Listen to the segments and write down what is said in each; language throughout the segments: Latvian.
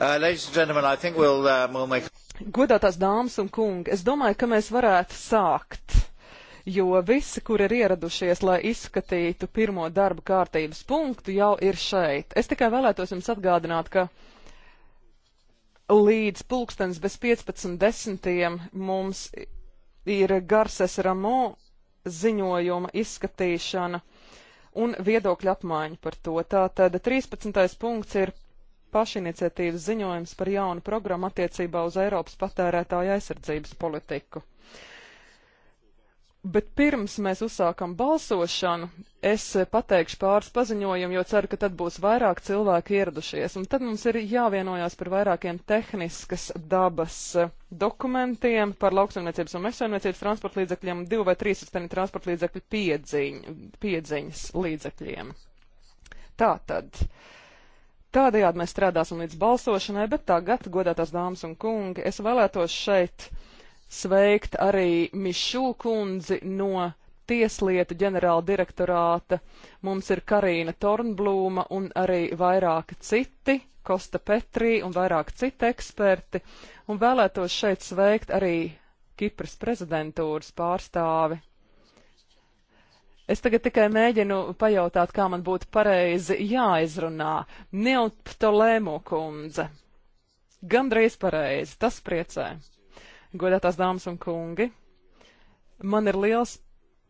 Uh, we'll, uh, we'll make... Godātās dāmas un kungi, es domāju, ka mēs varētu sākt, jo visi, kur ir ieradušies, lai izskatītu pirmo darba kārtības punktu, jau ir šeit. Es tikai vēlētos jums atgādināt, ka līdz pulkstens bez 15.10. mums ir Garses Ramo ziņojuma izskatīšana un viedokļa apmaiņa par to. Tātad 13. punkts ir pašiniciatīvas ziņojums par jaunu programmu attiecībā uz Eiropas patērētāju aizsardzības politiku. Bet pirms mēs uzsākam balsošanu, es pateikšu pāris paziņojumu, jo ceru, ka tad būs vairāk cilvēku ieradušies. Un tad mums ir jāvienojās par vairākiem tehniskas dabas dokumentiem par lauksaimniecības un mežsaimniecības transporta līdzekļiem, divu vai trīs uzteni transporta līdzekļu piedziņ, piedziņas līdzekļiem. Tātad. tad. Tādējādi mēs strādāsim līdz balsošanai, bet tagad, godātās dāmas un kungi, es vēlētos šeit sveikt arī Mišu kundzi no Tieslietu ģenerāla direktorāta. Mums ir Karīna Tornblūma un arī vairāki citi, Kosta Petrī un vairāki citi eksperti, un vēlētos šeit sveikt arī Kipras prezidentūras pārstāvi Es tagad tikai mēģinu pajautāt, kā man būtu pareizi jāizrunā. Neoptolēmu kundze. Gandrīz pareizi, tas priecē. Godētās dāmas un kungi, man ir liels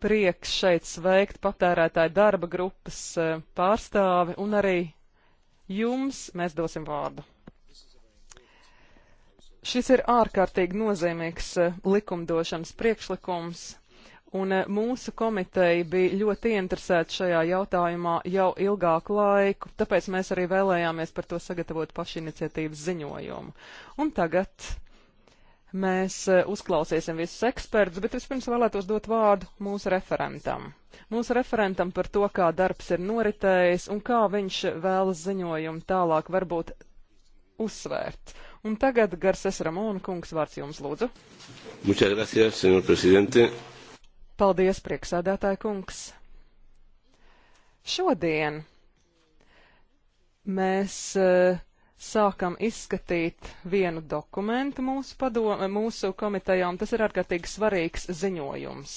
prieks šeit sveikt patērētāju darba grupas eh, pārstāvi un arī jums mēs dosim vārdu. Šis ir ārkārtīgi nozīmīgs eh, likumdošanas priekšlikums, Un eh, mūsu komiteja bija ļoti interesēta šajā jautājumā jau ilgāku laiku, tāpēc mēs arī vēlējāmies par to sagatavot pašiniciatīvas ziņojumu. Un tagad mēs eh, uzklausīsim visus ekspertus, bet vispirms vēlētos dot vārdu mūsu referentam. Mūsu referentam par to, kā darbs ir noritējis un kā viņš vēlas ziņojumu tālāk varbūt uzsvērt. Un tagad Garses Ramona kungs vārds jums lūdzu. Muchas gracias, señor presidente. Paldies, prieksēdētāja kungs! Šodien mēs uh, sākam izskatīt vienu dokumentu mūsu, padome, mūsu komitejā, un tas ir ārkārtīgi svarīgs ziņojums.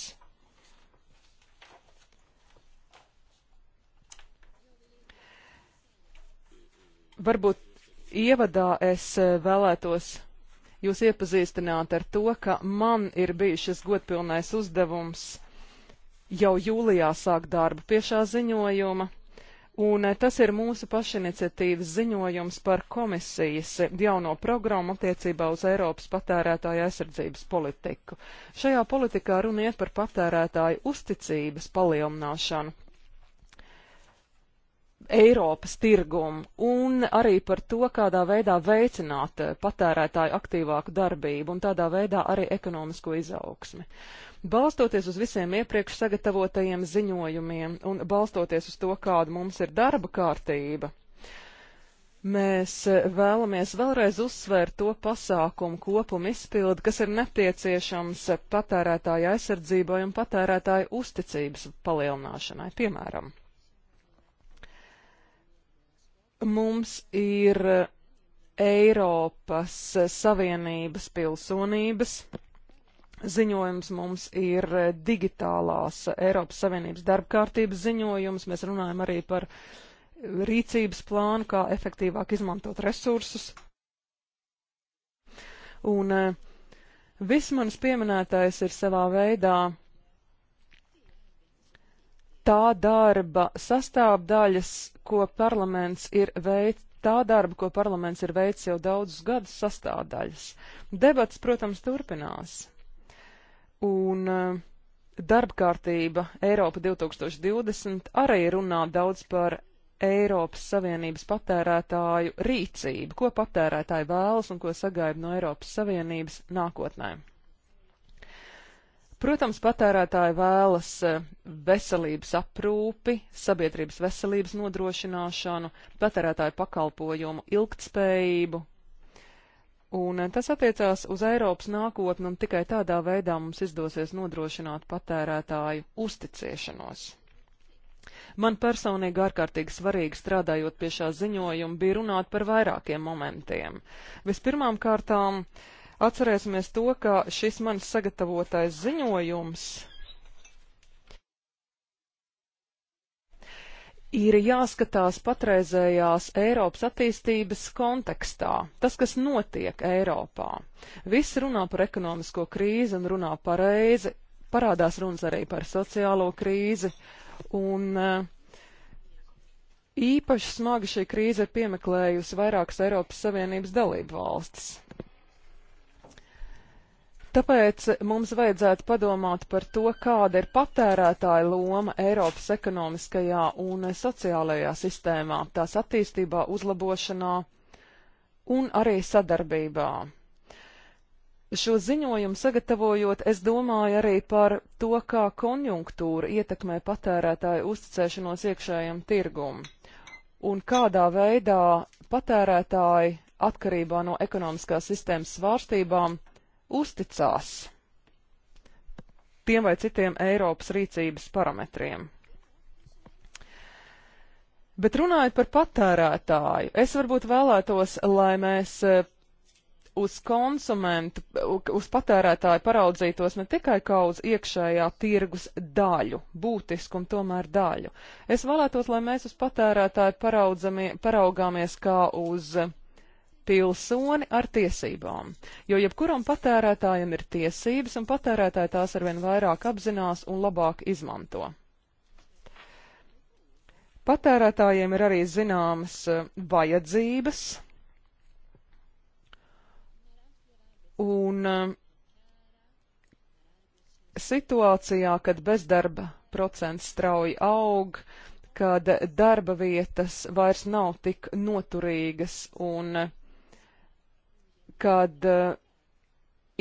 Varbūt ievadā es eh, vēlētos jūs iepazīstināt ar to, ka man ir bijis šis godpilnais uzdevums jau jūlijā sākt darbu pie šā ziņojuma. Un e, tas ir mūsu pašiniciatīvas ziņojums par komisijas jauno programmu attiecībā uz Eiropas patērētāju aizsardzības politiku. Šajā politikā runa iet par patērētāju uzticības palielināšanu. Eiropas tirgumu un arī par to, kādā veidā veicināt eh, patērētāju aktīvāku darbību un tādā veidā arī ekonomisko izaugsmi. Balstoties uz visiem iepriekš sagatavotajiem ziņojumiem un balstoties uz to, kāda mums ir darba kārtība, mēs eh, vēlamies vēlreiz uzsvērt to pasākumu kopumu izpildi, kas ir nepieciešams patērētāju aizsardzībai un patērētāju uzticības palielināšanai, piemēram mums ir Eiropas Savienības pilsonības ziņojums mums ir digitālās Eiropas Savienības darbkārtības ziņojums. Mēs runājam arī par rīcības plānu, kā efektīvāk izmantot resursus. Un eh, viss manis pieminētais ir savā veidā tā darba sastāvdaļas, ko parlaments ir veids, tā darba, ko parlaments ir veids jau daudzus gadus sastāvdaļas. Debats, protams, turpinās. Un eh, darbkārtība Eiropa 2020 arī runā daudz par Eiropas Savienības patērētāju rīcību, ko patērētāji vēlas un ko sagaida no Eiropas Savienības nākotnēm. Protams, patērētāji vēlas eh, veselības aprūpi, sabiedrības veselības nodrošināšanu, patērētāju pakalpojumu, ilgtspējību. Un eh, tas attiecās uz Eiropas nākotni, un tikai tādā veidā mums izdosies nodrošināt patērētāju uzticēšanos. Man personīgi ārkārtīgi svarīgi strādājot pie šā ziņojuma bija runāt par vairākiem momentiem. Vispirmām kārtām, uh, Atcerēsimies to, ka šis mans sagatavotais ziņojums ir jāskatās patreizējās Eiropas attīstības kontekstā, tas, kas notiek Eiropā. Viss runā par ekonomisko krīzi un runā pareizi, parādās runas arī par sociālo krīzi, un eh, īpaši smagi šī krīze ir piemeklējusi vairākas Eiropas Savienības dalību valstis. Tāpēc mums vajadzētu padomāt par to, kāda ir patērētāja loma Eiropas ekonomiskajā un sociālajā sistēmā, tās attīstībā, uzlabošanā un arī sadarbībā. Šo ziņojumu sagatavojot, es domāju arī par to, kā konjunktūra ietekmē patērētāju uzticēšanos iekšējam tirgum un kādā veidā patērētāji atkarībā no ekonomiskās sistēmas svārstībām uzticās tiem vai citiem Eiropas rīcības parametriem. Bet runājot par patērētāju, es varbūt vēlētos, lai mēs eh, uz konsumentu, uz patērētāju paraudzītos ne tikai kā uz iekšējā tirgus daļu, būtisku un tomēr daļu. Es vēlētos, lai mēs uz patērētāju paraugāmies kā uz pilsoni ar tiesībām. Jo jebkuram patērētājam ir tiesības, un patērētāji tās arvien vairāk apzinās un labāk izmanto. Patērētājiem ir arī zināmas eh, vajadzības, un eh, situācijā, kad bezdarba procents strauji aug, kad darba vietas vairs nav tik noturīgas un kad eh,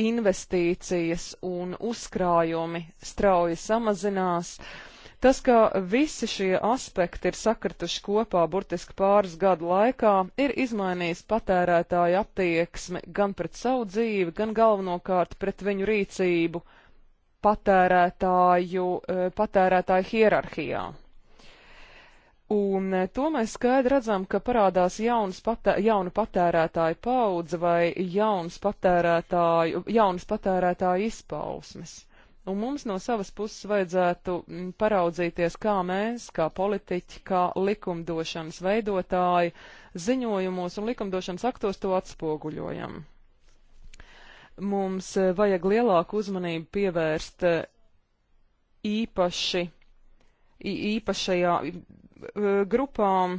investīcijas un uzkrājumi strauji samazinās. Tas, ka visi šie aspekti ir sakrituši kopā burtiski pāris gadu laikā, ir izmainījis patērētāju attieksmi gan pret savu dzīvi, gan galvenokārt pret viņu rīcību patērētāju, eh, patērētāju hierarhijā. Un eh, to mēs skaidri redzam, ka parādās patē, jauna patērētāja paudze vai jaunas patērētāju, jaunas patērētāju izpausmes. Un mums no savas puses vajadzētu mm, paraudzīties, kā mēs, kā politiķi, kā likumdošanas veidotāji, ziņojumos un likumdošanas aktos to atspoguļojam. Mums eh, vajag lielāku uzmanību pievērst eh, īpaši, īpašajā, Eh, grupām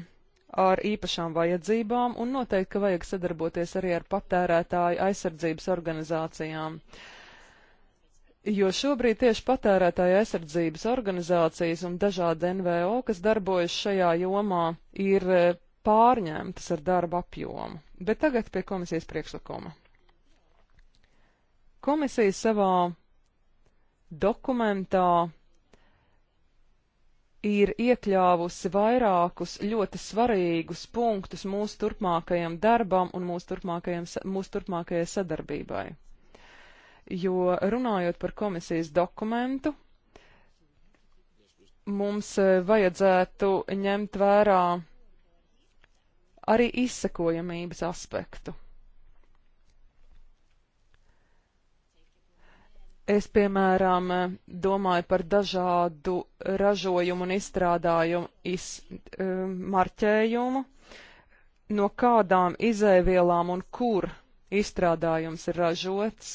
ar īpašām vajadzībām un noteikti, ka vajag sadarboties arī ar patērētāju aizsardzības organizācijām. Jo šobrīd tieši patērētāja aizsardzības organizācijas un dažādi NVO, kas darbojas šajā jomā, ir eh, pārņemtas ar darba apjomu. Bet tagad pie komisijas priekšlikuma. Komisija savā dokumentā ir iekļāvusi vairākus ļoti svarīgus punktus mūsu turpmākajam darbam un mūsu, turpmākajam, mūsu turpmākajai sadarbībai. Jo runājot par komisijas dokumentu, mums e, vajadzētu ņemt vērā arī izsekojamības aspektu. Es, piemēram, domāju par dažādu ražojumu un izstrādājumu iz, um, marķējumu, no kādām izēvielām un kur izstrādājums ir ražots,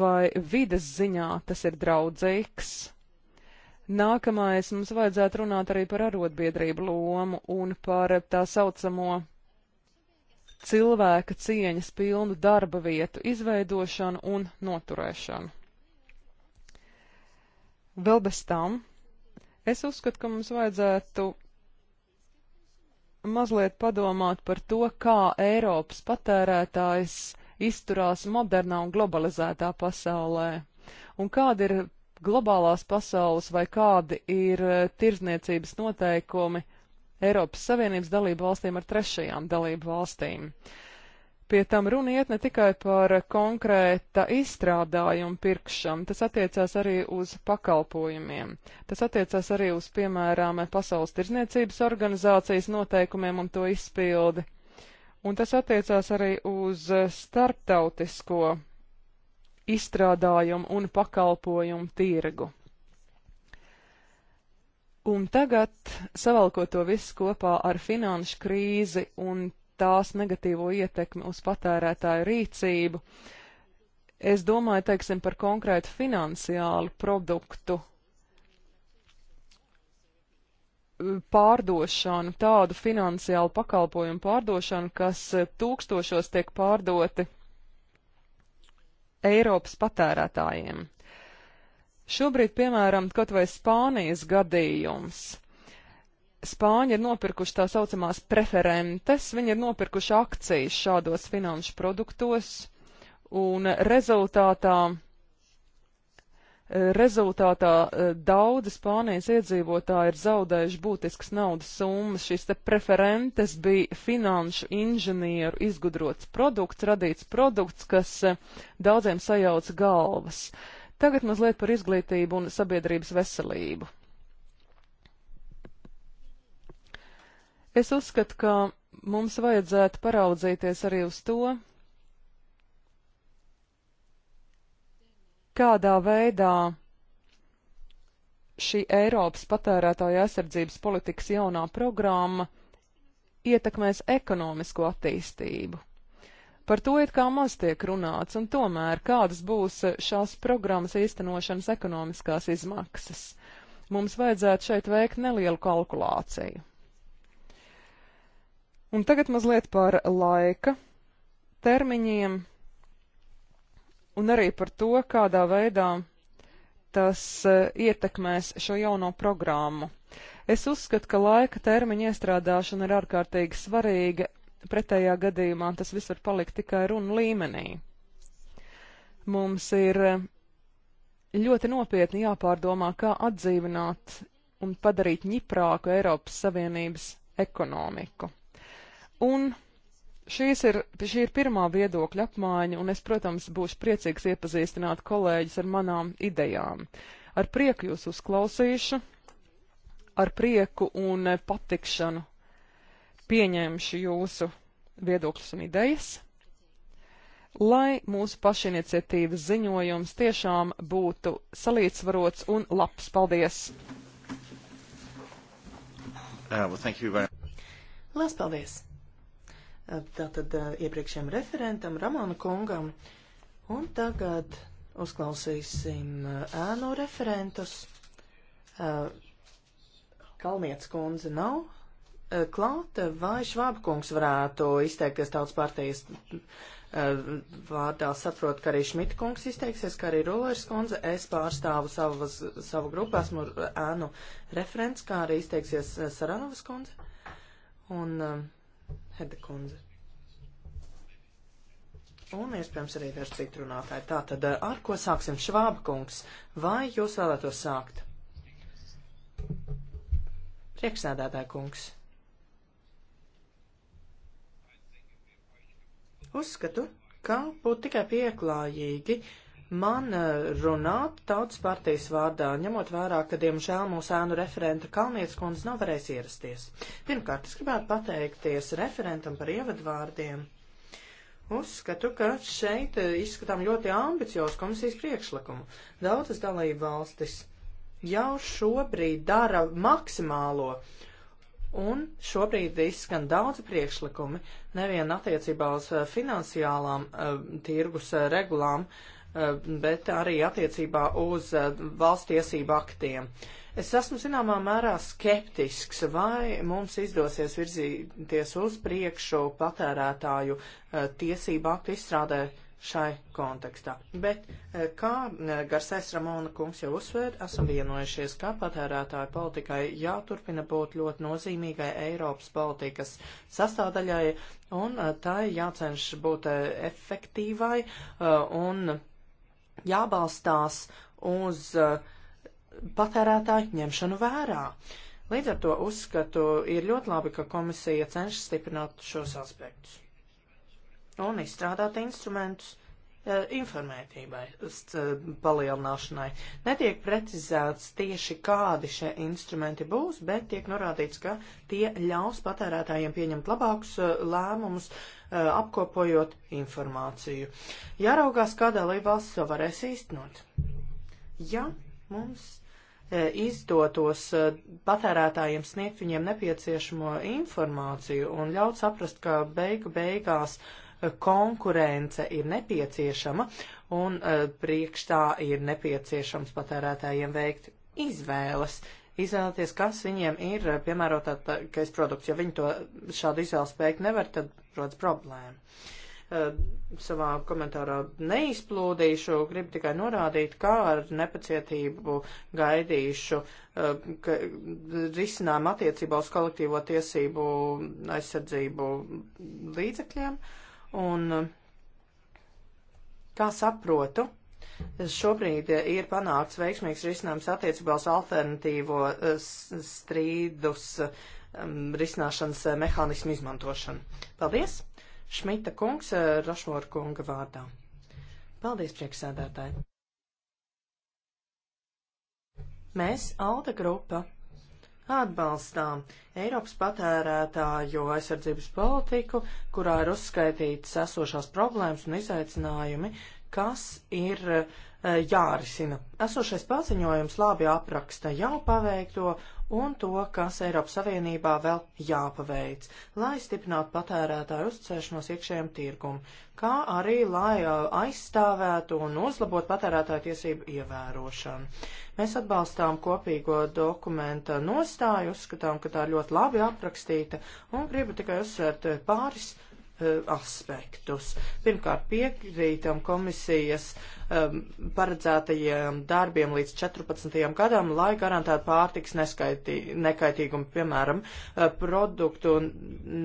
vai vides ziņā tas ir draudzīgs. Nākamais mums vajadzētu runāt arī par arotbiedrību lomu un par tā saucamo cilvēka cieņas pilnu darba vietu izveidošanu un noturēšanu. Vēl bez tam es uzskatu, ka mums vajadzētu mazliet padomāt par to, kā Eiropas patērētājs izturās modernā un globalizētā pasaulē. Un kāda ir globālās pasaules vai kādi ir e, tirzniecības noteikumi Eiropas Savienības dalību valstīm ar trešajām dalību valstīm. Uh, Pie tam runa iet ne tikai par konkrēta izstrādājuma pirkšanu, tas attiecās arī uz pakalpojumiem. Tas attiecās arī uz, piemēram, Pasaules tirzniecības organizācijas noteikumiem un to izpildi. Un tas attiecās arī uz starptautisko izstrādājumu un pakalpojumu tirgu. Un tagad, savalkot to visu kopā ar finanšu krīzi un tās negatīvo ietekmi uz patērētāju rīcību. Es domāju, teiksim, par konkrētu finansiālu produktu pārdošanu, tādu finansiālu pakalpojumu pārdošanu, kas tūkstošos tiek pārdoti Eiropas patērētājiem. Šobrīd, piemēram, kaut vai Spānijas gadījums Spāņi ir nopirkuši tā saucamās preferentes, viņi ir nopirkuši akcijas šādos finanšu produktos, un rezultātā, rezultātā eh, daudzi Spānijas iedzīvotāji ir zaudējuši būtiskas naudas summas. Šīs te preferentes bija finanšu inženieru izgudrots produkts, radīts produkts, kas eh, daudziem sajauc galvas. Tagad mazliet par izglītību un sabiedrības veselību. Es uzskatu, ka mums vajadzētu paraudzīties arī uz to, kādā veidā šī Eiropas patērētāja aizsardzības politikas jaunā programma ietekmēs ekonomisko attīstību. Par to it kā maz tiek runāts, un tomēr kādas būs šās programmas īstenošanas ekonomiskās izmaksas. Mums vajadzētu šeit veikt nelielu kalkulāciju. Un tagad mazliet par laika termiņiem un arī par to, kādā veidā tas e, ietekmēs šo jauno programmu. Es uzskatu, ka laika termiņa iestrādāšana ir ārkārtīgi svarīga, pretējā gadījumā tas viss var palikt tikai runu līmenī. Mums ir e, ļoti nopietni jāpārdomā, kā atdzīvināt un padarīt ņiprāku Eiropas Savienības ekonomiku. Un šīs ir, šī ir pirmā viedokļa apmaiņa, un es, protams, būšu priecīgs iepazīstināt kolēģis ar manām idejām. Ar prieku jūs uzklausīšu, ar prieku un patikšanu pieņemšu jūsu viedokļus un idejas, lai mūsu pašiniciatīvas ziņojums tiešām būtu salīdzvarots un labs. Paldies! Uh, well, thank you very much. Lielas paldies! tātad iepriekšējiem referentam Ramona kungam. Un tagad uzklausīsim ēnu referentus. Kalnietes kundze nav klāta, vai Švāba kungs varētu izteikties tautas partijas vārdā saprot, ka arī Šmita kungs izteiksies, ka arī Rulers kundze, es pārstāvu savas, savu grupu, esmu ēnu referents, kā arī izteiksies Saranovas kundze. Un Heda kundze. Un iespējams arī daži citi runātāji. Tātad, eh, ar ko sāksim? Švāba kungs, vai jūs vēlētos sākt? Priekšsēdētāja kungs. Uzskatu, ka būtu tikai pieklājīgi uh, man eh, runāt tautas partijas vārdā, ņemot vērā, ka, diemžēl, mūsu ēnu referenta Kalnietes kundze nav varējis ierasties. Pirmkārt, es gribētu pateikties referentam par ievadvārdiem. Uzskatu, ka šeit eh, izskatām ļoti ambiciozu komisijas priekšlikumu. Daudzas dalība valstis jau šobrīd dara maksimālo. Un šobrīd izskan daudzi priekšlikumi, nevien attiecībā uz eh, finansiālām uh, tirgus uh, regulām, uh, Eh, bet arī attiecībā uz eh, valsts tiesību aktiem. Es esmu zināmā mērā skeptisks, vai mums izdosies virzīties uz priekšu patērētāju eh, tiesību aktu izstrādē šai kontekstā. Bet, kā Garsais Ramona kungs jau uzsver, esam vienojušies, ka patērētāju politikai jāturpina būt ļoti nozīmīgai Eiropas politikas sastāvdaļai, un tai jācenš būt efektīvai un jābalstās uz uh, patērētāju ņemšanu vērā. Līdz ar to uzskatu ir ļoti labi, ka komisija cenšas stiprināt šos aspektus un izstrādāt instrumentus, Eh, informētībai, eh, palielināšanai. Netiek precizēts tieši, kādi šie instrumenti būs, bet tiek norādīts, ka tie ļaus patērētājiem pieņemt labākus eh, lēmumus, apkopojot informāciju. Jāraugās, kā dalībvalsts to varēs īstenot. Ja mums izdotos patērētājiem sniegt viņiem nepieciešamo informāciju un ļaut saprast, ka beigu beigās uh, konkurence ir nepieciešama un e, priekšstā ir nepieciešams patērētājiem veikt izvēles, izvēlēties, kas viņiem ir e, piemērotākais produkts. Ja viņi to šādu izvēles veikt nevar, tad rodas problēma. E, savā komentārā neizplūdīšu, gribu tikai norādīt, kā ar nepacietību gaidīšu ka, risinājumu attiecībā uz kolektīvo tiesību aizsardzību līdzekļiem. Uh, Un, kā saprotu, šobrīd ir panākts veiksmīgs risinājums attiecībā uz alternatīvo eh, strīdus um, risināšanas eh, mehānismu izmantošanu. Paldies! Šmita kungs, eh, Rašmora kunga vārdā. Paldies, priekšsēdētāji! Mēs, Alta grupa, atbalstām Eiropas patērētāju aizsardzības politiku, kurā ir uzskaitītas esošās problēmas un izaicinājumi, kas ir uh, Eh, jārisina. Esošais paziņojums labi apraksta jau paveikto un to, kas Eiropas Savienībā vēl jāpaveic, lai stiprinātu patērētāju uzticēšanos iekšējiem tirgum, kā arī lai eh, aizstāvētu un uzlabotu patērētāju tiesību ievērošanu. Mēs atbalstām kopīgo dokumenta nostāju, uzskatām, ka tā ļoti labi aprakstīta un gribu tikai uzsvērt eh, pāris Eh, aspektus. Pirmkārt, piekrītam komisijas um, paredzētajiem darbiem līdz 14. gadam, lai garantētu pārtiks neskaitī, nekaitīgumu, piemēram, eh, produktu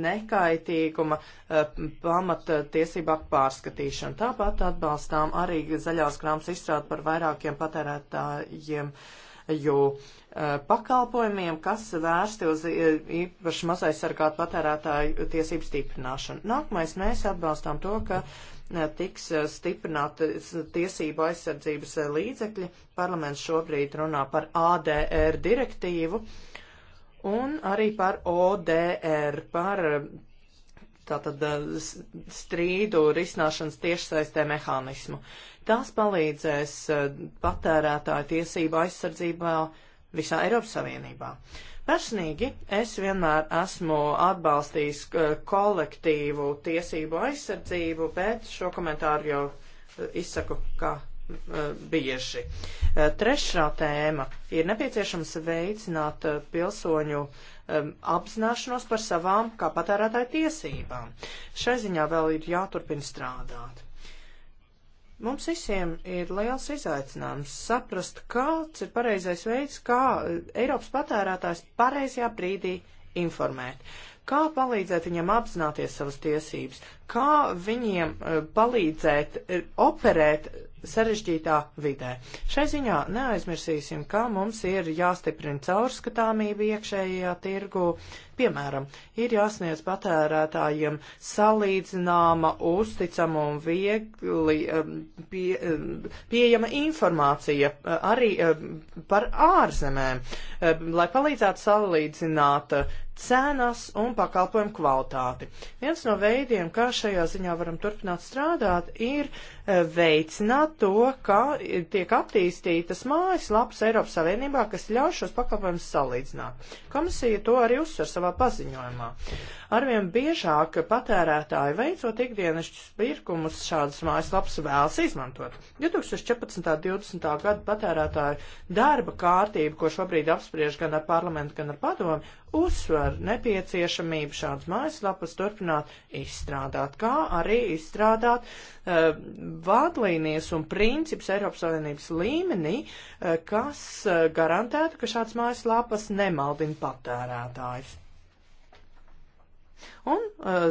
nekaitīguma eh, pamata tiesību aktu pārskatīšanu. Tāpat atbalstām arī zaļās krāmas izstrādi par vairākiem patērētājiem. Uh, jo e, pakalpojumiem, kas vērsti uz īpaši mazai sargātu patērētāju tiesību stiprināšanu. Nākamais mēs atbalstām to, ka e, tiks e, stiprināta tiesību aizsardzības līdzekļi. Parlaments šobrīd runā par ADR direktīvu un arī par ODR, par tātad eh, strīdu risināšanas tiešsaistē mehānismu. Tās palīdzēs eh, patērētāju tiesību aizsardzībā visā Eiropas Savienībā. Personīgi es vienmēr esmu atbalstījis eh, kolektīvu tiesību aizsardzību, bet šo komentāru jau izsaku kā bieži. Trešā tēma ir nepieciešams veicināt pilsoņu uh, um, apzināšanos par savām kā patērētāju tiesībām. Šai ziņā vēl ir jāturpina strādāt. Mums visiem ir liels izaicinājums saprast, kāds ir pareizais veids, kā uh, Eiropas patērētājs pareizajā brīdī informēt kā palīdzēt viņiem apzināties savas tiesības, kā viņiem uh, palīdzēt uh, operēt sarežģītā vidē. Šai ziņā neaizmirsīsim, ka mums ir jāstiprina caurskatāmība iekšējā tirgu, uh, Piemēram, ir jāsniedz patērētājiem salīdzināma, uzticama un viegli um, pie, um, pieejama informācija uh, arī um, par ārzemēm, lai palīdzētu salīdzināt uh, cenas un pakalpojumu kvalitāti. Viens no veidiem, kā šajā ziņā varam turpināt strādāt, ir uh, veicināt to, ka tiek attīstītas mājaslapas Eiropas Savienībā, kas ļauj šos pakalpojumus salīdzināt. Komisija to arī uzsver savā savā paziņojumā. Arvien biežāk patērētāji veicot ikdienišķus pirkumus šādas mājaslapas vēlas izmantot. 2014. un 2020. gada patērētāju darba kārtība, ko šobrīd apspriež gan ar parlamentu, gan ar padomu, uzsver nepieciešamību šādas mājaslapas turpināt izstrādāt, kā arī izstrādāt uh, vadlīnijas un principus Eiropas Savienības līmenī, uh, kas uh, garantētu, ka šādas mājaslapas nemaldina patērētājus. Un uh,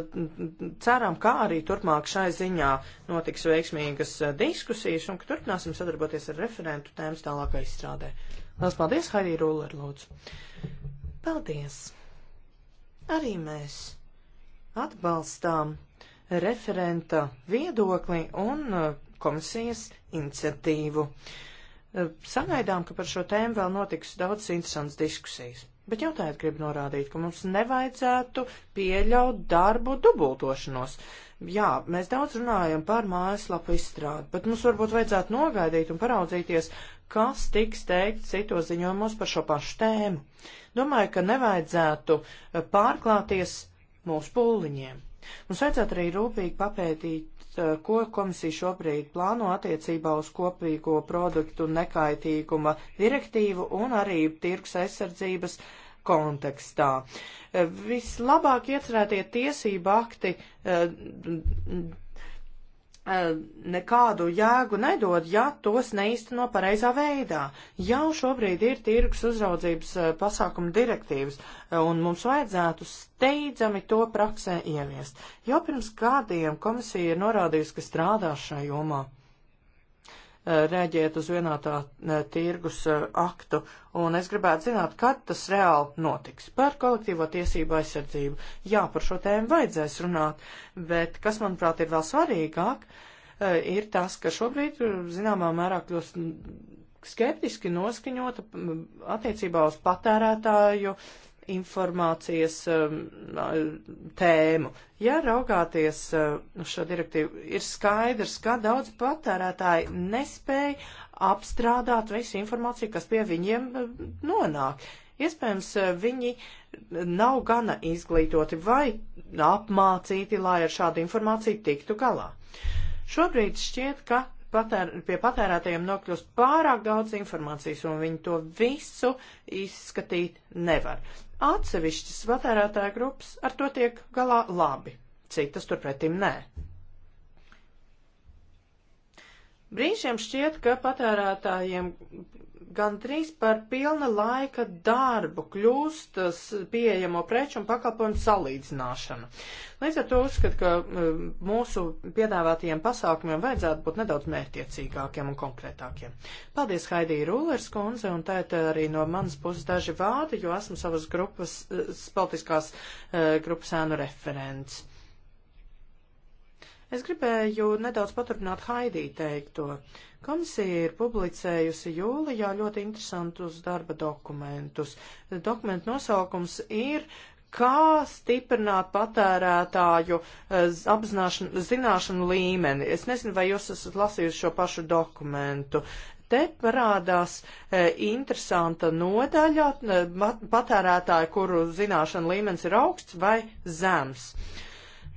ceram, ka arī turpmāk šai ziņā notiks veiksmīgas uh, diskusijas un ka turpināsim sadarboties ar referentu tēmas tālākai izstrādē. Lielas paldies, Haidī Rūler, lūdzu. Paldies. Arī mēs atbalstām referenta viedokli un uh, komisijas iniciatīvu. Sagaidām, ka par šo tēmu vēl notiks daudz interesants diskusijas. Bet jautājot, grib norādīt, ka mums nevajadzētu pieļaut darbu dubultošanos. Jā, mēs daudz runājam par mājaslapu izstrādi, bet mums varbūt vajadzētu nogaidīt un paraudzīties, kas tiks teikt citos ziņojumos par šo pašu tēmu. Domāju, ka nevajadzētu eh, pārklāties mūsu pūliņiem. Mums vajadzētu arī rūpīgi papētīt Eh, ko komisija šobrīd plāno attiecībā uz kopīgo produktu nekaitīguma direktīvu un arī tirgus aizsardzības kontekstā. Eh, vislabāk iecerētie tiesība akti eh, Eh, nekādu jēgu nedod, ja tos neīsteno pareizā veidā. Jau šobrīd ir tirgus uzraudzības eh, pasākuma direktīvas, eh, un mums vajadzētu steidzami to praksē ieviest. Jau pirms gadiem komisija ir norādījusi, ka strādās šajā jomā rēģēt uz vienotā eh, tirgus eh, aktu, un es gribētu zināt, kad tas reāli notiks. Par kolektīvo tiesību aizsardzību. Jā, par šo tēmu vajadzēs runāt, bet kas, manuprāt, ir vēl svarīgāk, eh, ir tas, ka šobrīd, zināmā mērā, kļūst skeptiski noskaņota mm, attiecībā uz patērētāju uh, informācijas um, tēmu. Ja raugāties uh, uz šo direktīvu, ir skaidrs, ka daudz patērētāji nespēja apstrādāt visu informāciju, kas pie viņiem uh, nonāk. Iespējams, uh, viņi nav gana izglītoti vai apmācīti, lai ar šādu informāciju tiktu galā. Šobrīd šķiet, ka patēr, pie patērētājiem nokļūst pārāk daudz informācijas, un viņi to visu izskatīt nevar. Atsevišķas patērētāja grupas ar to tiek galā labi, citas turpretim nē. Brīžiem šķiet, ka patērētājiem gandrīz par pilna laika darbu kļūst pieejamo preču un pakalpojumu salīdzināšana. Līdz ar to uzskatu, ka mūsu piedāvātajiem pasākumiem vajadzētu būt nedaudz mērķiecīgākiem un konkrētākiem. Paldies, Haidī Rūlers kundze, un tēt arī no manas puses daži vārdi, jo esmu savas grupas, politiskās e, grupas ēnu referents. Es gribēju nedaudz paturpināt Haidī teikto. Komisija ir publicējusi jūlijā ļoti interesantus darba dokumentus. Dokumentu nosaukums ir Kā stiprināt patērētāju eh, apzināšanu, zināšanu līmeni? Es nezinu, vai jūs esat lasījuši šo pašu dokumentu te parādās e, interesanta nodaļa e, eh, patērētāja, kuru zināšana līmenis ir augsts vai zems.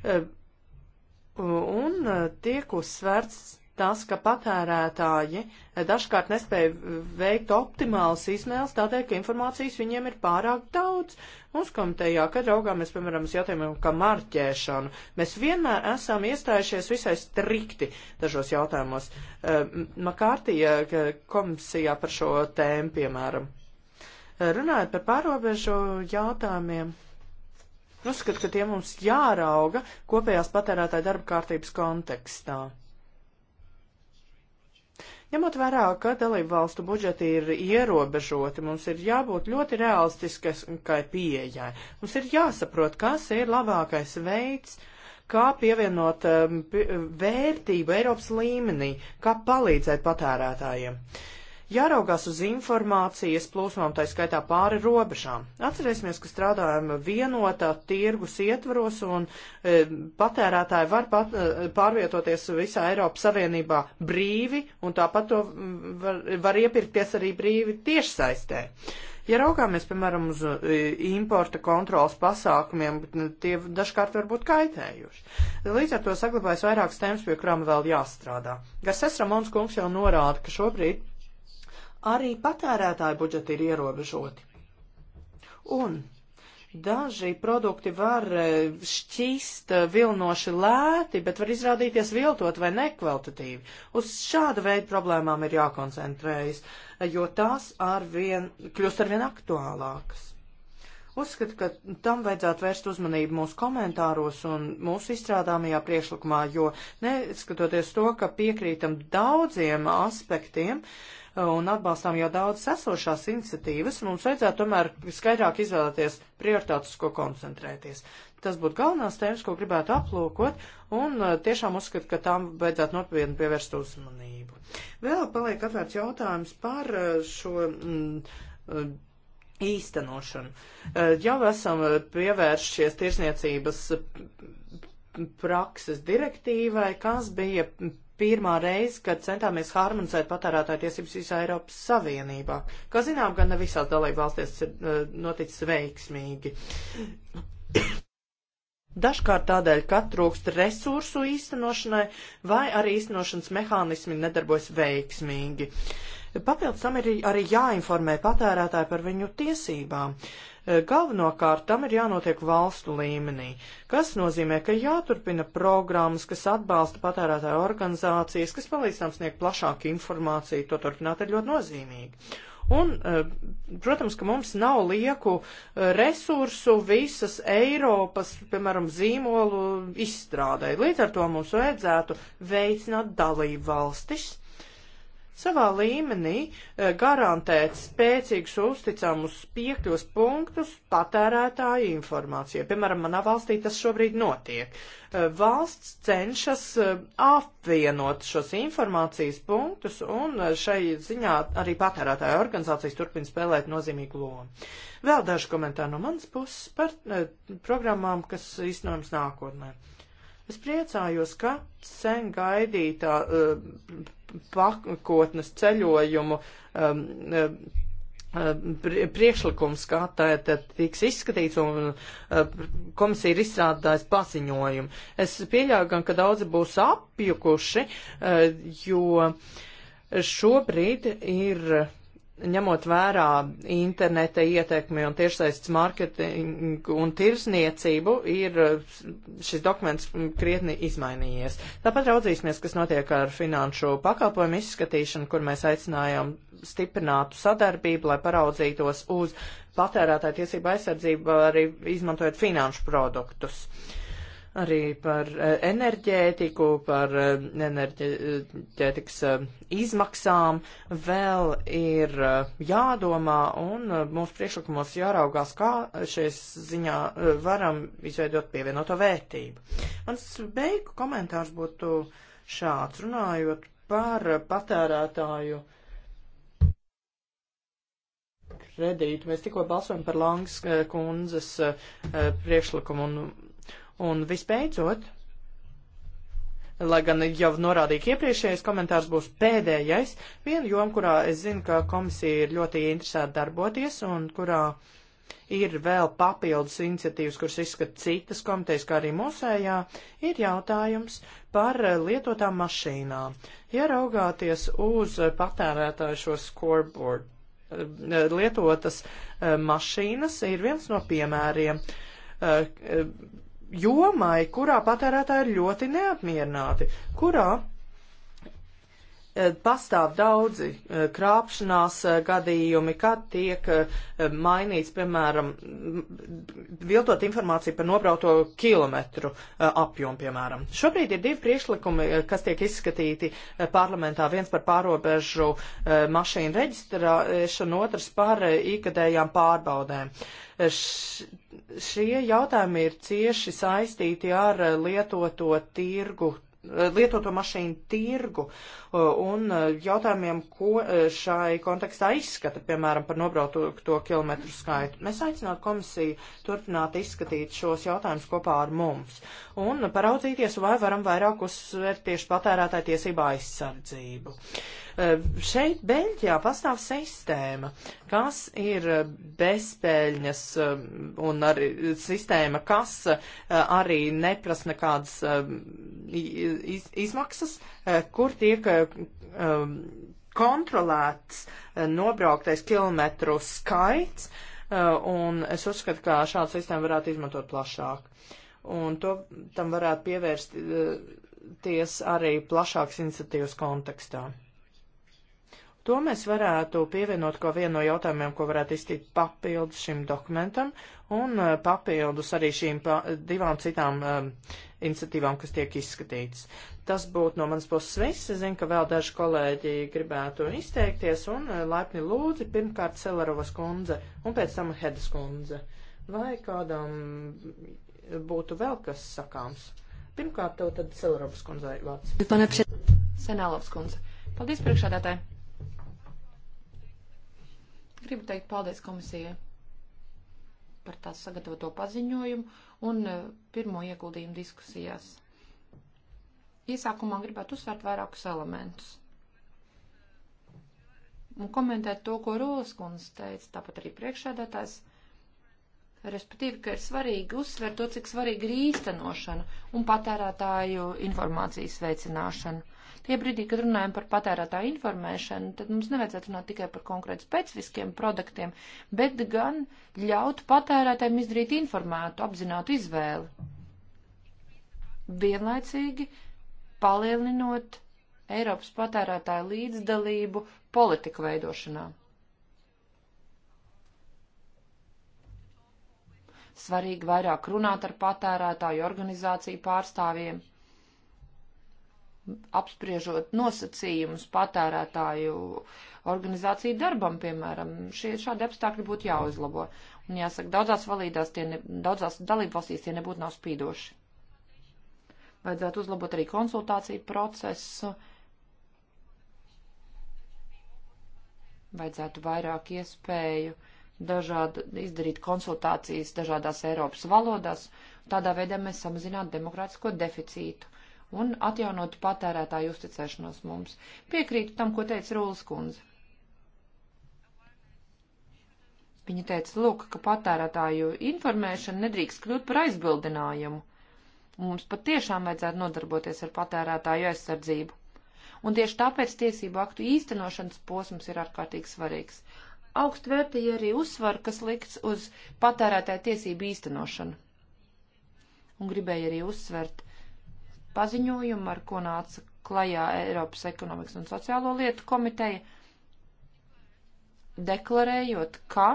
E, Un e, tiek uzsverts tas, ka patērētāji e, dažkārt nespēja veikt optimālas izmēles, tādēļ, ka informācijas viņiem ir pārāk daudz. Mums komitejā, kad raugāmies, piemēram, uz jautājumiem, kā marķēšanu, mēs vienmēr esam iestājušies visai strikti dažos jautājumos. E, Makārtija komisijā par šo tēmu, piemēram. Runājot par pārobežu jautājumiem. Uzskatu, ka tie mums jārauga kopējās patērētāja darba kārtības kontekstā. Ņemot vērā, ka dalību valstu budžeti ir ierobežoti, mums ir jābūt ļoti realistiskai pieejai. Mums ir jāsaprot, kas ir labākais veids, kā pievienot um, vērtību Eiropas līmenī, kā palīdzēt patērētājiem. Uh, jāraugās uz informācijas plūsmām, tā skaitā pāri robežām. Atcerēsimies, ka strādājam vienotā tirgus ietvaros un e, patērētāji var pat, e, pārvietoties visā Eiropas Savienībā brīvi un tāpat to var, var iepirkties arī brīvi tiešsaistē. Ja raugāmies, piemēram, uz e, importa kontrolas pasākumiem, nu, tie dažkārt var būt kaitējuši. Līdz ar to saglabājas vairākas tēmas, pie kurām vēl jāstrādā. Garses Ramons kungs jau norāda, ka šobrīd Arī patērētāju budžeti ir ierobežoti. Un daži produkti var e, šķist e, vilnoši lēti, bet var izrādīties viltot vai nekvalitatīvi. Uz šāda veida problēmām ir jākoncentrējas, e, jo tās arvien, kļūst arvien aktuālākas. Uzskatu, ka tam vajadzētu vērst uzmanību mūsu komentāros un mūsu izstrādāmajā priekšlikumā, jo neskatoties to, ka piekrītam daudziem aspektiem, uh, un atbalstām jau daudz esošās iniciatīvas, un mums vajadzētu tomēr skaidrāk izvēlēties prioritātus, ko koncentrēties. Tas būtu galvenās tēmas, ko gribētu aplūkot, un eh, tiešām uzskatu, ka tām vajadzētu nopietni pievērst uzmanību. Vēl paliek atvērts jautājums par eh, šo. Mm, eh, īstenošanu. Jau esam pievēršies tirsniecības mm, prakses direktīvai, kas bija mm, pirmā reize, kad centāmies harmonizēt patērētāju tiesības visā Eiropas Savienībā. Kā zinām, gan ne visās dalību valstīs ir eh, noticis veiksmīgi. Dažkārt tādēļ, ka trūkst resursu īstenošanai vai arī īstenošanas mehānismi nedarbojas veiksmīgi. Uh, Papildus tam ir arī jāinformē patērētāji par viņu tiesībām. E, galvenokārt tam ir jānotiek valstu līmenī, kas nozīmē, ka jāturpina programmas, kas atbalsta patērētāju organizācijas, kas palīdz tam sniegt plašāku informāciju, to turpināt ir ļoti nozīmīgi. Un, e, protams, ka mums nav lieku e, resursu visas Eiropas, piemēram, zīmolu izstrādē. Līdz ar to mums vajadzētu veicināt dalību valstis savā līmenī e, garantēt spēcīgus uzticamus piekļuvas punktus patērētāju informācijai. Piemēram, manā valstī tas šobrīd notiek. E, valsts cenšas e, apvienot šos informācijas punktus, un šai ziņā arī patērētāju organizācijas turpina spēlēt nozīmīgu lomu. Vēl daži komentāri no manas puses par programmām, kas īstenojams nākotnē. Es priecājos, ka sen gaidītā uh, pakotnes ceļojumu um, uh, priekšlikums, kā tā, tā tiks izskatīts, un eh, komisija ir izstrādājusi paziņojumu. Es pieļauju gan, ka daudzi būs apjukuši, eh, jo šobrīd ir ņemot vērā interneta ietekmi un tiešsaistes mārketingu un tirsniecību, ir šis dokuments krietni izmainījies. Tāpat raudzīsimies, kas notiek ar finanšu pakalpojumu izskatīšanu, kur mēs aicinājām stiprinātu sadarbību, lai paraudzītos uz patērētāju tiesību aizsardzību, arī izmantojot finanšu produktus. Uh, arī par eh, enerģētiku, par eh, enerģētikas eh, izmaksām vēl ir jādomā un mūsu priekšlikumos jāraugās, kā šajās ziņā varam izveidot pievienoto vērtību. Mans beigu komentārs būtu šāds, runājot par patērētāju kredītu. Mēs tikko balsojam par Langas kundzes priekšlikumu un Un visbeidzot, lai gan jau norādīju, iepriekšējais komentārs būs pēdējais, viena joma, kurā es zinu, ka komisija ir ļoti interesēta darboties un kurā ir vēl papildus iniciatīvas, kuras izskata citas komitejas, kā arī mūsējā, ir jautājums par lietotām mašīnām. Ja raugāties uz patērētāju šo scoreboard, eh, lietotas eh, mašīnas ir viens no piemēriem eh, jomai, kurā patērētāji ir ļoti neapmierināti, kurā eh, pastāv daudzi eh, krāpšanās eh, gadījumi, kad tiek mainīts, piemēram, viltot informāciju par nobrauto kilometru apjomu, piemēram. Šobrīd ir divi priekšlikumi, kas tiek izskatīti parlamentā. Viens par pārobežu mašīnu reģistrēšanu, otrs par ikgadējām pārbaudēm šie jautājumi ir cieši saistīti ar lietoto tirgu lietoto mašīnu tirgu un jautājumiem, ko šai kontekstā izskata, piemēram, par nobraukto kilometru skaitu. Mēs aicinātu komisiju turpināt izskatīt šos jautājumus kopā ar mums un paraudzīties, vai varam vairāk uzsvērt tieši patērētāju tiesību aizsardzību. Uh, Eh, šeit Beļģijā pastāv sistēma, kas ir eh, bezpēļņas eh, un arī sistēma, kas arī neprasa nekādas iz, izmaksas, kur tiek kontrolēts nobrauktais kilometru skaits, un es uzskatu, ka šādu sistēmu varētu izmantot plašāk. Un to tam varētu pievērsties arī plašāks iniciatīvas kontekstā. To mēs varētu pievienot kā vienu no jautājumiem, ko varētu izstīt papildus šim dokumentam un eh, papildus arī šīm pa, divām citām um, iniciatīvām, kas tiek izskatītas. Tas būtu no manas puses viss. Es zinu, ka vēl daži kolēģi gribētu izteikties un eh, laipni lūdzi pirmkārt Selerovas kundze un pēc tam Hedas kundze. Vai kādam būtu vēl kas sakāms? Pirmkārt, tev tad Selerovas kundzei vārds. Pane Senālovs kundze. Paldies priekšādātāji. Gribu teikt paldies komisijai par tās sagatavoto paziņojumu un e, pirmo ieguldījumu diskusijās. Iesākumā gribētu uzsvērt vairākus elementus un komentēt to, ko Rūlas kundze teica, tāpat arī priekšēdētājs Respektīvi, ka ir svarīgi uzsvērt to, cik svarīgi ir īstenošana un patērētāju informācijas veicināšana. Tie brīdī, kad runājam par patērētāju informēšanu, tad mums nevajadzētu runāt tikai par konkrēti specifiskiem produktiem, bet gan ļaut patērētājiem izdarīt informētu, apzinātu izvēli. Vienlaicīgi palielinot Eiropas patērētāju līdzdalību politiku veidošanā. svarīgi vairāk runāt ar patērētāju organizāciju pārstāvjiem, apspriežot nosacījumus patērētāju organizāciju darbam, piemēram. Šie šādi apstākļi būtu jāuzlabo. Un jāsaka, daudzās, valīdās tie ne, daudzās dalībvalstīs tie nebūtu nav spīdoši. Vajadzētu uzlabot arī konsultāciju procesu. Vajadzētu vairāk iespēju uh, dažādi, izdarīt konsultācijas dažādās Eiropas valodās. Tādā veidā mēs samazinātu demokrātisko deficītu un atjaunotu patērētāju uzticēšanos mums. Piekrītu tam, ko teica Rūlas kundze. Viņa teica, lūk, ka patērētāju informēšana nedrīkst kļūt par aizbildinājumu. Mums patiešām vajadzētu nodarboties ar patērētāju aizsardzību. Un tieši tāpēc tiesību aktu īstenošanas posms ir ārkārtīgi svarīgs augstu vērtēju arī uzsvaru, kas likts uz patērētāju tiesību īstenošanu. Un gribēju arī uzsvert paziņojumu, ar ko nāca klajā Eiropas ekonomikas un sociālo lietu komiteja, deklarējot, ka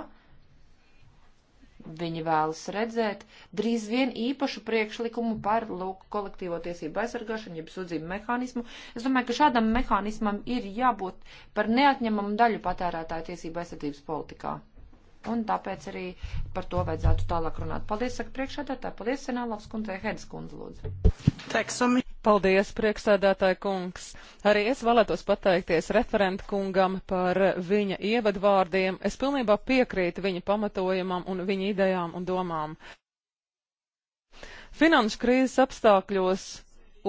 Viņi vēlas redzēt drīz vien īpašu priekšlikumu par lūk, kolektīvo tiesību aizsargāšanu, jeb sūdzību mehānismu. Es domāju, ka šādam mehānismam ir jābūt par neatņemamu daļu patērētāju tiesību aizsardzības politikā un tāpēc arī par to vajadzētu tālāk runāt. Paldies, saka priekšsēdētāji, paldies, Senālavs kundzei, Hedas kundze, lūdzu. Teksumi. Paldies, priekšsēdētāji kungs. Arī es vēlētos pateikties referentu kungam par viņa ievadvārdiem. Es pilnībā piekrītu viņa pamatojumam un viņa idejām un domām. Finanšu krīzes apstākļos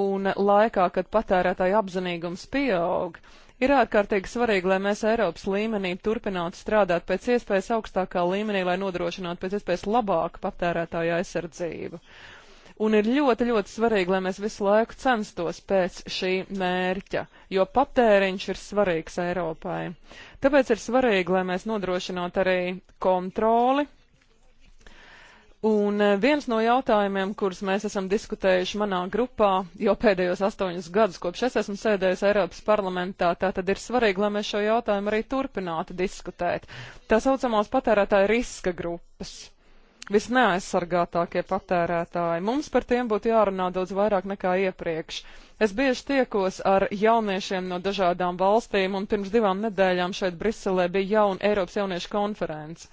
un laikā, kad patērētāja apzinīgums pieaug, Ir ārkārtīgi svarīgi, lai mēs Eiropas līmenī turpinātu strādāt pēc iespējas augstākā līmenī, lai nodrošinātu pēc iespējas labāku patērētāju aizsardzību. Un ir ļoti, ļoti svarīgi, lai mēs visu laiku censtos pēc šī mērķa, jo patēriņš ir svarīgs Eiropai. Tāpēc ir svarīgi, lai mēs nodrošinātu arī kontroli Un eh, viens no jautājumiem, kurus mēs esam diskutējuši manā grupā jau pēdējos astoņus gadus, kopš es esmu sēdējis Eiropas parlamentā, tā tad ir svarīgi, lai mēs šo jautājumu arī turpinātu diskutēt. Tā saucamās patērētāja riska grupas. Visneaizsargātākie patērētāji. Mums par tiem būtu jārunā daudz vairāk nekā iepriekš. Es bieži tiekos ar jauniešiem no dažādām valstīm, un pirms divām nedēļām šeit Briselē bija jauna Eiropas jauniešu konference.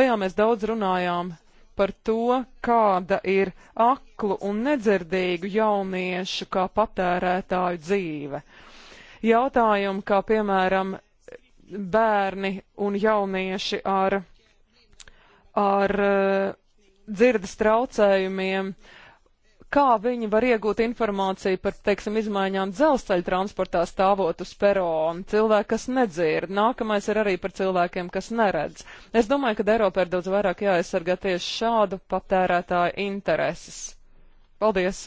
Tajā mēs daudz runājām par to, kāda ir aklu un nedzirdīgu jauniešu kā patērētāju dzīve. Jautājumi, kā piemēram bērni un jaunieši ar, ar eh, dzirdes traucējumiem, uh, kā viņi var iegūt informāciju par, teiksim, izmaiņām dzelzceļa transportā stāvot uz perona, cilvēki, kas nedzird, nākamais ir arī par cilvēkiem, kas neredz. Es domāju, ka Eiropā ir daudz vairāk jāaizsargā tieši šādu patērētāju intereses. Paldies!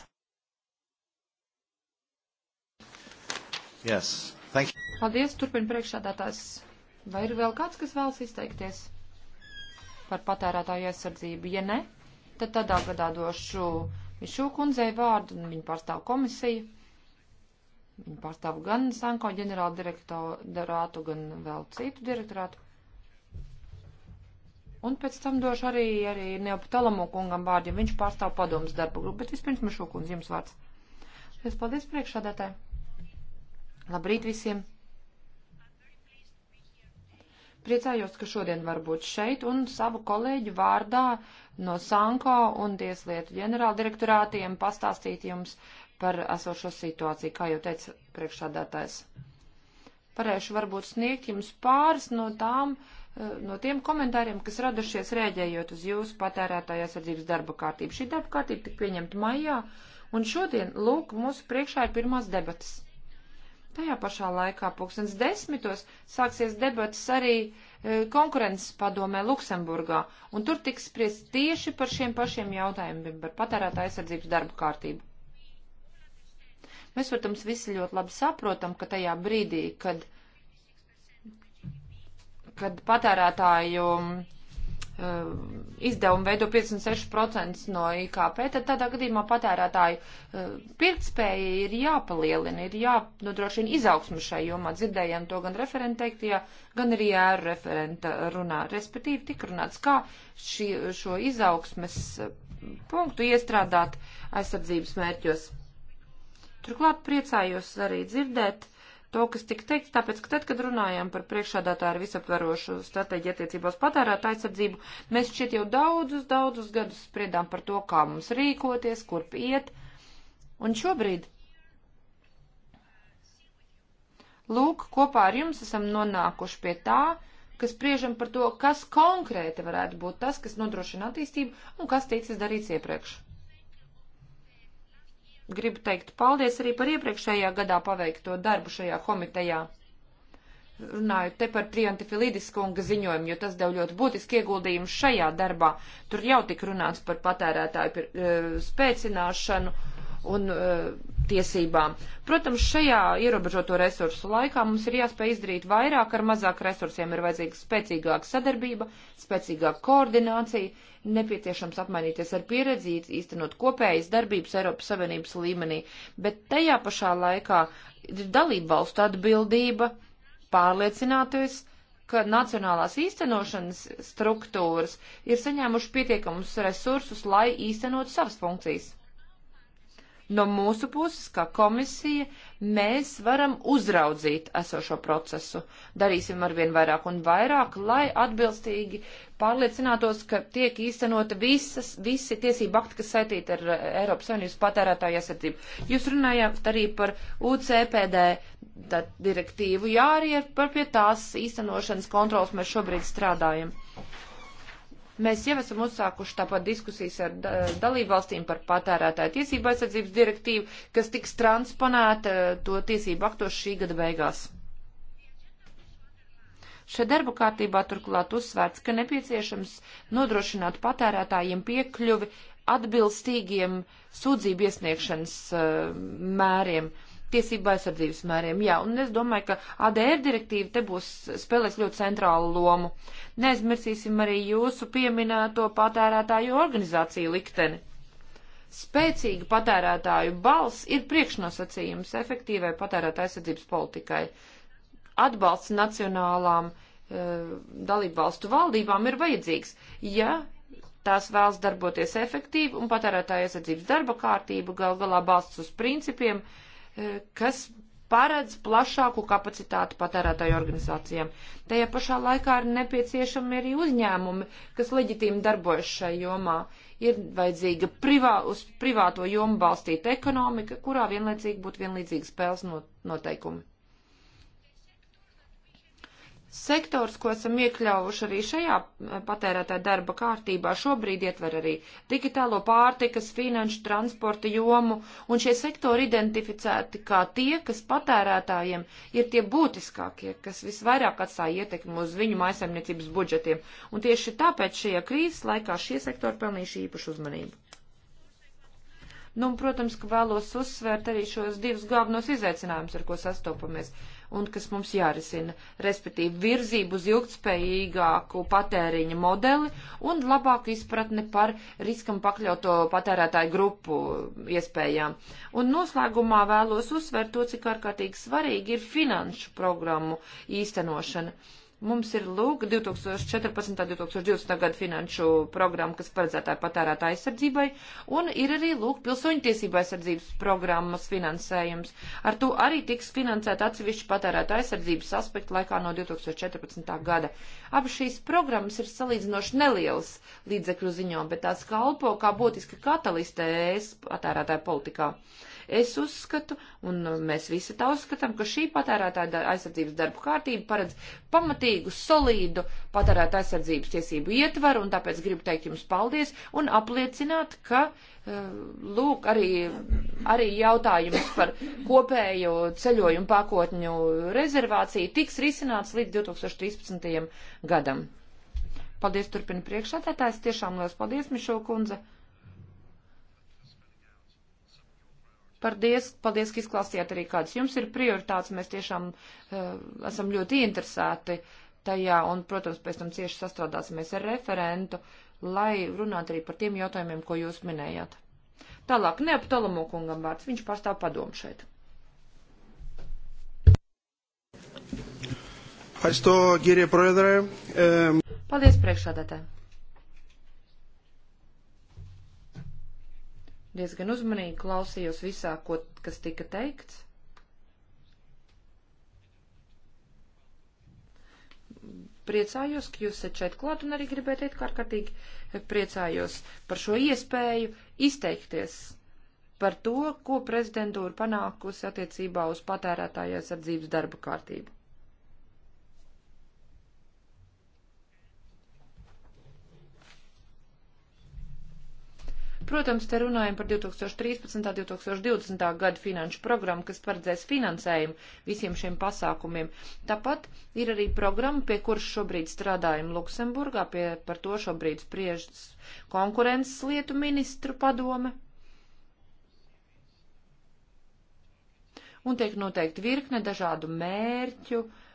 Yes. Thank you. Paldies, turpina priekšādātājs. Vai ir vēl kāds, kas vēlas izteikties par patērētāju aizsardzību? Ja ne, tad tādā gadā došu Ir šo kundzei vārdu, un viņa pārstāv komisiju. Viņa pārstāv gan Sanko ģenerāla direktorātu, gan vēl citu direktorātu. Un pēc tam došu arī, arī Neoptolamo kungam vārdu, ja viņš pārstāv padomas darbu grupu, bet vispirms man šo kundz jums vārds. Es paldies priekšādātāji. Labrīt visiem! Priecājos, ka šodien var būt šeit un savu kolēģu vārdā no Sanko un Tieslietu ģenerāldirektorātiem pastāstīt jums par esošo situāciju, kā jau teica priekšādātājs. Parēšu varbūt sniegt jums pāris no tām, eh, no tiem komentāriem, kas radušies rēģējot uz jūsu patērētāja aizsardzības darba kārtību. Šī darba kārtība tika pieņemta maijā, un šodien, lūk, mūsu priekšā ir pirmās debatas. Tajā pašā laikā pulkstens desmitos sāksies debats arī e, konkurences padomē Luksemburgā, un tur tiks spriest tieši par šiem pašiem jautājumiem, par patērētā aizsardzības darbu kārtību. Mēs, protams, visi ļoti labi saprotam, ka tajā brīdī, kad, kad patērētāju um, Uh, izdevumi veido 56% no IKP, tad tādā gadījumā patērētāju uh, pirktspēja ir jāpalielina, ir jānodrošina izaugsmu šai jomā. Dzirdējām to gan referenta teiktajā, gan arī ēru referenta runā. Respektīvi tik runāts, kā šī, šo izaugsmes uh, punktu iestrādāt aizsardzības mērķos. Turklāt priecājos arī dzirdēt, to, kas tika teikts, tāpēc, ka tad, kad runājām par priekšādātāju visaptvarošu stratēģiju attiecībās patērētā aizsardzību, mēs šķiet jau daudzus, daudzus gadus spriedām par to, kā mums rīkoties, kurp iet. Un šobrīd, lūk, kopā ar jums esam nonākuši pie tā, ka spriežam par to, kas konkrēti varētu būt tas, kas nodrošina attīstību un kas ticis darīts iepriekš gribu teikt paldies arī par iepriekšējā gadā paveikto darbu šajā komitejā. Runāju te par Triantifilidis kunga ziņojumu, jo tas dev ļoti būtiski ieguldījumu šajā darbā. Tur jau tik runāts par patērētāju pir, uh, spēcināšanu un uh, tiesībām. Protams, šajā ierobežoto resursu laikā mums ir jāspēj izdarīt vairāk ar mazāk resursiem. Ir vajadzīga spēcīgāka sadarbība, spēcīgāka koordinācija, nepieciešams apmainīties ar pieredzi, īstenot kopējas darbības Eiropas Savienības līmenī, bet tajā pašā laikā ir dalība valstu atbildība pārliecināties, ka nacionālās īstenošanas struktūras ir saņēmuši pietiekamus resursus, lai īstenot savas funkcijas. No mūsu puses, kā komisija, mēs varam uzraudzīt esošo procesu. Darīsim arvien vairāk un vairāk, lai atbilstīgi pārliecinātos, ka tiek īstenota visas, visi tiesību akti, kas saistīti ar eh, Eiropas Savienības patērētāju aizsardzību. Jūs runājāt arī par UCPD direktīvu, jā, arī par pie tās īstenošanas kontrols mēs šobrīd strādājam. Mēs jau esam uzsākuši tāpat diskusijas ar da, dalībvalstīm par patērētāju tiesību aizsardzības direktīvu, kas tiks transponēta eh, to tiesību aktos šī gada beigās. Šai darba kārtībā turklāt uzsvērts, ka nepieciešams nodrošināt patērētājiem piekļuvi atbilstīgiem sūdzību iesniegšanas uh, mēriem. Uh, tiesību aizsardzības mēriem. Jā, un es domāju, ka ADR direktīva te būs spēlēs ļoti centrālu lomu. Neaizmirsīsim arī jūsu pieminēto patērētāju organizāciju likteni. Spēcīga patērētāju balss ir priekšnosacījums efektīvai patērētāju aizsardzības politikai. Atbalsts nacionālām e, dalību valstu valdībām ir vajadzīgs, ja tās vēlas darboties efektīvi un patērētāja aizsardzības darba kārtība gal galā balsts uz principiem, uh, E, kas paredz plašāku kapacitātu patērētāju organizācijām. Tajā pašā laikā ir nepieciešami arī uzņēmumi, kas leģitīmi darbojas šai jomā. Ir vajadzīga privā, uz privāto jomu balstīta ekonomika, kurā vienlaicīgi būtu vienlīdzīgi spēles noteikumi. Sektors, ko esam iekļaujuši arī šajā eh, patērētāja darba kārtībā, šobrīd ietver arī digitālo pārtikas, finanšu, transporta jomu, un šie sektori identificēti kā tie, kas patērētājiem ir tie būtiskākie, kas visvairāk atstāja ietekmi uz viņu maisaimniecības budžetiem. Un tieši tāpēc šajā krīzes laikā šie sektori pelnījuši īpašu uzmanību. Nu, un, protams, ka vēlos uzsvērt arī šos divus galvenos izaicinājumus, ar ko sastopamies un kas mums jārisina, respektīvi virzību uz ilgtspējīgāku patēriņa modeli un labāku izpratni par riskam pakļauto patērētāju grupu iespējām. Un noslēgumā vēlos uzsvērt to, cik ārkārtīgi svarīgi ir finanšu programmu īstenošana. Mums ir lūk 2014. 2020. gada finanšu programma, kas paredzētā patērētā aizsardzībai, un ir arī lūk pilsoņtiesība aizsardzības programmas finansējums. Ar to arī tiks finansēt atsevišķi patērētā aizsardzības aspekti laikā no 2014. gada. Abi šīs programmas ir salīdzinoši nelielas līdzekļu ziņā, bet tās kalpo kā būtiski katalistēs patērētāju politikā. Uh, Es uzskatu, un uh, mēs visi tā uzskatām, ka šī patērētāja aizsardzības darbu kārtība paredz pamatīgu, solīdu patērētāja aizsardzības tiesību ietvaru, un tāpēc gribu teikt jums paldies un apliecināt, ka, uh, lūk, arī, arī jautājums par kopējo ceļojumu pakotņu rezervāciju tiks risināts līdz 2013. gadam. Paldies, turpina priekšsēdētājs. Tiešām liels paldies, Mišo kundze. Paldies, paldies, ka izklāstījāt arī kādas jums ir prioritātes. Mēs tiešām uh, esam ļoti interesēti tajā un, protams, pēc tam cieši sastrādāsimies ar referentu, lai runātu arī par tiem jautājumiem, ko jūs minējāt. Tālāk, neaptolamo kungam vārds, viņš pārstāv padomu šeit. Paldies, priekšādātāji. diezgan uzmanīgi klausījos visā, ko, kas tika teikts. Priecājos, ka jūs esat šeit klāt un arī gribētu teikt kārkārtīgi priecājos par šo iespēju izteikties par to, ko prezidentūra panākusi attiecībā uz patērētāju aizsardzības darba kārtību. Protams, te runājam par 2013. un 2020. gadu finanšu programmu, kas paredzēs finansējumu visiem šiem pasākumiem. Tāpat ir arī programma, pie kuras šobrīd strādājam Luksemburgā, pie, par to šobrīd spriež konkurences lietu ministru padome. Un tiek noteikti virkne dažādu mērķu, uh,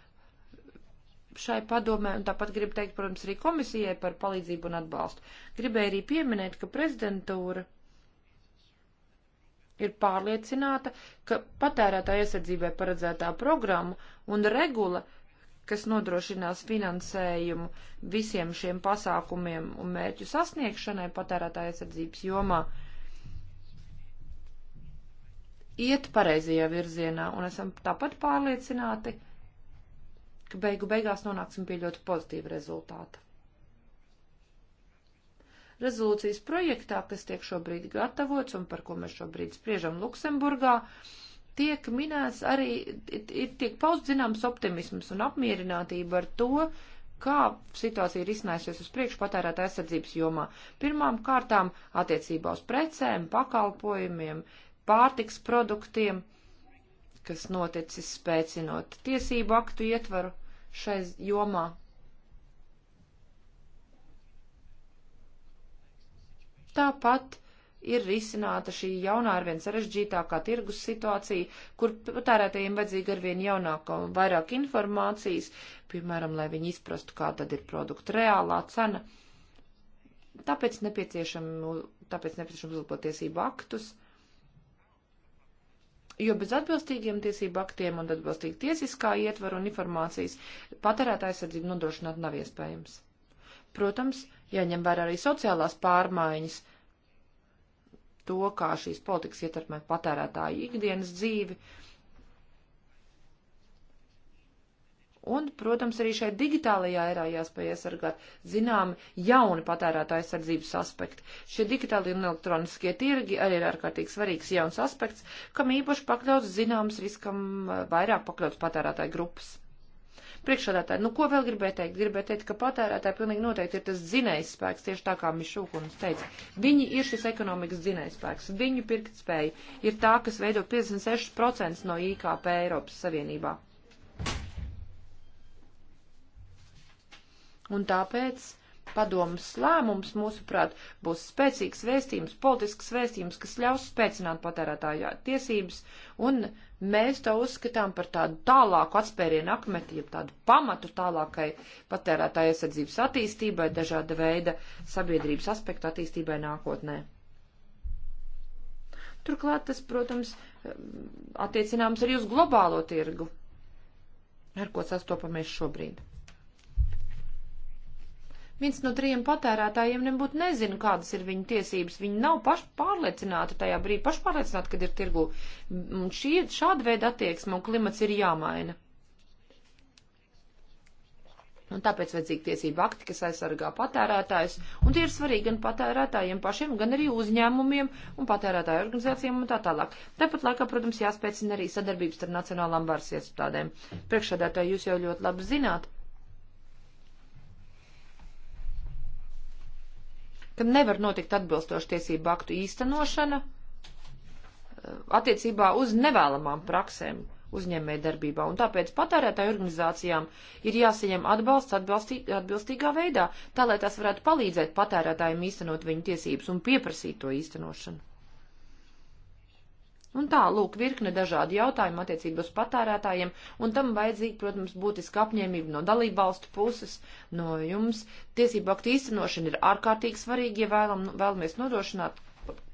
šai padomē, un tāpat gribu teikt, protams, arī komisijai par palīdzību un atbalstu. Gribēju arī pieminēt, ka prezidentūra ir pārliecināta, ka patērētā iesardzībai paredzētā programma un regula, kas nodrošinās finansējumu visiem šiem pasākumiem un mērķu sasniegšanai patērētā iesardzības jomā, iet pareizajā virzienā, un esam tāpat pārliecināti, ka beigu beigās nonāksim pie ļoti pozitīva rezultāta. Rezolūcijas projektā, kas tiek šobrīd gatavots un par ko mēs šobrīd spriežam Luksemburgā, tiek minēts arī, tiek paust zināms optimisms un apmierinātība ar to, kā situācija ir iznājusies uz priekšu patērētā aizsardzības jomā. Pirmām kārtām attiecībā uz precēm, pakalpojumiem, pārtiks produktiem kas noticis spēcinot tiesību aktu ietvaru šai jomā. Tāpat ir risināta šī jaunā arvien sarežģītākā tirgus situācija, kur patērētājiem vajadzīga arvien jaunāka un vairāk informācijas, piemēram, lai viņi izprastu, kā tad ir produkta reālā cena. Tāpēc nepieciešam, tāpēc nepieciešam uzlabot tiesību aktus, uh, Jo bez atbilstīgiem tiesību aktiem un atbilstīga tiesiskā ietvara un informācijas patērētāja aizsardzību nodrošināt nav iespējams. Protams, jāņem vērā arī sociālās pārmaiņas, to, kā šīs politikas ietekmē patērētāju ikdienas dzīvi Un, protams, arī šai digitālajā erā jāspēj aizsargāt zinām jauni patērētāja aizsardzības aspekti. Šie digitāli un elektroniskie tirgi arī ir ārkārtīgi svarīgs jauns aspekts, kam īpaši pakļauts zināms riskam eh, vairāk pakļauts patērētāju grupas. Priekšādātāji, nu ko vēl gribēju teikt? Gribēju teikt, ka patērētāji pilnīgi noteikti ir tas dzinējs spēks, tieši tā kā Mišūkunis teica. Viņi ir šis ekonomikas dzinējs spēks. Viņu pirktspēja ir tā, kas veido 56% no IKP Eiropas Savienībā. Un tāpēc padomas lēmums, mūsuprāt, būs spēcīgs vēstījums, politisks vēstījums, kas ļaus spēcināt patērētāju tiesības, un mēs to uzskatām par tādu tālāku atspērienu akmeti, jeb tādu pamatu tālākai patērētāju aizsardzības attīstībai, dažāda veida sabiedrības aspektu attīstībai nākotnē. Turklāt tas, protams, attiecināms arī uz globālo tirgu, ar ko sastopamies šobrīd. Viens no trījiem patērētājiem nebūtu nezina, kādas ir viņa tiesības. Viņi nav pašpārliecināti tajā brīdī, pašpārliecināti, kad ir tirgu. Un šī, šāda veida attieksme un klimats ir jāmaina. Un tāpēc vajadzīgi tiesība akti, kas aizsargā patērētājus, un tie ir svarīgi gan patērētājiem pašiem, gan arī uzņēmumiem un patērētāju organizācijām un tā tālāk. Tāpat laikā, protams, jāspēcina arī sadarbības ar nacionālām varas iestādēm. Priekšādātāji jūs jau ļoti labi zināt, ka nevar notikt atbilstoši tiesību aktu īstenošana eh, attiecībā uz nevēlamām praksēm uzņēmēja darbībā, un tāpēc patērētāju organizācijām ir jāsaņem atbalsts atbalstī, atbilstīgā veidā, tā lai tās varētu palīdzēt patērētājiem īstenot viņu tiesības un pieprasīt to īstenošanu. Un tā, lūk, virkne dažādu jautājumu attiecībā uz patērētājiem, un tam vajadzīga, protams, būtiska apņēmība no dalību valstu puses, no jums. Tiesību aktu īstenošana ir ārkārtīgi svarīga, ja vēlam, vēlamies nodrošināt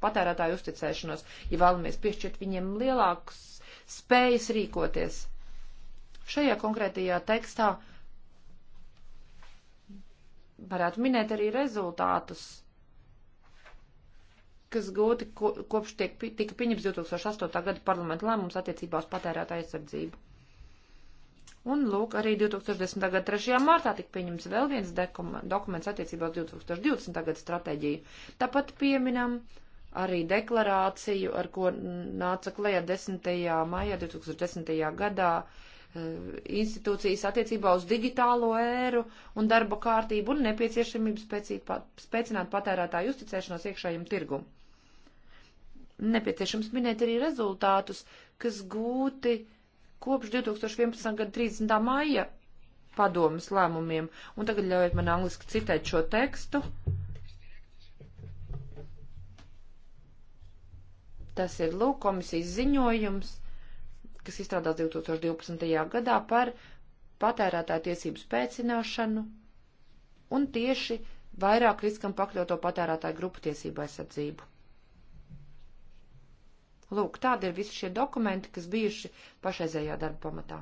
patērētāju uzticēšanos, ja vēlamies piešķirt viņiem lielākas spējas rīkoties. Šajā konkrētajā tekstā varētu minēt arī rezultātus kas gūti ko, kopš tiek, tika pieņems 2008. gada parlamenta lēmums attiecībā uz patērētā aizsardzību. Un, lūk, arī 2010. gada 3. martā tika pieņems vēl viens dokuments attiecībā uz 2020. gada stratēģiju. Tāpat pieminam arī deklarāciju, ar ko nāca klējā 10. maijā 2010. gadā eh, institūcijas attiecībā uz digitālo ēru un darba kārtību un nepieciešamību spēcināt patērētāju uzticēšanos iekšējiem tirgumam. Nepieciešams minēt arī rezultātus, kas gūti kopš 2011. gada 30. maija padomas lēmumiem. Un tagad ļaujiet man angliski citēt šo tekstu. Tas ir lūk komisijas ziņojums, kas izstrādāts 2012. gadā par patērētāju tiesību spēcināšanu un tieši vairāk riskam pakļauto patērētāju grupu tiesību aizsardzību. Lūk, tādi ir visi šie dokumenti, kas bijuši pašreizējā darba pamatā.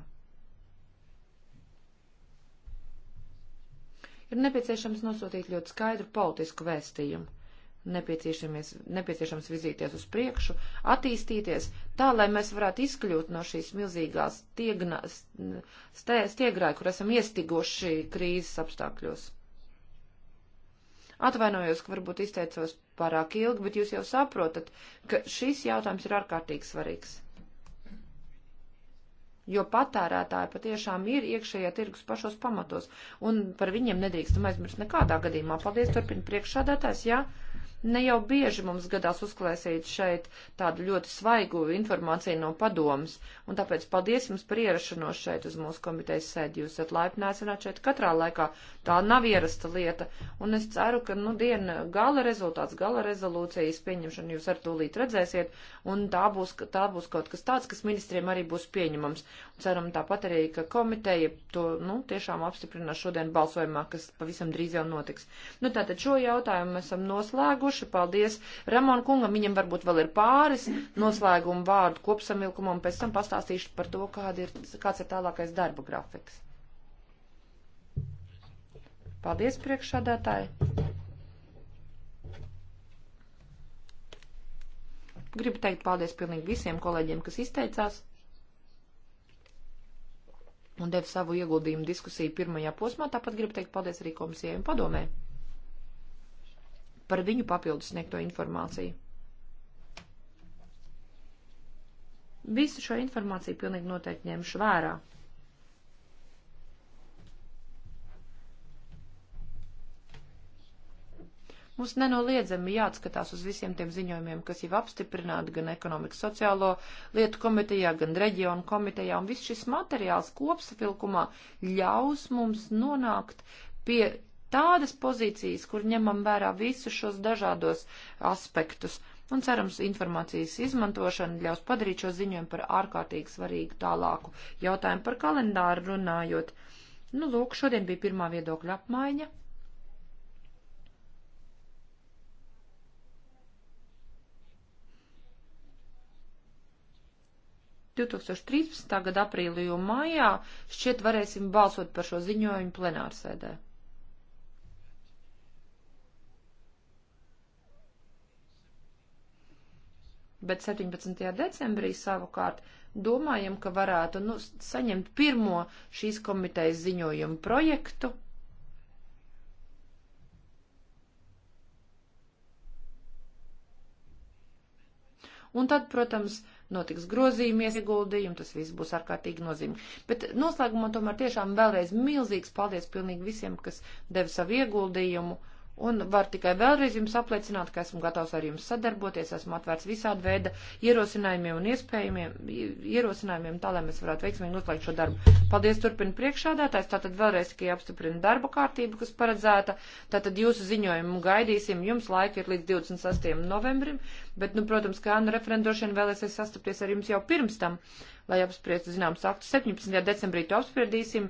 Ir nepieciešams nosūtīt ļoti skaidru politisku vēstījumu. Nepieciešams vizīties uz priekšu, attīstīties, tā, lai mēs varētu izkļūt no šīs milzīgās stiegrāja, kur esam iestiguši krīzes apstākļos. Atvainojos, ka varbūt izteicos pārāk ilgi, bet jūs jau saprotat, ka šis jautājums ir ārkārtīgi svarīgs. Jo patērētāji patiešām ir iekšējā tirgus pašos pamatos, un par viņiem nedrīkstam aizmirst nekādā gadījumā. Paldies, turpina priekšādātājs, jā. Ja? Ne jau bieži mums gadās uzklāsīt šeit tādu ļoti svaigu informāciju no padomas, un tāpēc paldies jums par ierašanos šeit uz mūsu komitejas sēdi. Jūs esat laipni aicināt šeit katrā laikā. Tā nav ierasta lieta, un es ceru, ka, nu, diena gala rezultāts, gala rezolūcijas pieņemšana jūs ar tūlīt redzēsiet, un tā būs, tā būs kaut kas tāds, kas ministriem arī būs pieņemams. Ceram tāpat arī, ka komiteja to, nu, tiešām apstiprinās šodien balsojumā, kas pavisam drīz jau notiks. Nu, tātad šo jautājumu esam noslēguši droši. Paldies Ramon kungam, viņam varbūt vēl ir pāris noslēgumu vārdu kopsamilkumam, pēc tam pastāstīšu par to, kāda ir, kāds ir tālākais darba grafiks. Paldies priekšādātāji. Gribu teikt paldies pilnīgi visiem kolēģiem, kas izteicās un deva savu ieguldījumu diskusiju pirmajā posmā. Tāpat gribu teikt paldies arī komisijai un padomē par viņu papildus sniegto informāciju. Visu šo informāciju pilnīgi noteikti ņemšu vērā. Mums nenoliedzami jāatskatās uz visiem tiem ziņojumiem, kas jau apstiprināti gan ekonomikas sociālo lietu komitejā, gan reģionu komitejā, un viss šis materiāls kopsavilkumā ļaus mums nonākt pie tādas pozīcijas, kur ņemam vērā visus šos dažādos aspektus. Un cerams, informācijas izmantošana ļaus padarīt šo ziņojumu par ārkārtīgi svarīgu tālāku jautājumu par kalendāru runājot. Nu, lūk, šodien bija pirmā viedokļa apmaiņa. gada aprīlī un mājā šķiet varēsim balsot par šo ziņojumu plenārsēdē. bet 17. decembrī savukārt domājam, ka varētu nu, saņemt pirmo šīs komitejas ziņojumu projektu. Un tad, protams, notiks grozījumi, ieguldījumi, tas viss būs ārkārtīgi nozīmīgi. Bet noslēgumā tomēr tiešām vēlreiz milzīgs paldies pilnīgi visiem, kas deva savu ieguldījumu Un var tikai vēlreiz jums apliecināt, ka esmu gatavs ar jums sadarboties, esmu atvērts visāda veida ierosinājumiem un iespējumiem, ierosinājumiem tā, lai mēs varētu veiksmīgi noslēgt šo darbu. Paldies, turpina priekšādātājs, tātad vēlreiz tikai apstiprina darba kārtību, kas paredzēta, tātad jūsu ziņojumu gaidīsim, jums laika ir līdz 26. novembrim, bet, nu, protams, kā nu referendošana vēlēsies sastapties ar jums jau pirms tam lai apspriestu zināmas aktus. 17. decembrī to apspriedīsim,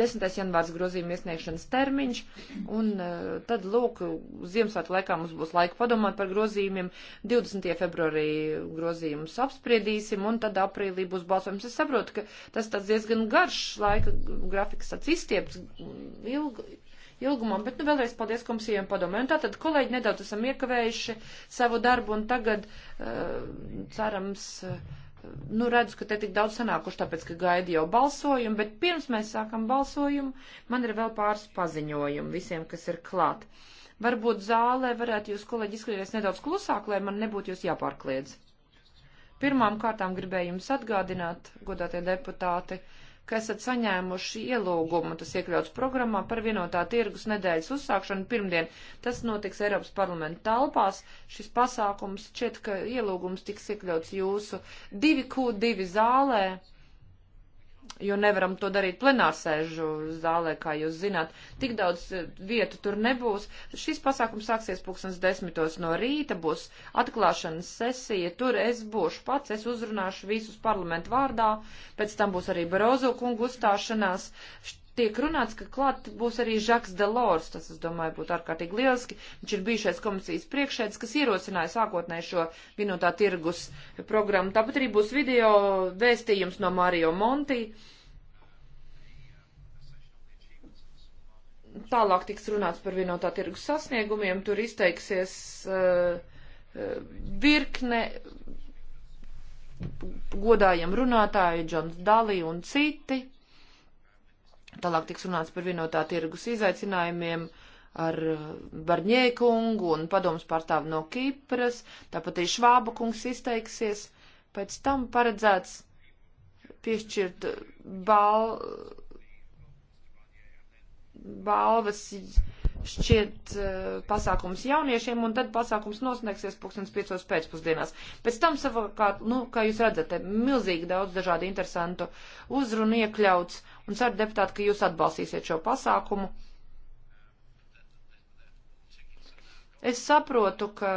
10. janvārs grozījuma iesniegšanas termiņš, un eh, tad, lūk, Ziemassvētku laikā mums būs laika padomāt par grozījumiem, 20. februārī grozījumus apspriedīsim, un tad aprīlī būs balsojums. Es saprotu, ka tas tāds diezgan garš laika grafiks, tāds izstieps, ilgi ilgumā, bet nu vēlreiz paldies komisijiem padomē. Un tātad, kolēģi, nedaudz esam iekavējuši savu darbu un tagad, uh, cerams, uh, nu, redzu, ka te tik daudz sanākuši, tāpēc, ka gaida jau balsojumu, bet pirms mēs sākam balsojumu, man ir vēl pāris paziņojumu visiem, kas ir klāt. Varbūt zālē varētu jūs, kolēģi, izskatīties nedaudz klusāk, lai man nebūtu jūs jāpārkliedz. Pirmām kārtām gribēju jums atgādināt, godātie deputāti, uh, ka esat saņēmuši ielūgumu, tas iekļauts programmā par vienotā tirgus nedēļas uzsākšanu pirmdien. Tas notiks Eiropas parlamenta telpās. Šis pasākums šķiet, ka ielūgums tiks iekļauts jūsu 2Q2 zālē jo nevaram to darīt plenārsēžu zālē, kā jūs zināt. Tik daudz eh, vietu tur nebūs. Šis pasākums sāksies pulkstens desmitos no rīta, būs atklāšanas sesija, tur es būšu pats, es uzrunāšu visus parlamentu vārdā, pēc tam būs arī Barozo kungu uzstāšanās tiek runāts, ka klāt būs arī Žaks Delors, tas, es domāju, būtu ārkārtīgi lieliski. Viņš ir bijušais komisijas priekšēds, kas ierosināja sākotnēji šo vienotā tirgus programmu. Tāpat arī būs video vēstījums no Mario Monti. Tālāk tiks runāts par vienotā tirgus sasniegumiem, tur izteiksies uh, uh virkne godājam runātāju, Džons Dalī un citi. Tālāk tiks runāts par vienotā tirgus izaicinājumiem ar uh, Barņē kungu un padomus pārstāvu no Kipras, tāpat arī Švāba kungs izteiksies. Pēc tam paredzēts piešķirt uh, bal... balvas šķiet uh, pasākums jauniešiem, un tad pasākums nosniegsies 2005. pēcpusdienās. Pēc tam savukārt, nu, kā jūs redzat, milzīgi daudz dažādu interesantu uzrunu iekļauts, un ceru, deputāti, ka jūs atbalstīsiet šo pasākumu. Es saprotu, ka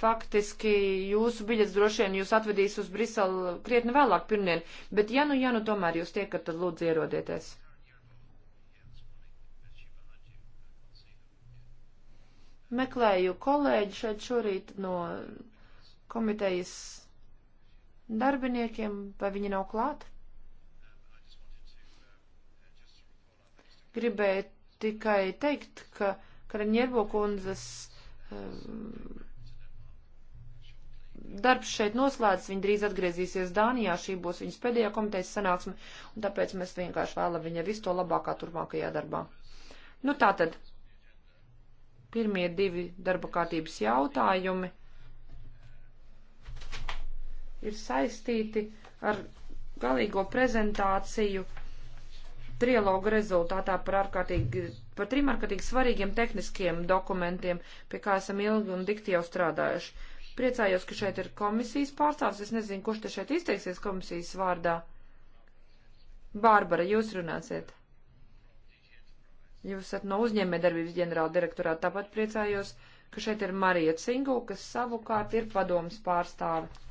faktiski jūsu biļets droši vien jūs atvedīs uz Briselu krietni vēlāk pirmdien, bet ja nu, ja nu tomēr jūs tiekat, tad lūdzu ierodieties. Meklēju kolēģi šeit šorīt no komitejas darbiniekiem, vai viņi nav klāt? Gribēju tikai teikt, ka Karaņierbo kundzes um, darbs šeit noslēdzas, viņa drīz atgriezīsies Dānijā, šī būs viņas pēdējā komitejas sanāksme, un tāpēc mēs vienkārši vēlam viņai visu to labākā turpmākajā darbā. Nu tā tad, pirmie divi darba kārtības jautājumi ir saistīti ar galīgo prezentāciju trialoga rezultātā par ārkārtīgi, par trim ārkārtīgi svarīgiem tehniskiem dokumentiem, pie kā esam ilgi un dikti jau strādājuši. Priecājos, ka šeit ir komisijas pārstāvs. Es nezinu, kurš te šeit izteiksies komisijas vārdā. Bārbara, jūs runāsiet. Jūs esat no uzņēmējdarbības ģenerāla direktorāta. Tāpat priecājos, ka šeit ir Marija Cingu, kas savukārt ir padomas pārstāve.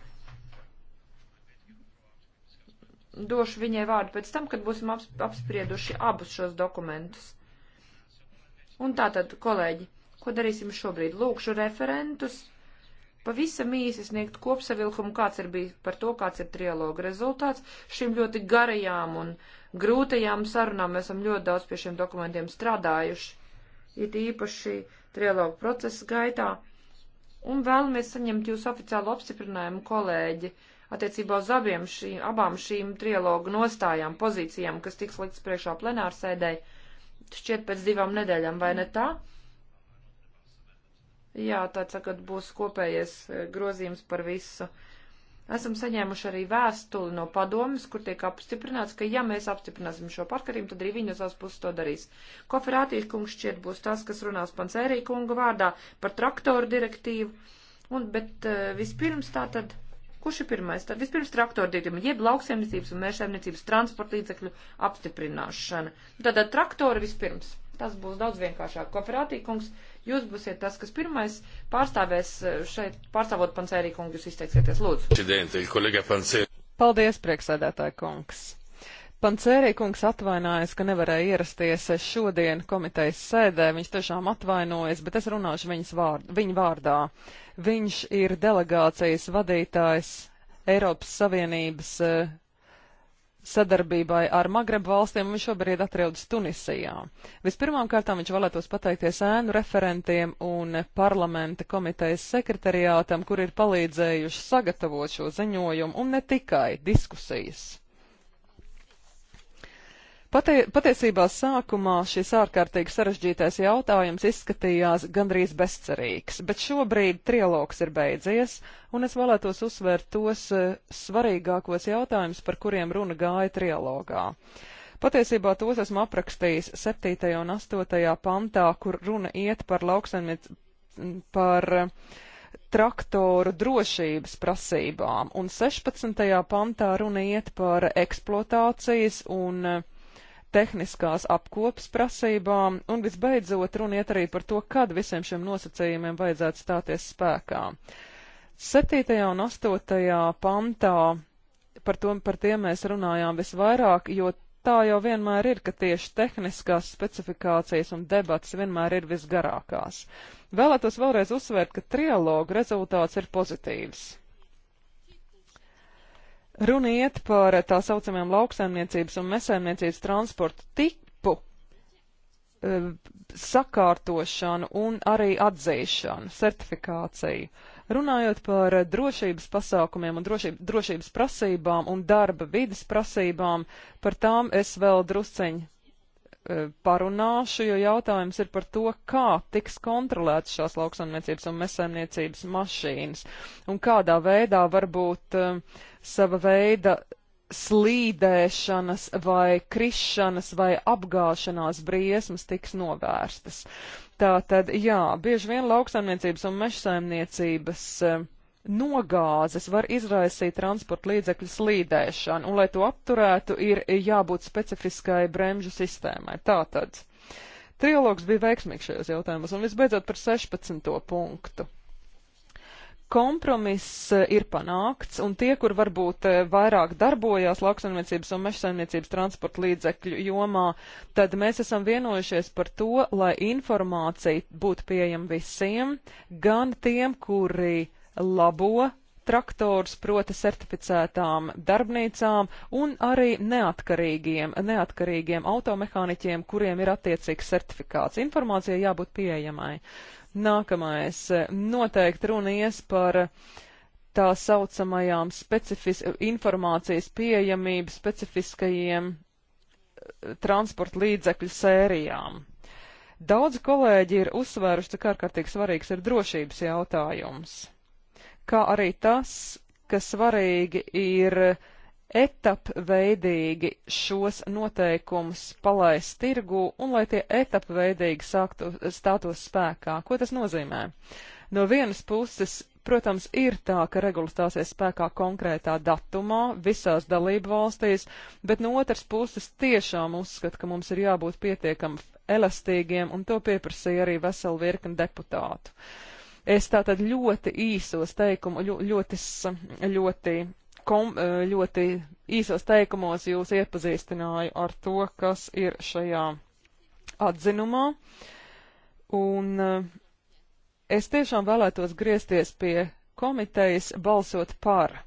došu viņai vārdu pēc tam, kad būsim apsprieduši abus šos dokumentus. Un tātad, kolēģi, ko darīsim šobrīd? Lūkšu referentus pavisam īsi sniegt kopsavilkumu, kāds ir bijis par to, kāds ir trialoga rezultāts. Šīm ļoti garajām un grūtajām sarunām mēs esam ļoti daudz pie šiem dokumentiem strādājuši, it īpaši trialoga procesa gaitā. Un vēlamies saņemt jūsu oficiālu apstiprinājumu, kolēģi, uh, attiecībā uz abiem šī, abām šīm trialogu nostājām, pozīcijām, kas tiks likts priekšā plenārsēdēji, šķiet pēc divām nedēļām, vai ne tā? Jā, tā sakot, būs kopējais eh, grozījums par visu. Esam saņēmuši arī vēstuli no padomas, kur tiek apstiprināts, ka ja mēs apstiprināsim šo parkarību, tad arī viņa savas puses to darīs. Koferātīs kungs šķiet būs tas, kas runās pancērī kunga vārdā par traktoru direktīvu. Un, bet eh, vispirms tā tad Kurš ir pirmais? Tad vispirms traktordietim, jeb lauksaimniecības un mēršaimniecības transporta līdzekļu apstiprināšana. Tātad traktori vispirms. Tas būs daudz vienkāršāk. Kooperātīkungs, jūs būsiet tas, kas pirmais pārstāvēs eh, šeit, pārstāvot Pancērī kungu, jūs izteiksieties. Lūdzu. Paldies, prieksēdētāji kungs. Pancērīkungs atvainājas, ka nevarēja ierasties šodien komitejas sēdē. Viņš tiešām atvainojas, bet es runāšu vārd, viņa vārdā. Viņš ir delegācijas vadītājs Eiropas Savienības eh, sadarbībai ar Magrebu valstiem, un viņš šobrīd atrodas Tunisijā. Vispirmām kārtām viņš vēlētos pateikties ēnu referentiem un parlamenta komitejas sekretariātam, kur ir palīdzējuši sagatavot šo ziņojumu, un ne tikai diskusijas. Patie, patiesībā sākumā šis ārkārtīgi sarežģītais jautājums izskatījās gandrīz bezcerīgs, bet šobrīd trialogs ir beidzies, un es vēlētos uzsvērt tos eh, svarīgākos jautājumus, par kuriem runa gāja trialogā. Patiesībā tos esmu aprakstījis 7. un 8. pantā, kur runa iet par lauksaimniec... par eh, traktoru drošības prasībām, un 16. pantā runa iet par eksploatācijas un uh, tehniskās apkopas prasībām, un visbeidzot runiet arī par to, kad visiem šiem nosacījumiem vajadzētu stāties spēkā. 7. un 8. pantā par, to, par tiem mēs runājām visvairāk, jo tā jau vienmēr ir, ka tieši tehniskās specifikācijas un debatas vienmēr ir visgarākās. Vēlētos vēlreiz uzsvērt, ka trialogu rezultāts ir pozitīvs. Runa iet par tā saucamajām lauksaimniecības un mesaimniecības transportu tipu e, sakārtošanu un arī atzīšanu, certifikāciju. Runājot par drošības pasākumiem un drošība, drošības prasībām un darba vidas prasībām, par tām es vēl drusceņi E, parunāšu, jo jautājums ir par to, kā tiks kontrolētas šās lauksaimniecības un mesaimniecības mašīnas un kādā veidā varbūt uh, sava veida slīdēšanas vai krišanas vai apgāšanās briesmas tiks novērstas. Tātad, jā, bieži vien lauksaimniecības un mežsaimniecības uh, nogāzes var izraisīt transporta līdzekļu slīdēšanu, un, lai to apturētu, ir jābūt specifiskai bremžu sistēmai. Tātad, trialogs bija veiksmīgs šajos jautājumos, un visbeidzot par 16. punktu. Kompromiss ir panākts, un tie, kur varbūt eh, vairāk darbojās lauksaimniecības un mežsaimniecības transporta līdzekļu jomā, tad mēs esam vienojušies par to, lai informācija būtu pieejama visiem, gan tiem, kuri labo traktors, proti certificētām darbnīcām un arī neatkarīgiem, neatkarīgiem automehāniķiem, kuriem ir attiecīgs certifikāts. Informācija jābūt pieejamai. Nākamais. Noteikti runa ies par tā saucamajām specifis, informācijas pieejamību specifiskajiem eh, transporta līdzekļu sērijām. Daudz kolēģi ir uzsvēruši, cik ārkārtīgi svarīgs ir drošības jautājums kā arī tas, ka svarīgi ir etapveidīgi šos noteikumus palaist tirgu un lai tie etapveidīgi sāktu, stātos spēkā. Ko tas nozīmē? No vienas puses, protams, ir tā, ka regula stāsies spēkā konkrētā datumā visās dalību valstīs, bet no otras puses tiešām uzskata, ka mums ir jābūt pietiekami elastīgiem, un to pieprasīja arī vesela virkni deputātu. Uh, Es tātad ļoti īsos teikumu, ļoti, ļoti, kom, e, ļoti īsos teikumos jūs iepazīstināju ar to, kas ir šajā atzinumā. Un e, es tiešām vēlētos griezties pie komitejas balsot par.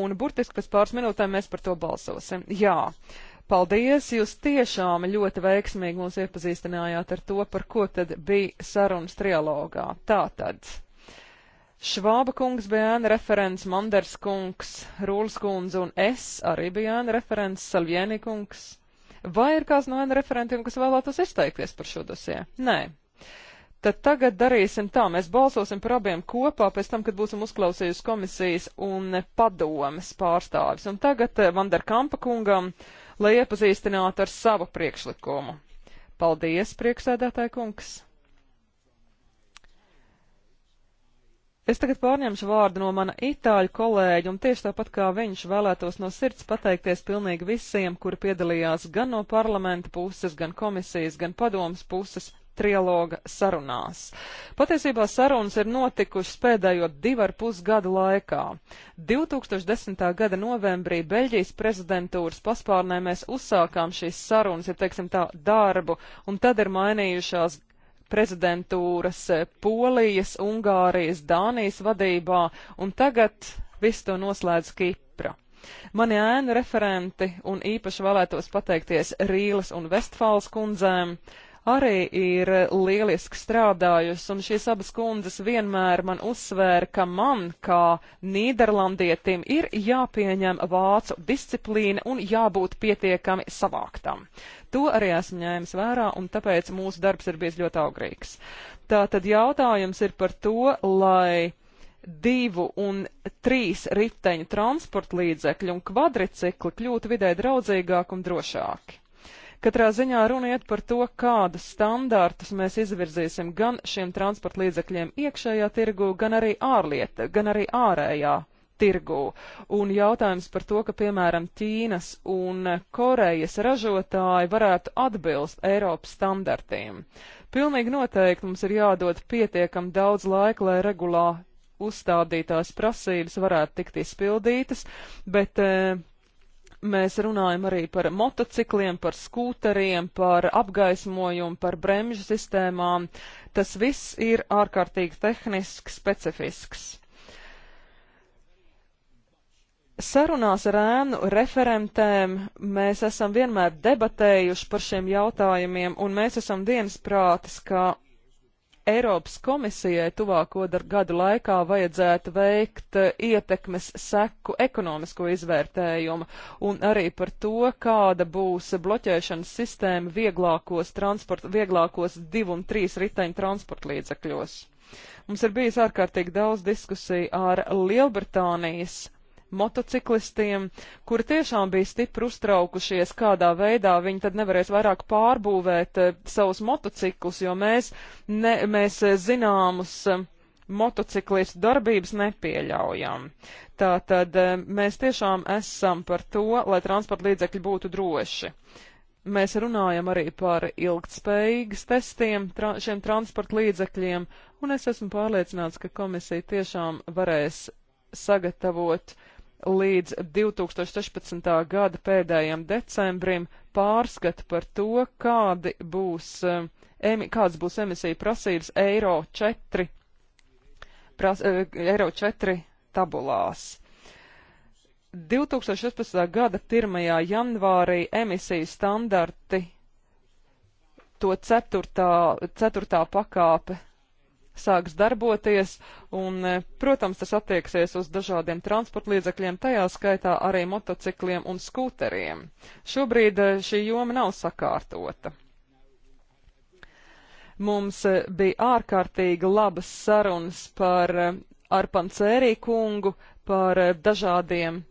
Un burtiski pēc pāris minūtēm mēs par to balsosim. Jā. Uh, Paldies! Jūs tiešām ļoti veiksmīgi mūs iepazīstinājāt ar to, par ko tad bija sarunas trialogā. Tātad. Švāba kungs bija ēna referents, Manders kungs, Rūls kundze un es arī bija ēna referents, Salvieni kungs. Vai ir kāds no ēna referentiem, kas vēlētos izteikties par šo dosie? Nē. Tad tagad darīsim tā, mēs balsosim par abiem kopā, pēc tam, kad būsim uzklausījusi komisijas un padomes pārstāvis. Un tagad eh, Vanderkampa kungam uh, lai iepazīstinātu ar savu priekšlikumu. Paldies, prieksēdētāji kungs! Es tagad pārņemšu vārdu no mana itāļu kolēģa, un tieši tāpat kā viņš vēlētos no sirds pateikties pilnīgi visiem, kuri piedalījās gan no parlamenta puses, gan komisijas, gan padomas puses trialoga sarunās. Patiesībā sarunas ir notikušas pēdējo divu ar pus gadu laikā. 2010. gada novembrī Beļģijas prezidentūras paspārnē mēs uzsākām šīs sarunas, ja teiksim tā, darbu, un tad ir mainījušās prezidentūras eh, Polijas, Ungārijas, Dānijas vadībā, un tagad visu to noslēdz Kipra. Mani ēnu referenti un īpaši vēlētos pateikties Rīles un Vestfāls kundzēm, arī ir lieliski strādājusi, un šīs abas kundzes vienmēr man uzsvēra, ka man, kā Nīderlandietim, ir jāpieņem vācu disciplīna un jābūt pietiekami savāktam. To arī esmu ņēmis vērā, un tāpēc mūsu darbs ir bijis ļoti augrīgs. Tātad jautājums ir par to, lai divu un trīs riteņu transporta līdzekļu un kvadricikli kļūtu vidē draudzīgāk un drošāki. Katrā ziņā runiet par to, kādus standārtus mēs izvirzīsim gan šiem transporta līdzekļiem iekšējā tirgu, gan arī ārlieta, gan arī ārējā. Tirgū. Un jautājums par to, ka, piemēram, Ķīnas un Korejas ražotāji varētu atbilst Eiropas standartiem. Pilnīgi noteikti mums ir jādod pietiekam daudz laika, lai regulā uzstādītās prasības varētu tikt izpildītas, bet e, Mēs runājam arī par motocikliem, par skūteriem, par apgaismojumu, par bremžu sistēmām. Tas viss ir ārkārtīgi tehniski specifisks. Sarunās ar ēnu referentēm mēs esam vienmēr debatējuši par šiem jautājumiem, un mēs esam viensprātis, ka Eiropas komisijai tuvāko gadu laikā vajadzētu veikt eh, ietekmes seku ekonomisko izvērtējumu un arī par to, kāda būs bloķēšanas sistēma vieglākos, vieglākos divu un trīs riteņu transporta līdzekļos. Mums ir bijis ārkārtīgi daudz diskusiju ar Lielbritānijas motociklistiem, kuri tiešām bija stipri uztraukušies, kādā veidā viņi tad nevarēs vairāk pārbūvēt e, savus motociklus, jo mēs, ne, mēs eh, zināmus e, motociklistu darbības nepieļaujam. Tātad e, mēs tiešām esam par to, lai transporta līdzekļi būtu droši. Mēs runājam arī par ilgtspējīgas testiem tra šiem transporta līdzekļiem, un es esmu pārliecināts, ka komisija tiešām varēs sagatavot uh, līdz 2016. gada pēdējiem decembrim pārskatu par to, kādi būs, um, emi, kāds būs emisija prasības Eiro 4, pras, uh, Eiro 4 tabulās. 2016. gada 1. janvārī emisiju standarti to ceturtā, ceturtā pakāpe sāks darboties, un, e, protams, tas attieksies uz dažādiem transportlīdzekļiem, tajā skaitā arī motocikliem un skūteriem. Šobrīd e, šī joma nav sakārtota. Mums e, bija ārkārtīgi labas sarunas par Arpancērī kungu, par dažādiem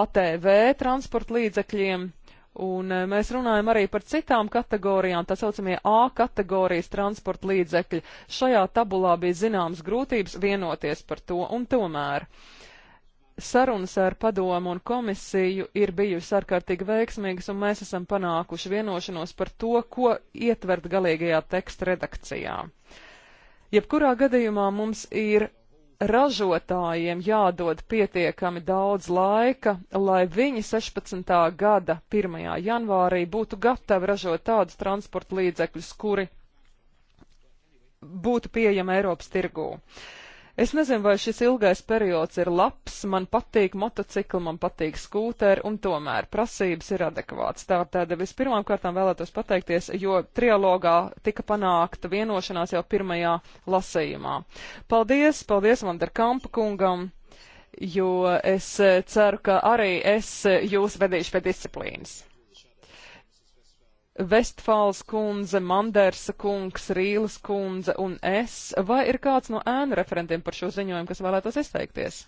ATV transportlīdzekļiem. Un eh, mēs runājam arī par citām kategorijām, tā saucamie A kategorijas transporta līdzekļi. Šajā tabulā bija zināmas grūtības vienoties par to, un tomēr sarunas ar padomu un komisiju ir bijusi ārkārtīgi veiksmīgas, un mēs esam panākuši vienošanos par to, ko ietvert galīgajā teksta redakcijā. Jebkurā gadījumā mums ir ražotājiem jādod pietiekami daudz laika, lai viņi 16. gada 1. janvārī būtu gatavi ražot tādus transporta līdzekļus, kuri būtu pieejami Eiropas tirgū. Uh, Es nezinu, vai šis ilgais periods ir labs, man patīk motocikli, man patīk skūteri, un tomēr prasības ir adekvāts. Tātad vispirmām kārtām vēlētos pateikties, jo trialogā tika panākta vienošanās jau pirmajā lasījumā. Paldies, paldies Vanderkampa kungam! jo es ceru, ka arī es jūs vedīšu pie disciplīnas. Vestfāls kundze, Mandersa kungs, Rīles kundze un es, vai ir kāds no ēnu referentiem par šo ziņojumu, kas vēlētos izteikties?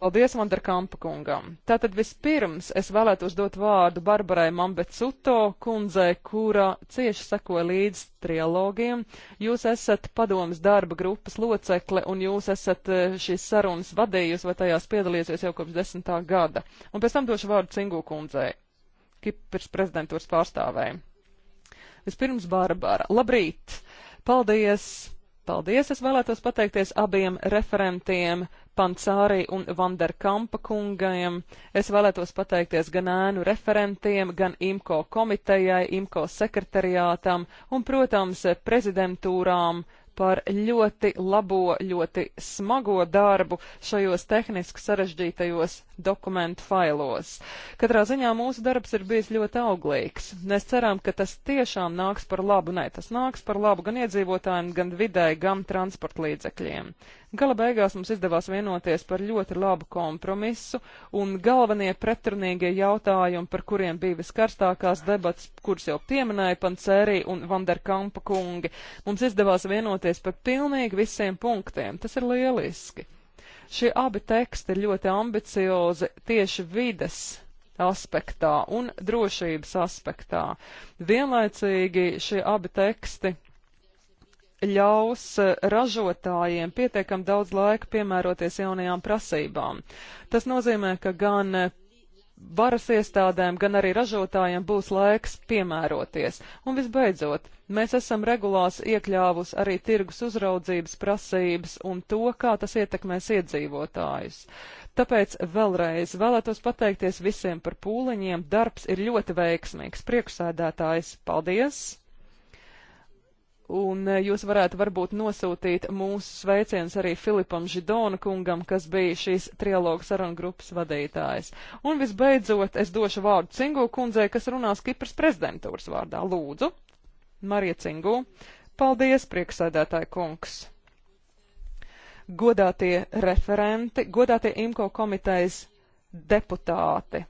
Paldies Vanderkampa kungam. Tātad vispirms es vēlētos dot vārdu Barbarai Mambecuto kundzei, kura cieši sekoja līdz trialogiem. Jūs esat padomas darba grupas locekle un jūs esat e, šīs sarunas vadījusi vai tajās piedalījusies jau kopš desmitā gada. Un pēc tam došu vārdu Cingu kundzei. Kipras prezidentūras pārstāvēm. Vispirms Bārbara. Labrīt! Paldies! Paldies! Es vēlētos pateikties abiem referentiem, Pancārī un Vanderkampa kungajam. Es vēlētos pateikties gan ēnu referentiem, gan IMKO komitejai, IMKO sekretariātam un, protams, prezidentūrām par ļoti labo, ļoti smago darbu šajos tehniski sarežģītajos dokumentu failos. Katrā ziņā mūsu darbs ir bijis ļoti auglīgs. Mēs ceram, ka tas tiešām nāks par labu, ne, tas nāks par labu gan iedzīvotājiem, gan vidē, gan transportlīdzekļiem. Gala beigās mums izdevās vienoties par ļoti labu kompromisu, un galvenie pretrunīgie jautājumi, par kuriem bija viskarstākās debats, kuras jau pieminēja Pancērī un Vanderkampa kungi, mums izdevās vienoties par pilnīgi visiem punktiem. Tas ir lieliski. Šie abi teksti ir ļoti ambiciozi tieši vides aspektā un drošības aspektā. Vienlaicīgi šie abi teksti ļaus eh, ražotājiem pietiekam daudz laika piemēroties jaunajām prasībām. Tas nozīmē, ka gan eh, varas iestādēm, gan arī ražotājiem būs laiks piemēroties. Un visbeidzot, mēs esam regulās iekļāvus arī tirgus uzraudzības prasības un to, kā tas ietekmēs iedzīvotājus. Tāpēc vēlreiz vēlētos pateikties visiem par pūliņiem. Darbs ir ļoti veiksmīgs. Priekšsēdētājs, paldies! Un eh, jūs varētu varbūt nosūtīt mūsu sveicienus arī Filipam Židona kungam, kas bija šīs trialogu sarunu grupas vadītājs. Un visbeidzot, es došu vārdu Cingu kundzei, kas runās Kipras prezidentūras vārdā. Lūdzu, Marija Cingu. Paldies, prieksēdētāji kungs. Godātie referenti, godātie IMKO komitejas deputāti.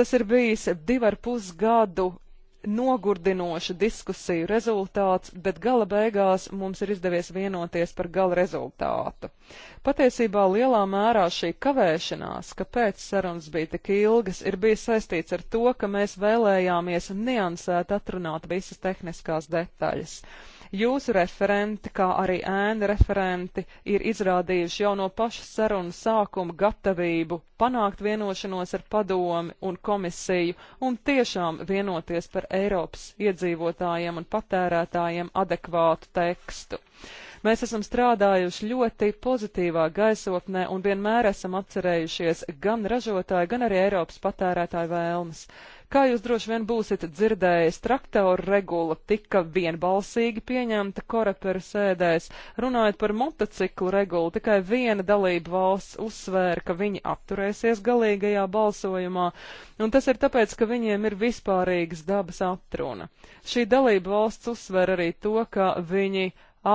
Tas ir bijis divu ar pus gadu nogurdinoša diskusiju rezultāts, bet gala beigās mums ir izdevies vienoties par gala rezultātu. Patiesībā lielā mērā šī kavēšanās, kāpēc sarunas bija tik ilgas, ir bijis saistīts ar to, ka mēs vēlējāmies niansēt atrunāt visas tehniskās detaļas. Jūsu referenti, kā arī ēna referenti, ir izrādījuši jau no paša saruna sākuma gatavību panākt vienošanos ar padomi un komisiju un tiešām vienoties par Eiropas iedzīvotājiem un patērētājiem adekvātu tekstu. Mēs esam strādājuši ļoti pozitīvā gaisotnē un vienmēr esam atcerējušies gan ražotāju, gan arī Eiropas patērētāju vēlmes. Kā jūs droši vien būsiet dzirdējis, traktoru regula tika vienbalsīgi pieņemta korapera sēdēs. Runājot par motociklu regulu, tikai viena dalība valsts uzsvēra, ka viņi atturēsies galīgajā balsojumā, un tas ir tāpēc, ka viņiem ir vispārīgas dabas atruna. Šī dalība valsts uzsver arī to, ka viņi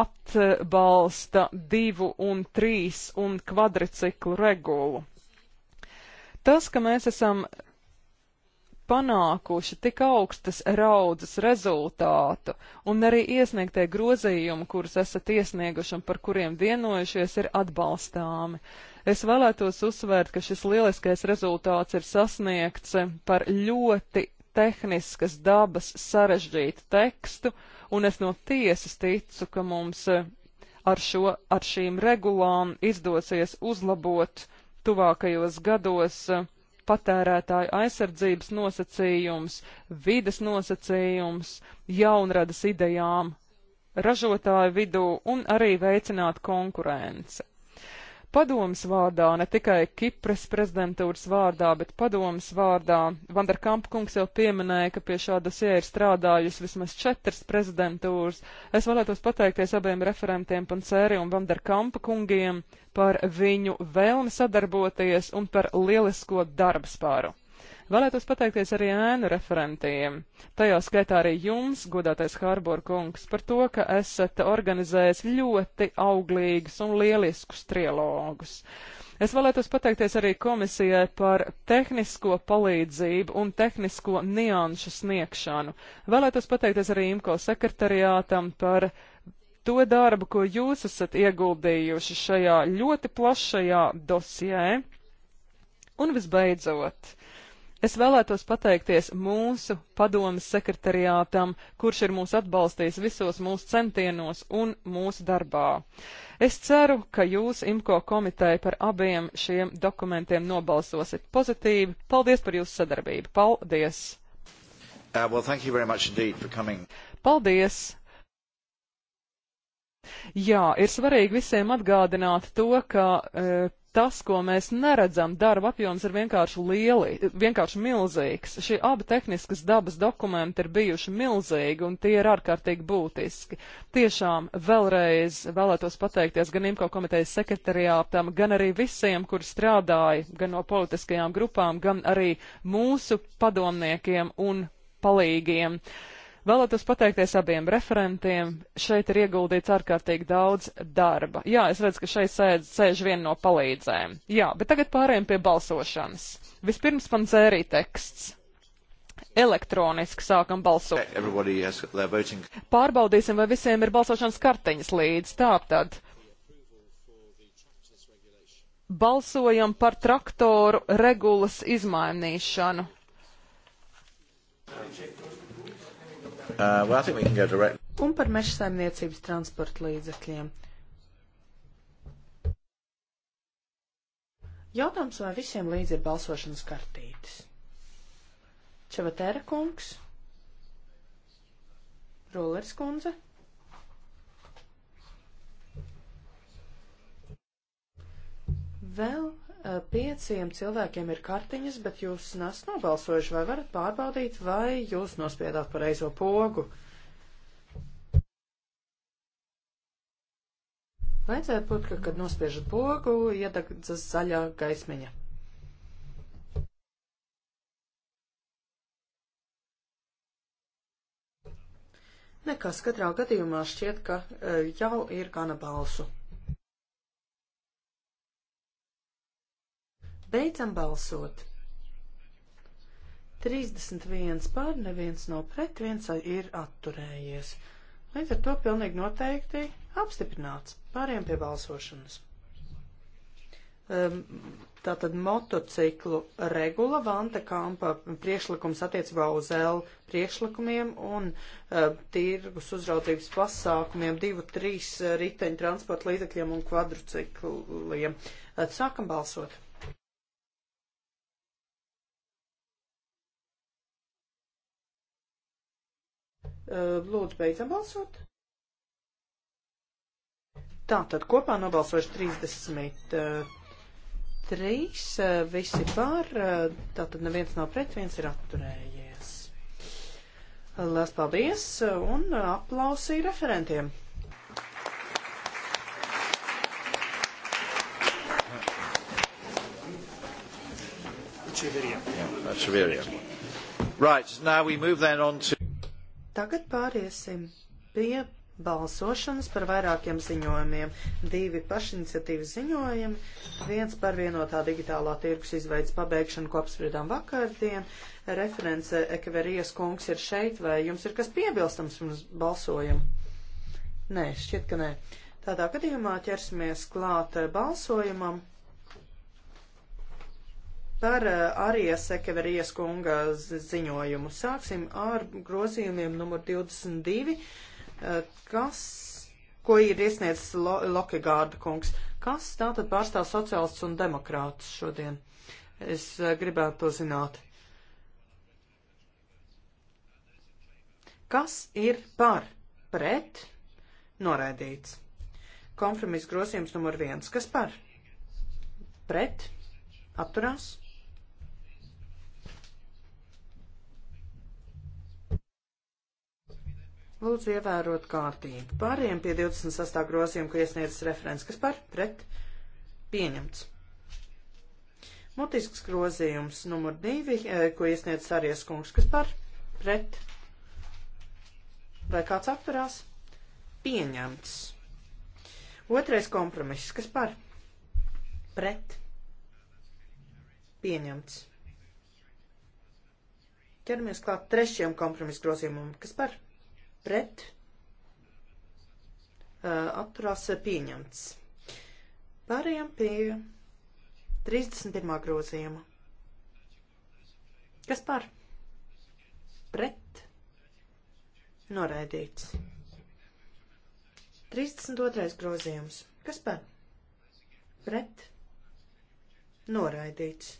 atbalsta divu un trīs un kvadriciklu regulu. Tas, ka mēs esam panākuši tik augstas raudzes rezultātu, un arī iesniegtie grozījumi, kurus esat iesnieguši un par kuriem vienojušies, ir atbalstāmi. Es vēlētos uzsvērt, ka šis lieliskais rezultāts ir sasniegts par ļoti tehniskas dabas sarežģītu tekstu, un es no tiesas ticu, ka mums ar, šo, ar šīm regulām izdosies uzlabot tuvākajos gados uh, patērētāju aizsardzības nosacījums, vides nosacījums, jaunradas idejām ražotāju vidū un arī veicināt konkurenci padomas vārdā, ne tikai Kipras prezidentūras vārdā, bet padomas vārdā. Vanderkamp kungs jau pieminēja, ka pie šā dosie ir strādājusi vismaz četras prezidentūras. Es vēlētos pateikties abiem referentiem Pancēri un Vanderkampa kungiem par viņu vēlmi sadarboties un par lielisko darbspāru. Vēlētos pateikties arī ēnu referentiem. Tajā skaitā arī jums, godātais Hārbor kungs, par to, ka esat organizējis ļoti auglīgus un lieliskus trilogus. Es vēlētos pateikties arī komisijai par tehnisko palīdzību un tehnisko nianšu sniegšanu. Vēlētos pateikties arī IMCO sekretariātam par to darbu, ko jūs esat ieguldījuši šajā ļoti plašajā dosjē. Un visbeidzot, Es vēlētos pateikties mūsu padomas sekretariātam, kurš ir mūs atbalstījis visos mūsu centienos un mūsu darbā. Es ceru, ka jūs IMCO komiteja par abiem šiem dokumentiem nobalsosiet pozitīvi. Paldies par jūsu sadarbību. Paldies! Uh, well, thank you very much indeed for coming. Paldies! Jā, ir svarīgi visiem atgādināt to, ka e, tas, ko mēs neredzam, darba apjoms ir vienkārši lieli, vienkārši milzīgs. Šie abi tehniskas dabas dokumenti ir bijuši milzīgi un tie ir ārkārtīgi būtiski. Tiešām vēlreiz vēlētos pateikties gan IMKO komitejas sekretariātam, gan arī visiem, kur strādāja, gan no politiskajām grupām, gan arī mūsu padomniekiem un palīgiem. Uh, Vēlētos pateikties abiem referentiem. Šeit ir ieguldīts ārkārtīgi daudz darba. Jā, es redzu, ka šeit sēž, sēž viena no palīdzēm. Jā, bet tagad pārējiem pie balsošanas. Vispirms man dzērī teksts. Elektroniski sākam balsot. Pārbaudīsim, vai visiem ir balsošanas karteņas līdz. Tātad balsojam par traktoru regulas izmainīšanu. Rejected. Uh, well, I think we can go direct. Un par meža saimniecības transporta līdzekļiem. Jautājums, vai visiem līdz ir balsošanas kartītes? Čevatēra kungs? Roleris kundze? Vēl Eh, pieciem cilvēkiem ir kartiņas, bet jūs nesat nobalsojuši, vai varat pārbaudīt, vai jūs nospiedāt pareizo pogu. Vajadzētu būt, ka, kad nospiežat pogu, iedegdzas zaļā gaismiņa. Nekas katrā gadījumā šķiet, ka eh, jau ir gana balsu. Beidzam balsot. 31 pār, neviens nav pret, viens ir atturējies. Līdz ar to pilnīgi noteikti apstiprināts. Pāriem pie balsošanas. Um, tātad motociklu regula Vanta Kampa priekšlikums attiecībā uz L priekšlikumiem un uh, tirgus uzraudzības pasākumiem divu, trīs uh, e, riteņu transporta līdzekļiem un kvadrucikliem. Uh, sākam balsot. Uh, lūdzu, beidzam balsot. Tā tad kopā nobalsojuši 33, uh, uh, visi par, tā tad neviens nav pret, viens ir atturējies. Lielas paldies un aplausī referentiem. Ačiū vēriem. Ačiū vēriem. Right, now we move then on to... Tagad pāriesim pie balsošanas par vairākiem ziņojumiem. Divi pašiniciatīvas ziņojumi, viens par vienotā digitālā tirgus izveids pabeigšanu, ko apspriedām vakardien. Reference Ekverijas kungs ir šeit, vai jums ir kas piebilstams mums balsojam? Nē, šķiet, ka nē. Tādā gadījumā ķersimies klāt balsojumam par eh, Arijas Sekeverijas kunga ziņojumu. Sāksim ar grozījumiem numur 22, eh, kas, ko ir iesniedzis Lo Lokegārda kungs. Kas tātad pārstāv sociālists un demokrātus šodien? Es eh, gribētu to zināt. Kas ir par pret noraidīts? Kompromis grozījums numur viens. Kas par? Pret? Apturās? Lūdzu, ievērot kārtību. Pāriem pie 28. grozījuma, ko iesniedzis referents, kas par pret pieņemts. Mutisks grozījums numur 2, e, ko iesniedzis Arijas kungs, kas par pret. Vai kāds atturās? Pieņemts. Otrais kompromiss, kas par pret pieņemts. Ķeramies klāt trešajam kompromisu grozījumam, kas par pret pret atturās pieņemts. Pārējām pie 31. grozījuma. Kas par? Pret. Noraidīts. 32. grozījums. Kas par? Pret. Noraidīts.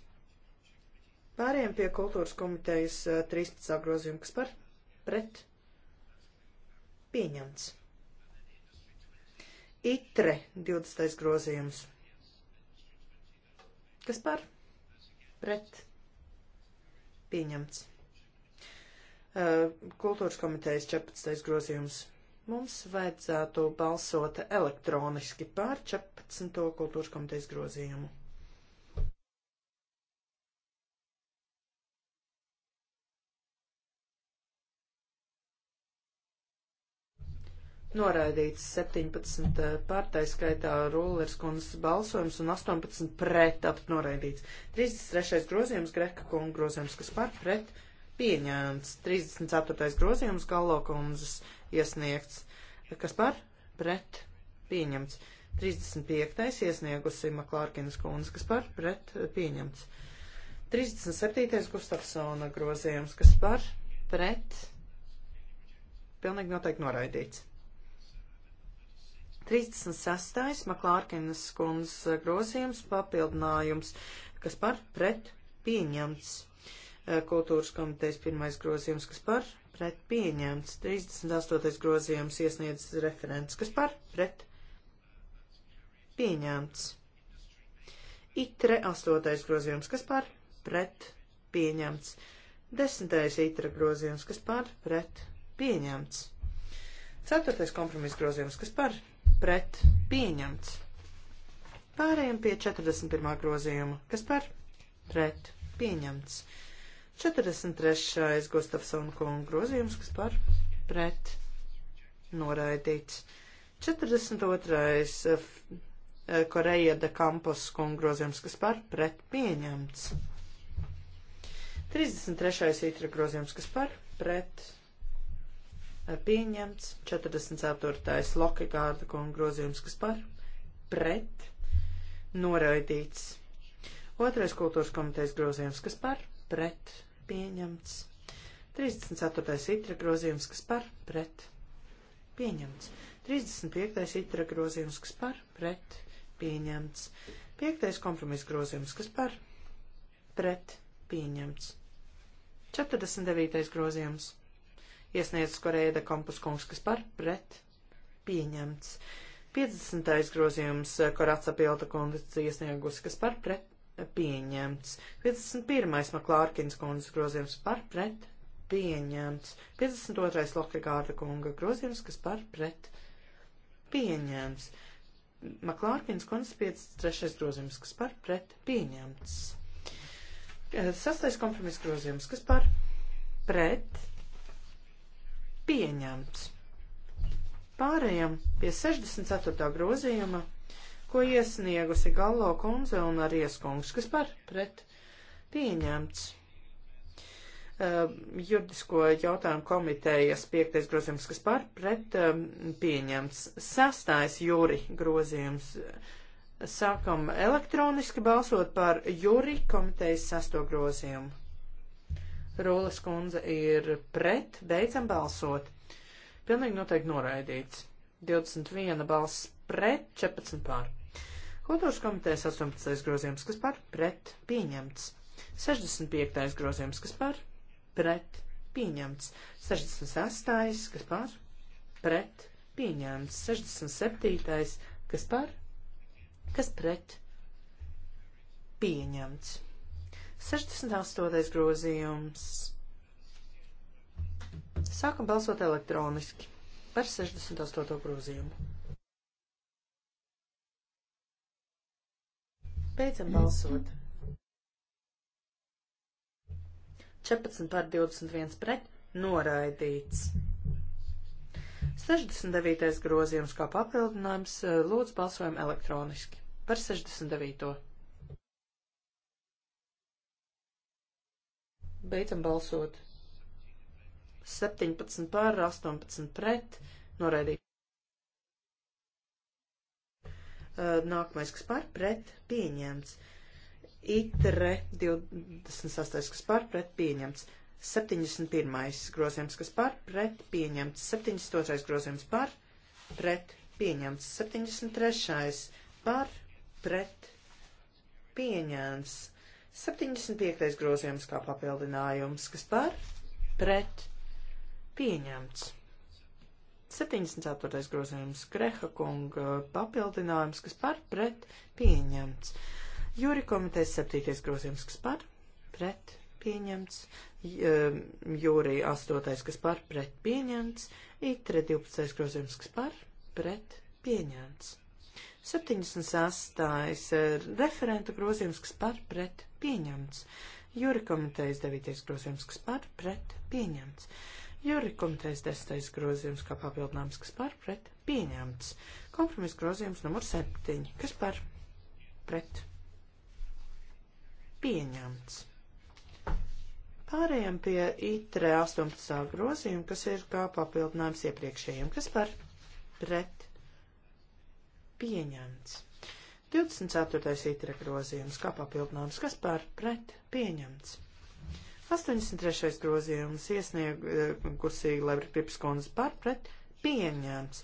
Pārējām pie kultūras komitejas 13. grozījuma. Kas par? Pret. Pieņemts. Itre 20. grozījums. Kas par? Pret. Pieņemts. Kultūras komitejas 14. grozījums. Mums vajadzētu balsot elektroniski pār 14. kultūras komitejas grozījumu. Noraidīts 17 eh, pār, tā skaitā Rūlers kundzes balsojums un 18 pret apt noraidīts. 33. grozījums Greka kunga grozījums, kas par pret pieņēmts. 34. grozījums Gallo kundzes iesniegts, kas par pret pieņemts. 35. iesniegusi Maklārkinas kundze, kas par pret pieņemts. 37. Gustafsona grozījums, kas par pret pilnīgi noteikti noraidīts. 36. Maklārkinas kundzes grozījums papildinājums, kas par pret pieņemts. Kultūras komitejas pirmais grozījums, kas par pret pieņemts. 38. grozījums iesniedz referents, kas par pret pieņemts. Itre 8. grozījums, kas par pret pieņemts. 10. itra grozījums, kas par pret pieņemts. 4. kompromis grozījums, kas par pret pret pieņemts. Pārējiem pie 41. grozījuma, kas par pret pieņemts. 43. Gustafsona kunga grozījums, kas par pret noraidīts. 42. Eh, Koreja de Campos kunga grozījums, kas par pret pieņemts. 33. itra grozījums, kas par pret pieņemts 44. Lokigārda kunga grozījums, kas par pret noraidīts. Otrais kultūras komitejas grozījums, kas par pret pieņemts. 34. itra grozījums, kas par pret pieņemts. 35. itra grozījums, kas par pret pieņemts. 5. kompromiss grozījums, kas par pret pieņemts. 49. grozījums iesniedzis Koreida Kampus kungs, kas par pret pieņemts. 50. grozījums eh, Koraca Pilta kundze iesniegus, kas par pret pieņemts. 51. Maklārkins kundzes grozījums par pret pieņemts. 52. Lokegārda kunga grozījums, kas par pret pieņemts. Maklārkins kundze 53. grozījums, kas par pret pieņemts. Eh, sastais kompromiss grozījums, kas par pret pieņemts. Pārējām pie 64. grozījuma, ko iesniegusi Gallo kundze un arī Ieskungs, kas par pret pieņemts. Uh, juridisko jautājumu komitejas piektais grozījums, kas par pret um, pieņemts. Sastais jūri grozījums. Sākam elektroniski balsot par jūri komitejas sasto grozījumu. Rūles kundze ir pret, beidzam balsot. Pilnīgi noteikti noraidīts. 21 balss pret, 14 pār. Kultūras komitejas 18. grozījums, kas par pret, pieņemts. 65. grozījums, kas par pret, pieņemts. 66. kas par pret, pieņemts. 67. kas par, kas pret, pieņemts. 68. grozījums. Sākam balsot elektroniski par 68. grozījumu. Beidzam balsot. 14 par 21 pret noraidīts. 69. grozījums kā papildinājums lūdzu balsojam elektroniski par 69. Beidzam balsot. 17 pār, 18 pret, noraidīt. Nākamais, kas par pret, pieņemts. Itre 28, kas par pret, pieņemts. 71. grozījums, kas par pret, pieņemts. 72. grozījums par pret, pieņemts. 73. par pret, pieņemts. 75. grozījums kā papildinājums, kas par pret pieņemts. 74. grozījums Kreha kunga papildinājums, kas par pret pieņemts. Jūri komitejas 7. grozījums, kas par pret pieņemts. Um, Jūri 8. kas par pret pieņemts. Itre 12. grozījums, kas par pret pieņemts. 76. Eh, referenta grozījums, kas par pret pieņemts. Jūri komitejas 9. grozījums, kas par pret pieņemts. Jūri komitejas 10. grozījums, kā papildinājums, kas par pret pieņemts. Kompromis grozījums numur 7, kas par pret pieņemts. Pārējām pie ITRE 18. grozījuma, kas ir kā papildinājums iepriekšējiem, kas par pret pieņemts. 24. itra grozījums, kā papildinājums, kas par pret pieņemts. 83. grozījums iesniegusi eh, Levra Pripskundas par pret pieņemts.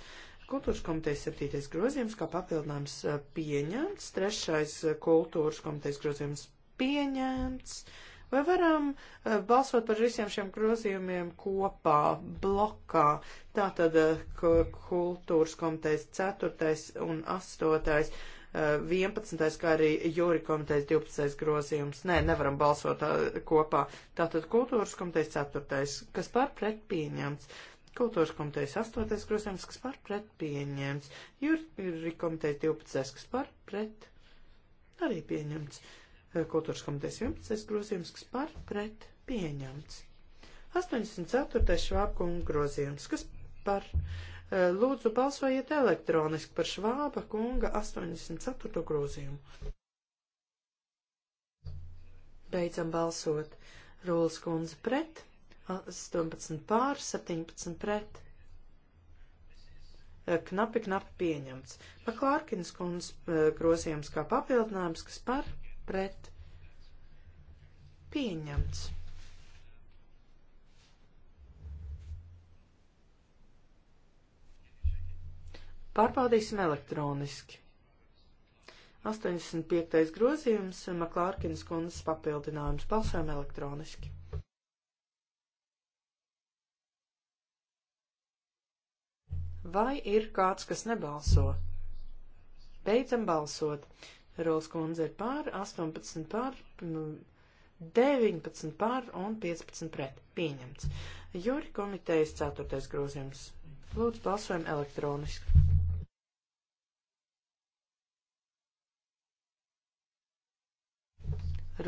Kultūras komitejas 7. grozījums, kā papildinājums eh, pieņemts. 3. Eh, kultūras komitejas grozījums pieņemts. Uh, Vai varam uh, balsot par visiem šiem grozījumiem kopā, blokā? Tātad uh, kultūras komitejas 4. un 8. 11. Eh, kā arī jūri komitejas 12. grozījums. Nē, nevaram balsot kopā. Tātad kultūras komitejas 4. kas par pret pieņemts. Kultūras komitejas 8. grozījums, kas par pret pieņemts. Jūri komitejas 12. kas par pret arī pieņemts. Kultūras komitejas 11. grozījums, kas par pret pieņemts. 84. švābkunga grozījums, kas par e, lūdzu balsojiet elektroniski par švāba kunga 84. grozījumu. Beidzam balsot. Rūlas kundze pret, 18 pār, 17 pret. E, knapi, knapi pieņemts. Maklārkinas kundzes e, grozījums kā papildinājums, kas par pret pieņemts. Pārbaudīsim elektroniski. 85. grozījums Maklārkinas kundzes papildinājums. Balsojam elektroniski. Vai ir kāds, kas nebalso? Beidzam balsot. Rols kundze ir pār, 18 pār, 19 pār un 15 pret. Pieņemts. Juri komitejas 4. grozījums. Lūdzu, balsojam elektroniski.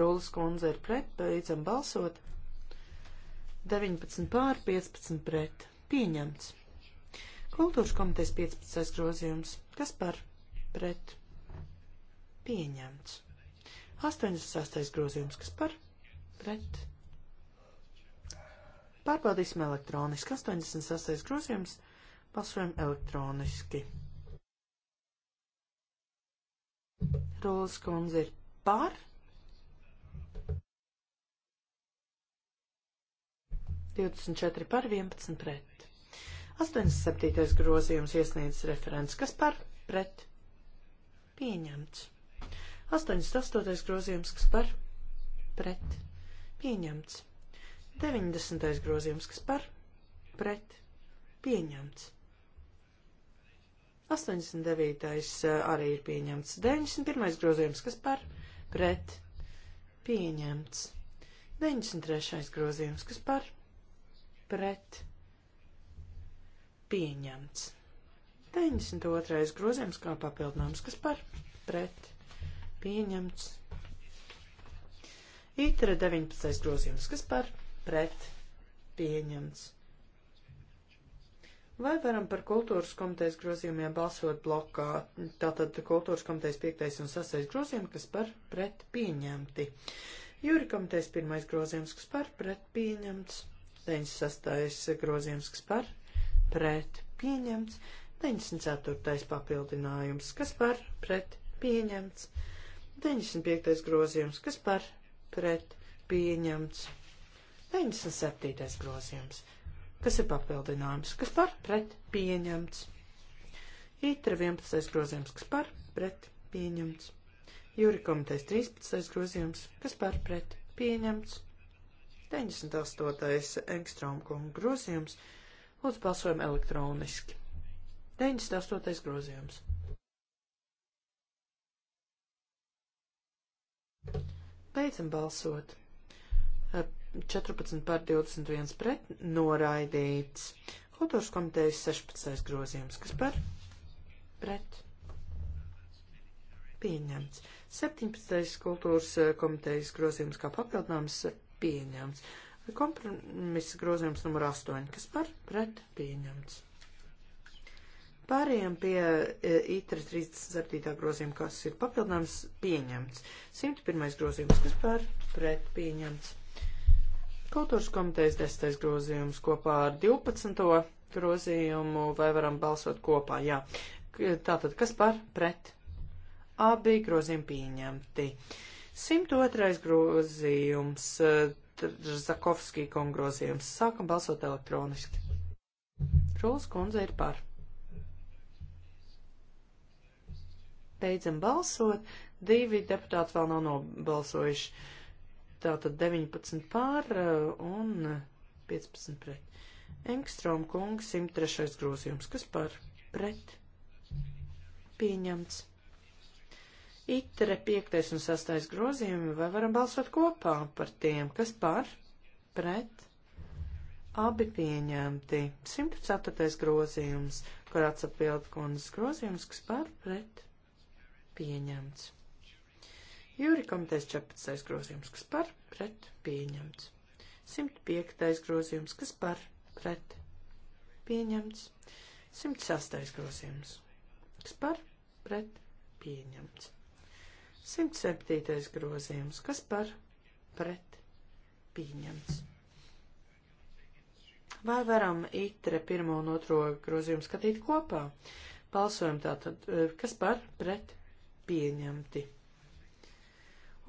Rūlis kundze ir pret, beidzam balsot. 19 pār, 15 pret. Pieņemts. Kultūras komitejas 15. grozījums. Kas par? Pret Pieņemts. 86. grozījums, kas par pret. Pārbaudīsim elektroniski. 86. grozījums. Balsojam elektroniski. Rūlis kundze ir par. 24 par 11 pret. 87. grozījums iesniedzis referents, kas par pret pieņemts. 88. grozījums, kas par pret pieņemts. 90. grozījums, kas par pret pieņemts. 89. Eh, arī ir pieņemts. 91. grozījums, kas par pret pieņemts. 93. grozījums, kas par pret pieņemts. 92. grozījums kā papildinājums, kas par pret pieņemts pieņemts. Itre 19. grozījums, kas par pret pieņemts. Vai varam par kultūras komitejas grozījumiem balsot blokā? Tātad kultūras komitejas 5. un 6. grozījumi, kas par pret pieņemti. Jūri komitejas 1. grozījums, kas par pret pieņemts. 96. grozījums, kas par pret pieņemts. 94. papildinājums, kas par pret pieņemts. 95. grozījums, kas par pret pieņemts. 97. grozījums, kas ir papildinājums, kas par pret pieņemts. Itra 11. grozījums, kas par pret pieņemts. Jūri komitejas 13. grozījums, kas par pret pieņemts. 98. Engstrāmkunga grozījums. Lūdzu, balsojam elektroniski. 98. grozījums. Beidzam balsot. 14 par 21 pret noraidīts. Kultūras komitejas 16. grozījums. Kas par? Pret. Pieņemts. 17. kultūras komitejas grozījums kā papildinājums pieņemts. Kompromisa grozījums numur 8. Kas par? Pret. Pieņemts. Pāriem pie e, e ITRA 37. grozījuma, kas ir papildinājums pieņemts. 101. grozījums, kas par pret pieņemts. Kultūras komitejas 10. grozījums kopā ar 12. grozījumu, vai varam balsot kopā, jā. Tātad, kas par pret? Abi grozījumi pieņemti. 102. grozījums, e, Zakovskī kongrozījums. Sākam balsot elektroniski. Rūlas kundze ir par. Beidzam balsot. Divi deputāti vēl nav nobalsojuši. Tātad 19 pār eh, un 15 pret. Engstrom kungs 103. grozījums. Kas par? Pret. Pieņemts. Itre 5. un 6. grozījumi. Vai varam balsot kopā par tiem? Kas par? Pret. Abi pieņemti. 104. grozījums, kur atsapilda kundzes grozījums, kas par pret pieņemts. Jūri komitejas 14. grozījums, kas par, pret, pieņemts. 105. grozījums, kas par, pret, pieņemts. 106. grozījums, kas par, pret, pieņemts. 107. grozījums, kas par, pret, pieņemts. Vai varam itre pirmo un otro grozījumu skatīt kopā? Balsojam tātad, eh, kas par, pret, pieņemti.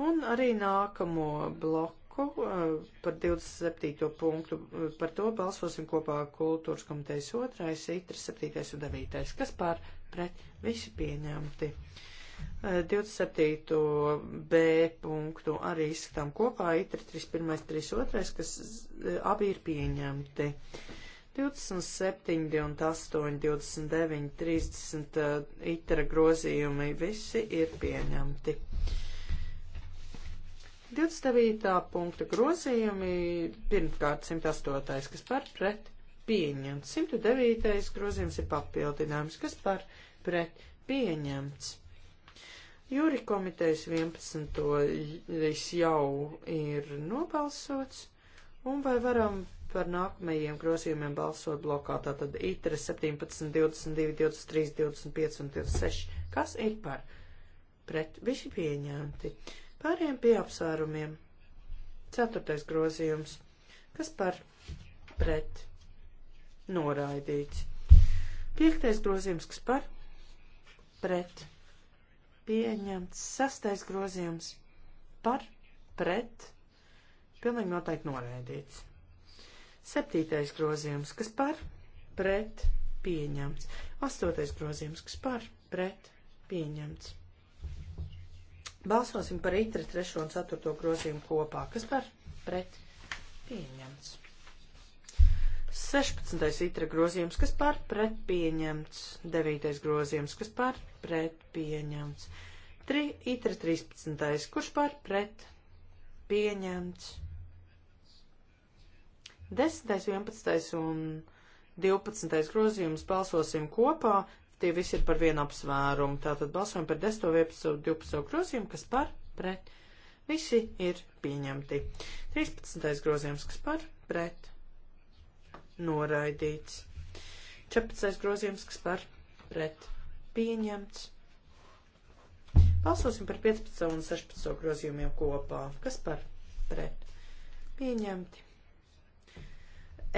Un arī nākamo bloku eh, par 27. punktu, eh, par to balsosim kopā kultūras komitejas 2, 3, 7 un 9. Kas pār pret visi pieņemti? 27. Eh, B punktu arī izskatām kopā, itri 3, 1, 3, 2, kas abi ir pieņemti. 27, 28, 29, 30 uh, itera grozījumi visi ir pieņemti. 29. punkta grozījumi pirmkārt 108. kas par pret pieņemts. 109. grozījums ir papildinājums, kas par pret pieņemts. Jūri komitejas 11. jau ir nobalsots, un vai varam par nākamajiem grozījumiem balsot blokā. Tātad itre 17, 22, 23, 25 un 26. Kas ir par? Pret visi pieņemti. Pāriem pie apsvērumiem. Ceturtais grozījums. Kas par? Pret. Noraidīts. Piektais grozījums. Kas par? Pret. Pieņemts. Sastais grozījums. Par? Pret. Pilnīgi noteikti noraidīts. Septītais grozījums, kas par pret pieņemts. Astotais grozījums, kas par pret pieņemts. Balsosim par itri trešo un ceturto grozījumu kopā, kas par pret pieņemts. 16. itra grozījums, kas par pret pieņemts. 9. grozījums, kas par pret pieņemts. 3, itra 13. kurš par pret pieņemts. 10., 11. un 12. grozījums balsosim kopā. Tie visi ir par vienu apsvērumu. Tātad balsojam par 10, 11, 12 grozījumu, kas par pret. Visi ir pieņemti. 13. grozījums, kas par pret. Noraidīts. 14. grozījums, kas par pret. Pieņemts. Balsosim par 15. un 16. grozījumiem kopā. Kas par pret? Pieņemti.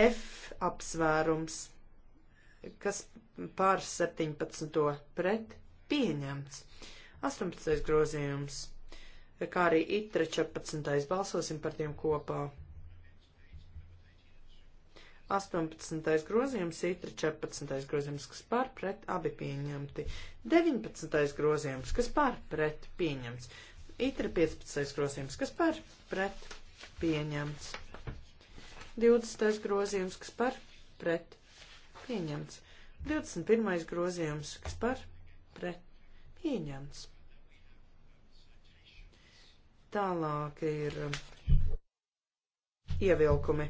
F apsvērums, kas pār 17. pret pieņemts. 18. grozījums, kā arī itre 14. balsosim par tiem kopā. 18. grozījums, itra 14. grozījums, kas par pret abi pieņemti. 19. grozījums, kas par pret pieņemts. Itra 15. grozījums, kas par pret pieņemts. 20. grozījums, kas par pret pieņemts. 21. grozījums, kas par pret pieņemts. Tālāk ir ievilkumi.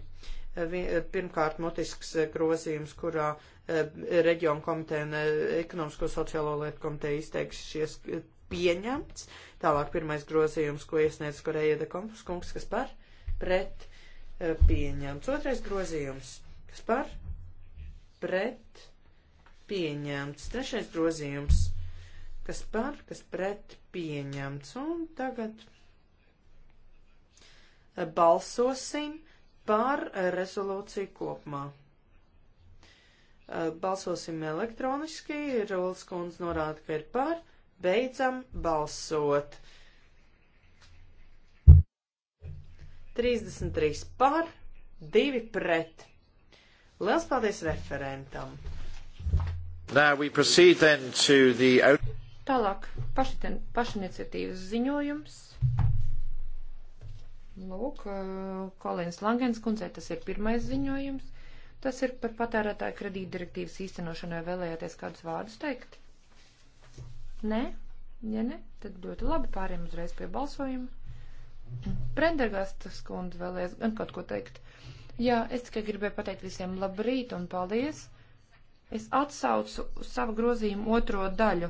Pirmkārt, motisks grozījums, kurā eh, reģionu komiteja un eh, ekonomisko sociālo lietu komiteja izteiksies eh, pieņemts. Tālāk pirmais grozījums, ko iesniedz Koreja de Kompus kungs, kas par pret pieņemts Eh, pieņemts. Otrais grozījums, kas par pret pieņemts. Trešais grozījums, kas par, kas pret pieņemts. Un tagad eh, balsosim par eh, rezolūciju kopumā. Balsosim elektroniski, Rūlis kundze norāda, ka ir par, beidzam balsot. 33 par, 2 pret. Liels paldies referentam! The... Tālāk pašiten, pašiniciatīvas ziņojums. Lūk, eh, Kolins Langens kundzei tas ir pirmais ziņojums. Tas ir par patērētāju kredīta direktīvas īstenošanai. Vēlējāties kādus vārdus teikt? Nē? Ja ne, tad ļoti labi pāriem uzreiz pie balsojuma. Prendergastas kundze vēlēs gan kaut ko teikt. Jā, es tikai gribēju pateikt visiem labrīt un paldies. Es atsaucu savu grozījumu otro daļu.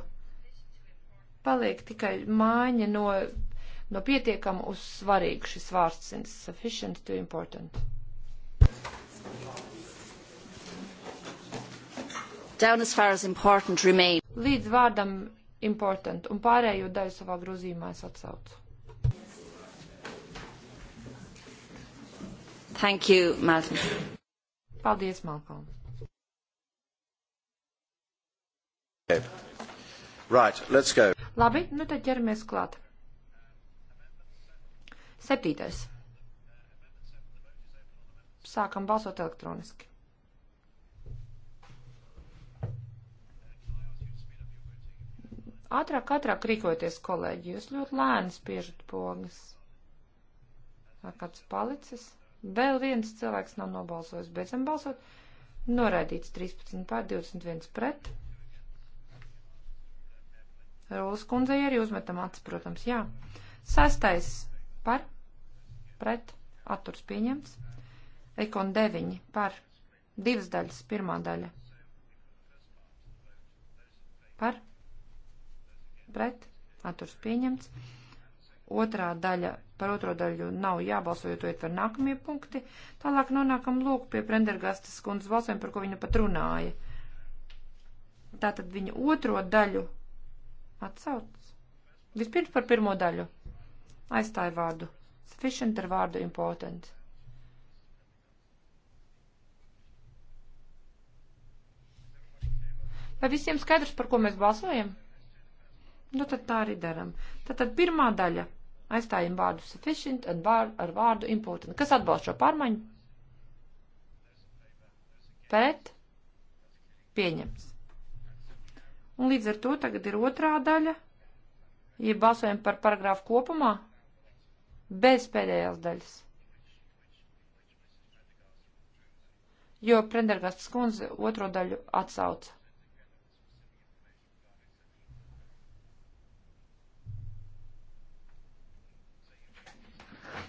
Paliek tikai māņa no, no pietiekama uz svarīgu šis vārds, sufficient to important. Down as far as important remain. Līdz vārdam important un pārējo daļu savā grozījumā es atsaucu. Thank you, Malcolm. Paldies, Malcolm. Right, let's go. Labi, nu tad ķeramies klāt. Septītais. Sākam balsot elektroniski. Ātrāk, ātrāk rīkojoties, kolēģi, jūs ļoti lēni spiežat pogas. Vai kāds palicis? Vēl viens cilvēks nav nobalsojis. Beidzam balsot. Noraidīts 13 pār 21 pret. Rūlas kundzei arī uzmetam acis, protams, jā. Sastais par, pret, atturs pieņemts. Ekon 9 par, divas daļas, pirmā daļa. Par, pret, atturs pieņemts. Otrā daļa, par otro daļu nav jābalso, jo to ietver nākamie punkti. Tālāk nonākam lūk pie Prendergastas kundzes balsojuma, par ko viņa pat runāja. Tātad viņa otro daļu atsauc. Vispirms par pirmo daļu. Aizstāja vārdu. Sufficient ar vārdu important. Vai visiem skaidrs, par ko mēs balsojam? Nu, tad tā arī daram. Tātad pirmā daļa Aizstājam vārdu sufficient ar vārdu, ar vārdu important. Kas atbalsta šo pārmaiņu? Pret. Pieņems. Un līdz ar to tagad ir otrā daļa. Ja balsojam par paragrāfu kopumā, bez pēdējās daļas. Jo Prendergastas kundze otro daļu atsauca.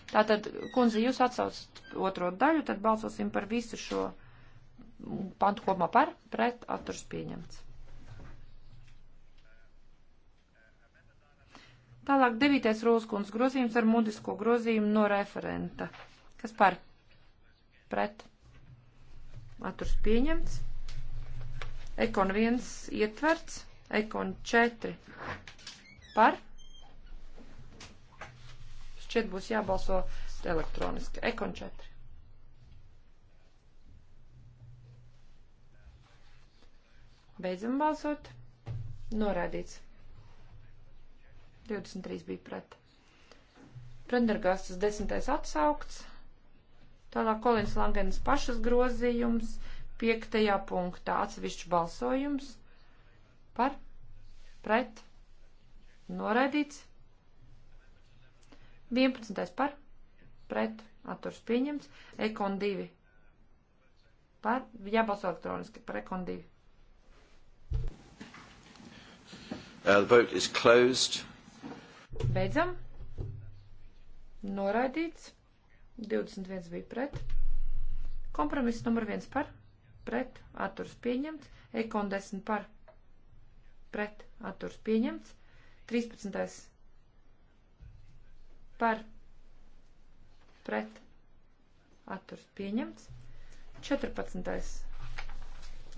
Tātad, kundze, jūs atsaucat otro daļu, tad balsosim par visu šo pantu kopumā par, pret, atturs pieņemts. Tālāk devītais rūskundas grozījums ar mudisko grozījumu no referenta. Kas par? Pret. Atturs pieņemts. Ekon 1 ietverts. Ekon 4 par šķiet būs jābalso elektroniski. Ekon 4. Beidzam balsot. Norādīts. 23 bija pret. Prendergastas 10. atsaukts. Tālāk Kolins Langenes pašas grozījums. 5. punktā atsevišķu balsojums. Par? Pret? Noraidīts? 11. par, pret, atturs pieņemts. Ekon 2. Par, jābalso elektroniski par Ekon 2. Uh, the vote is closed. Beidzam. Noraidīts. 21 bija pret. Kompromiss numur 1 par. Pret. Atturs pieņemts. Ekon 10 par. Pret. Atturs pieņemts. 13 par pret atturs pieņemts. 14.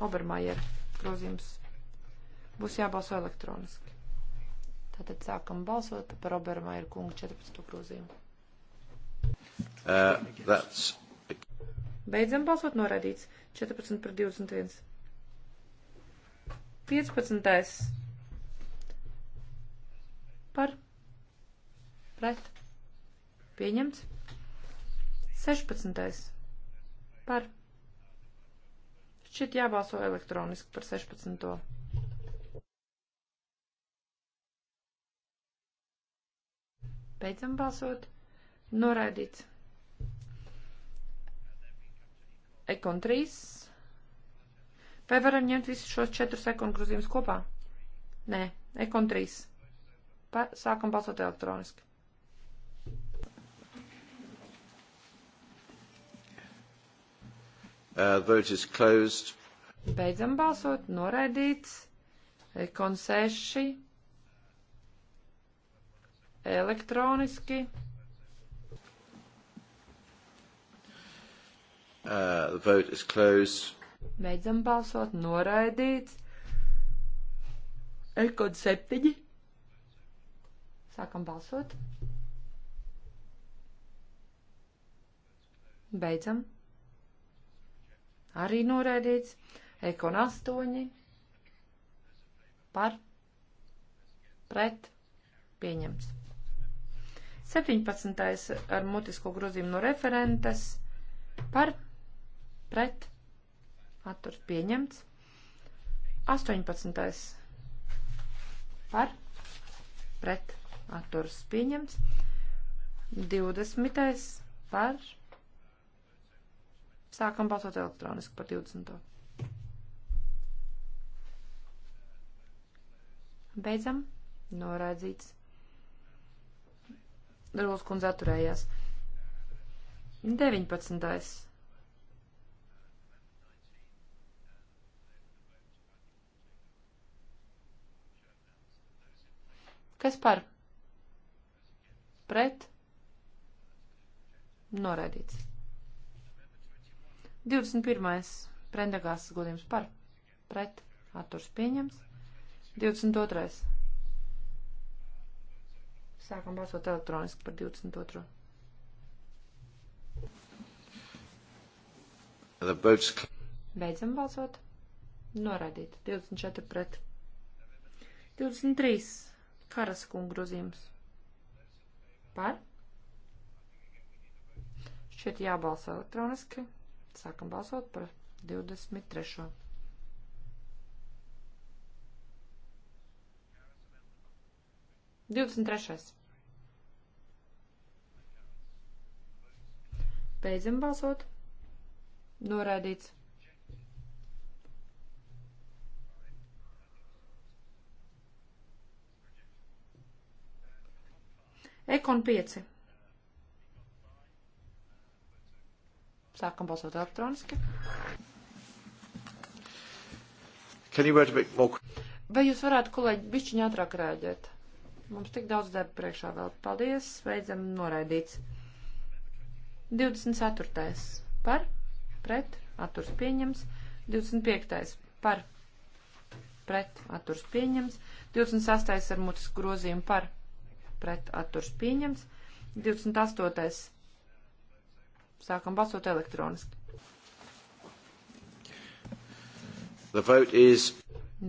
Obermajer grozījums būs jābalso elektroniski. Tātad sākam balsot par Obermajer kungu 14. grozījumu. Uh, that's... Beidzam balsot noraidīts 14 par 21. 15. par pret Pieņemts. 16. Par. Šķiet jābalso elektroniski par 16. Beidzam balsot. Noraidīts. Ekon 3. Vai varam ņemt visus šos četrus ekon grozījumus kopā? Nē, ekon 3. Pa, sākam balsot elektroniski. Uh, vote is closed. Beidzam balsot, noraidīts. Ekon 6. Elektroniski. Uh, the vote is closed. Beidzam balsot, noraidīts. Ekon 7. Sākam balsot. Beidzam arī noraidīts, ekon 8 par pret pieņemts. 17. ar mutisko grozījumu no referentes par pret atturs pieņemts. 18. par pret atturs pieņemts. 20. par pret Sākam balsot elektroniski par 20. Beidzam. Noraidzīts. Darulas kundze atturējās. 19. Kas par? Pret? Noraidīts. 21. Prendegāsas godījums par, pret, atturs pieņems. 22. Sākam balsot elektroniski par 22. Beidzam balsot. Noraidīt. 24 pret. 23. Karaskunga grozījums. Par? Šķiet jābalso elektroniski. 23. Sākam balsot par 23. Divdesmit trešais. Beidzam balsot. Noraidīts. Ekon 5. Sākam balsot elektroniski. Vai jūs varētu, kolēģi, bišķiņā ātrāk rēģēt? Mums tik daudz darba priekšā vēl. Paldies, beidzam noraidīts. 24. par, pret, atturs pieņems. 25. par, pret, atturs pieņems. 28. ar mutisku grozījumu par, pret, atturs pieņems. 28. Sākam balsot elektroniski. The vote is.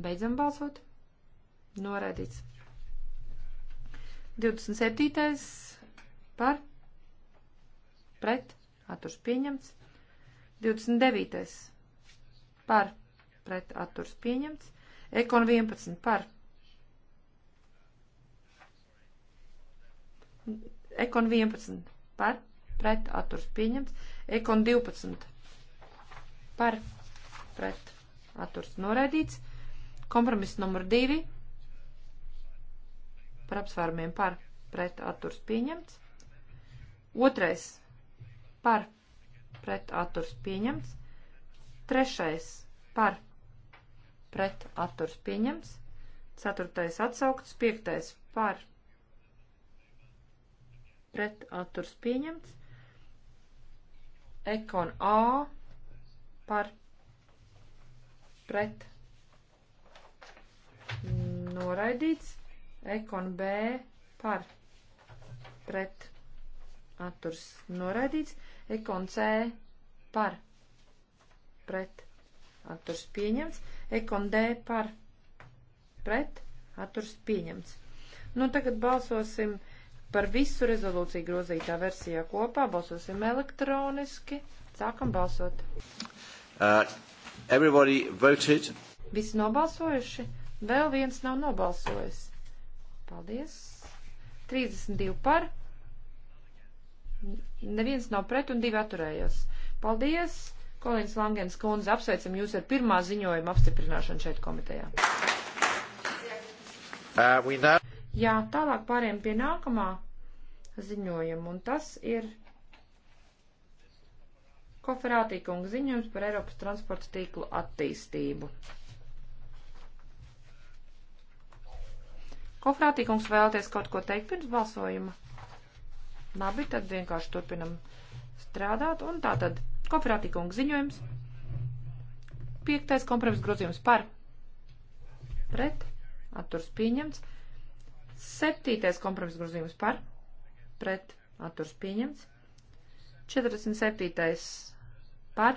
Beidzam balsot. Noraidīts. 27. par. Pret. Atturs pieņemts. 29. par. Pret. Atturs pieņemts. Ekon 11. par. Ekon 11. par pret atturs pieņemts. Ekon 12 par pret atturs noraidīts. Kompromiss numur 2 par apsvērumiem par pret atturs pieņemts. Otrais par pret atturs pieņemts. Trešais par pret atturs pieņemts. Ceturtais atsaukts. Piektais par pret atturs pieņemts. Ekon A par pret noraidīts. Ekon B par pret atturs noraidīts. Ekon C par pret atturs pieņemts. Ekon D par pret atturs pieņemts. Nu, tagad balsosim. Par visu rezolūciju grozītā versijā kopā balsosim elektroniski. Sākam balsot. Uh, everybody voted. Visi nobalsojuši? Vēl viens nav nobalsojis. Paldies. 32 par. Neviens nav pret un divi atturējās. Paldies, Kolīns Langens kundze, apsveicam jūs ar pirmā ziņojuma apstiprināšanu šeit komitejā. Uh, Jā, tālāk pāriem pie nākamā ziņojuma, un tas ir Koferātī kunga ziņojums par Eiropas transporta tīklu attīstību. Koferātī kungs vēlaties kaut ko teikt pirms balsojuma? Labi, tad vienkārši turpinam strādāt, un tā tad Koferātī kunga ziņojums. Piektais kompromiss grozījums par pret, atturs pieņemts. Septītais kompromiss grozījums par, pret, atturs pieņemts. 47. par,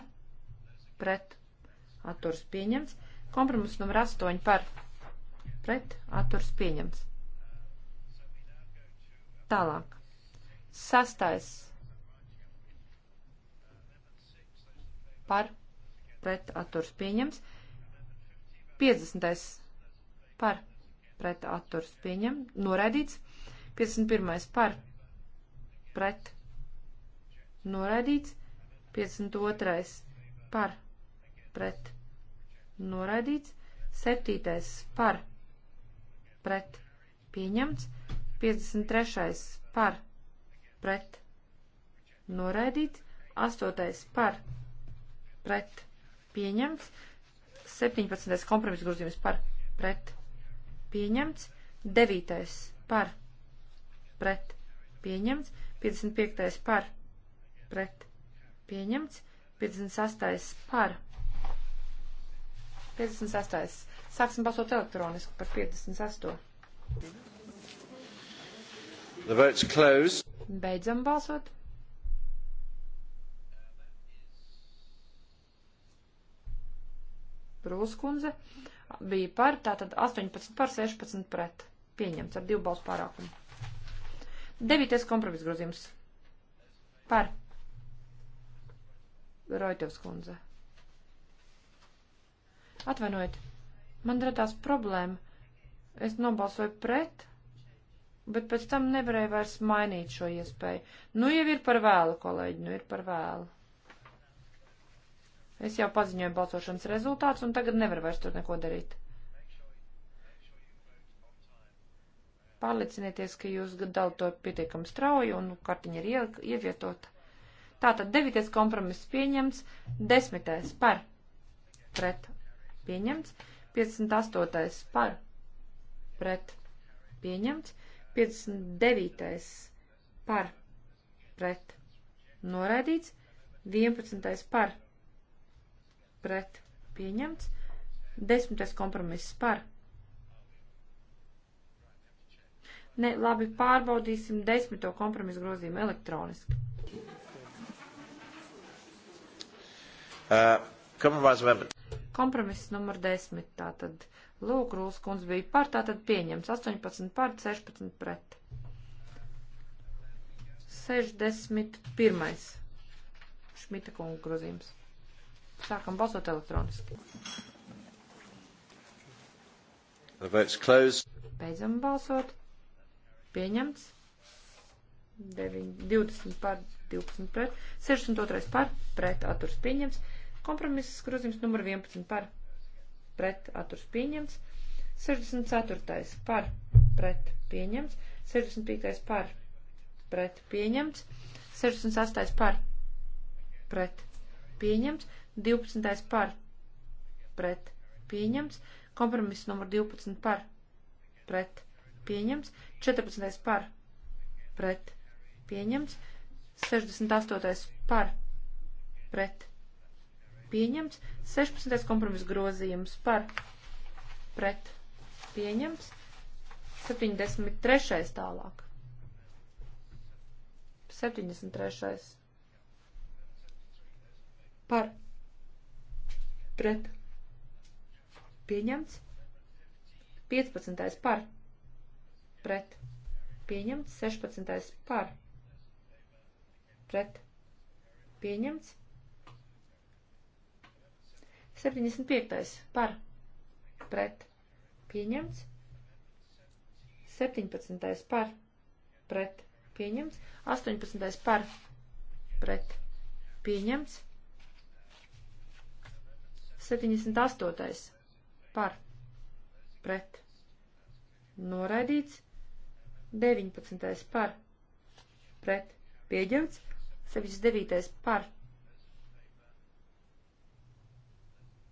pret, atturs pieņemts. Kompromiss numur 8 par, pret, atturs pieņemts. Tālāk. Sastais par, pret, atturs pieņemts. 50. par, pret pret atturs pieņem, noraidīts, 51. par pret noraidīts, 52. par pret noraidīts, 7. par pret pieņemts, 53. par pret noraidīts, 8. par pret pieņemts, 17. kompromiss grozījums par pret pieņemts pieņemts, 9. par, pret, pieņemts, 55. par, pret, pieņemts, 58. par, 58. Sāksim balsot elektroniski par 58. The vote's closed. Beidzam balsot. Brūskundze bija par, tātad 18 par 16 pret. Pieņemts ar divu balsu pārākumu. Devītais kompromis grozījums. Par. Roitovs kundze. Atvainojiet, man radās problēma. Es nobalsoju pret, bet pēc tam nevarēju vairs mainīt šo iespēju. Nu jau ir par vēlu, kolēģi, nu ir par vēlu. Es jau paziņoju balsošanas rezultātus, un tagad nevar vairs tur neko darīt. Pārliecinieties, ka jūs daltot pietiekami strauji un kartiņa ir ievietota. Tātad devītais kompromiss pieņemts, desmitais par pret pieņemts, 58. par pret pieņemts, 59. par pret noraidīts, 11. par pret pret pieņemts. Desmitais kompromiss par. Ne, labi, pārbaudīsim desmito kompromisu grozījumu elektroniski. Uh, Kompromiss numur desmit, tātad Lūk, Rūls kundz bija par, tātad pieņemts 18 par, 16 pret. 61. Šmita kungu grozījums. Sākam balsot elektroniski. Beidzam balsot. Pieņemts. 9, 20 par 12 pret. 62 par pret atturs pieņemts. Kompromiss grozījums numur 11 par pret atturs pieņemts. 64 par pret pieņemts. 65 par pret pieņemts. 68 par pret pieņemts. 12. par pret pieņemts, kompromiss numur 12 par pret pieņemts, 14. par pret pieņemts, 68. par pret pieņemts, 16. kompromiss grozījums par pret pieņemts, 73. tālāk. 73. par pret pret pieņemts. 15. par pret pieņemts. 16. par pret pieņemts. 75. par pret pieņemts. 17. par pret pieņemts. 18. par pret pieņemts. 78. par pret noraidīts. 19. par pret pieņemts. 79. par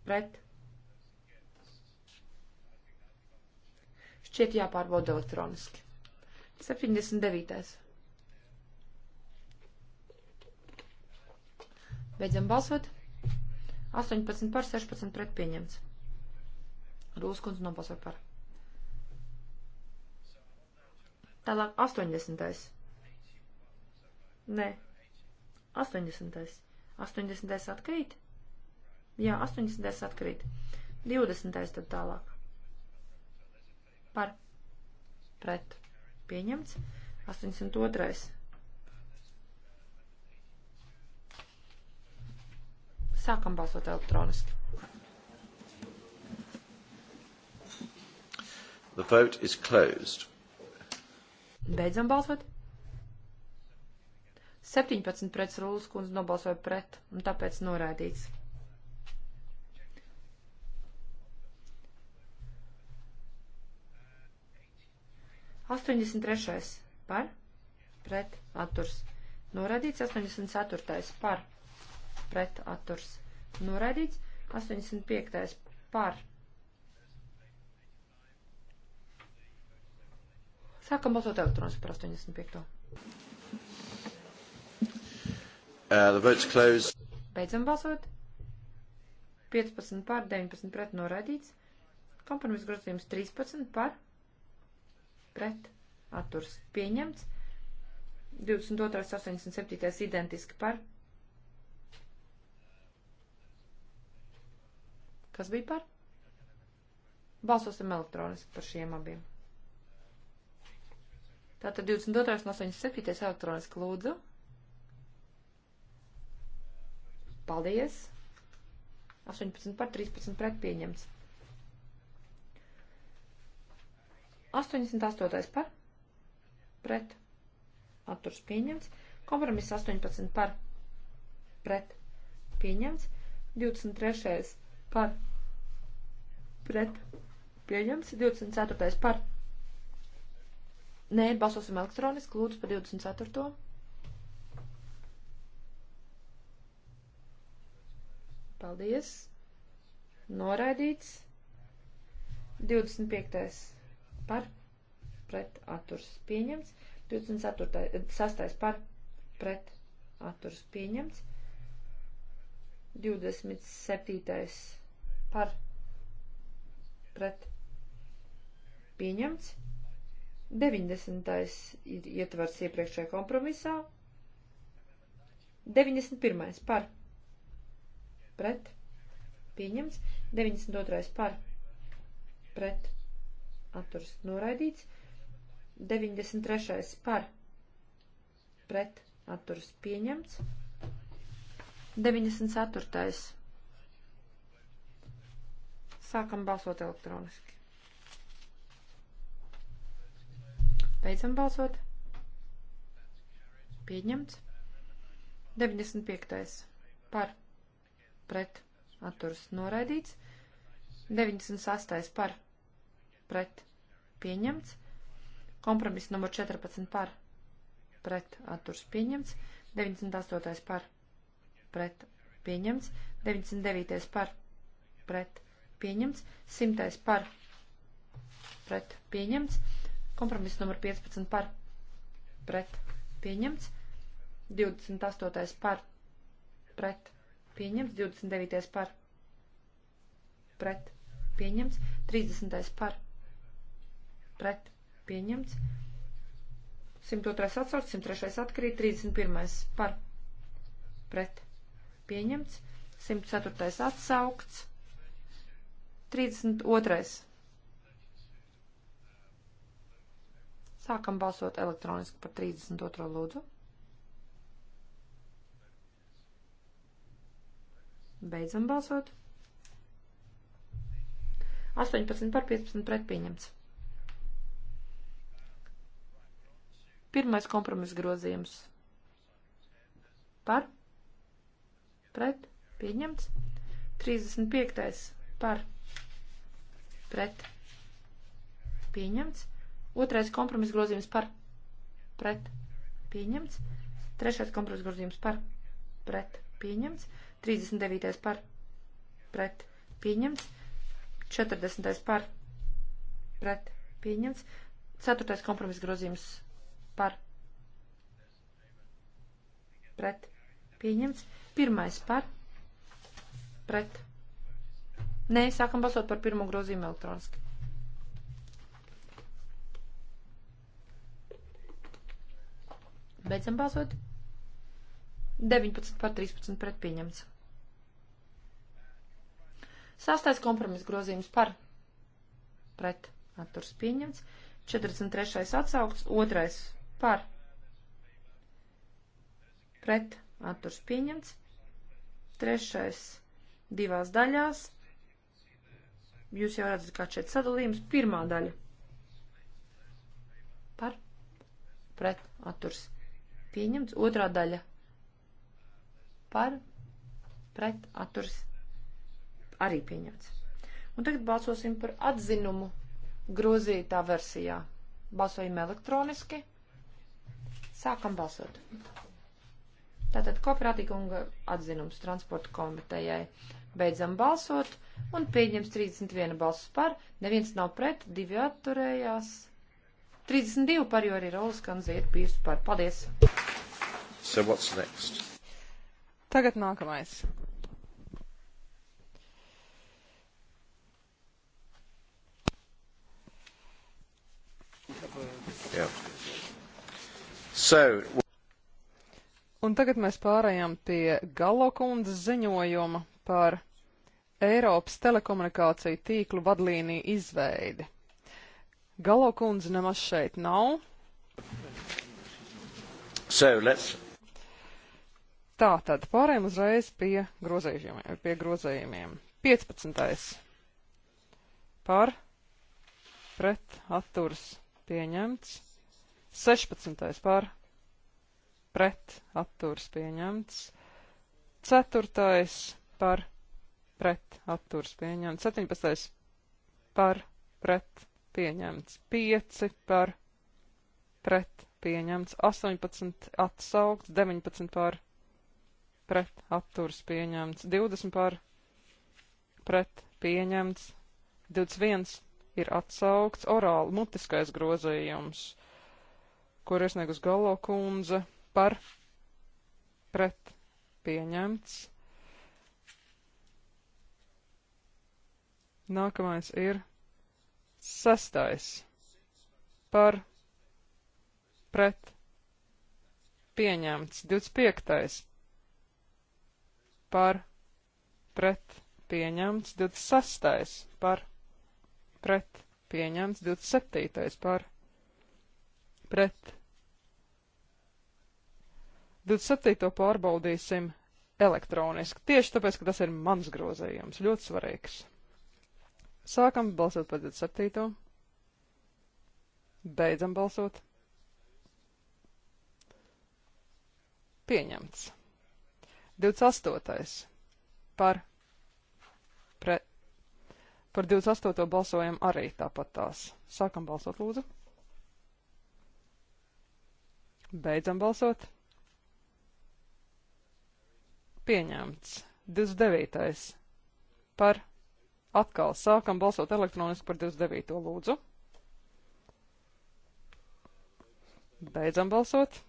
pret. Šķiet jāpārbauda elektroniski. 79. Beidzam balsot. 18 par 16 pret pieņemts. Rūs kundze nobalsoja par. Tālāk 80. Nē. 80. 80. atkrīt? Jā, 80. atkrīt. 20. tad tālāk. Par. Pret. Pieņemts. 802. Sākam balsot elektroniski. The vote is closed. Beidzam balsot. 17 pret Rūlas kundze nobalsoja pret, un tāpēc noraidīts. Astoņdesmit trešais par, pret, atturs. Noraidīts astoņdesmit ceturtais par, pret atturs noraidīts, 85. par. Sākam balsot elektroniski par 85. Uh, Beidzam balsot. 15 par, 19 pret noraidīts. Kompromiss grozījums 13 par, pret, atturs pieņemts. 22, 87 identiski par, Kas bija par? Balsosim elektroniski par šiem abiem. Tātad 22. no 87. elektroniski lūdzu. Paldies. 18 par 13 pret pieņemts. 88. par pret atturs pieņemts. Kompromiss 18 par pret pieņemts. 23 par pret pieņemts, 24. par nē, balsosim elektroniski, lūdzu par 24. Paldies. Noraidīts. 25. par pret atturs pieņemts. 24. 6. par pret atturs pieņemts. 27 par pret pieņemts. 90. ir ietvars iepriekšējā kompromisā. 91. par pret pieņemts. 92. par pret atturs noraidīts. 93. par pret atturs pieņemts. 94. Sākam balsot elektroniski. Beidzam balsot. Pieņemts. 95. par pret atturas noraidīts. 98. par pret pieņemts. Kompromiss numur 14 par pret atturas pieņemts. 98. par pret pieņemts. 99. par pret pieņemts, simtais par pret pieņemts, kompromiss numur 15 par pret pieņemts, 28. par pret pieņemts, 29. par pret pieņemts, 30. par pret pieņemts, 102. atsauc, 103. atkarīt, 31. par pret pieņemts, 104. atsaukts. 32. Sākam balsot elektroniski par 32. lūdzu. Beidzam balsot. 18 par 15 pret pieņemts. Pirmais kompromiss grozījums. Par? Pret? Pieņemts. 35. Par? pret pieņemts. Otrais kompromiss grozījums par pret pieņemts. Trešais kompromiss grozījums par pret pieņemts. 39. par pret pieņemts. 40. par pret pieņemts. Ceturtais kompromiss grozījums par pret pieņemts. Pirmais par pret pieņemts Nē, sākam balsot par pirmo grozījumu elektroniski. Beidzam balsot. 19 par 13 pret pieņemts. Sastais kompromiss grozījums par pret atturs pieņemts. 43. atsaukts, otrais par pret atturs pieņemts. Trešais divās daļās. Jūs jau redzat, kā šeit sadalījums. Pirmā daļa par pret atturs pieņemts. Otrā daļa par pret atturs arī pieņemts. Un tagad balsosim par atzinumu grozītā versijā. Balsojam elektroniski. Sākam balsot. Tātad kooperatīkunga atzinums transporta komitejai. Beidzam balsot un pieņems 31 balsus par, neviens nav pret, divi atturējās. 32 par, jo arī Rolas Kanzi ir bijusi par. Paldies! So what's next? Tagad nākamais. Yeah. So, Un tagad mēs pārējām pie Galo kundzes ziņojuma par Eiropas telekomunikāciju tīklu vadlīniju izveidi. Galo kundze nemaz šeit nav. So, let's... Tā tad pārējām uzreiz pie grozējumiem. Pie grozējumiem. 15. par pret atturs pieņemts. 16. par pret atturs pieņemts. 4. par pret atturs pieņemts, 17. par pret pieņemts, 5 par pret pieņemts, 18 atsaukts, 19 par pret atturs pieņemts, 20 par pret pieņemts, 21 ir atsaukts orāli mutiskais grozījums, kur iesniegus Galo kundze par pret pieņemts, Nākamais ir sastais par pret pieņemts. 25. par pret pieņemts. 26. par pret pieņemts. 27. par pret. 27. pārbaudīsim elektroniski, tieši tāpēc, ka tas ir mans grozījums, ļoti svarīgs. Sākam balsot par 27. Beidzam balsot. Pieņemts. 28. Par, pre, par 28. balsojam arī tāpat tās. Sākam balsot, lūdzu. Beidzam balsot. Pieņemts. 29. Par Atkal sākam balsot elektroniski par 29. lūdzu. Beidzam balsot.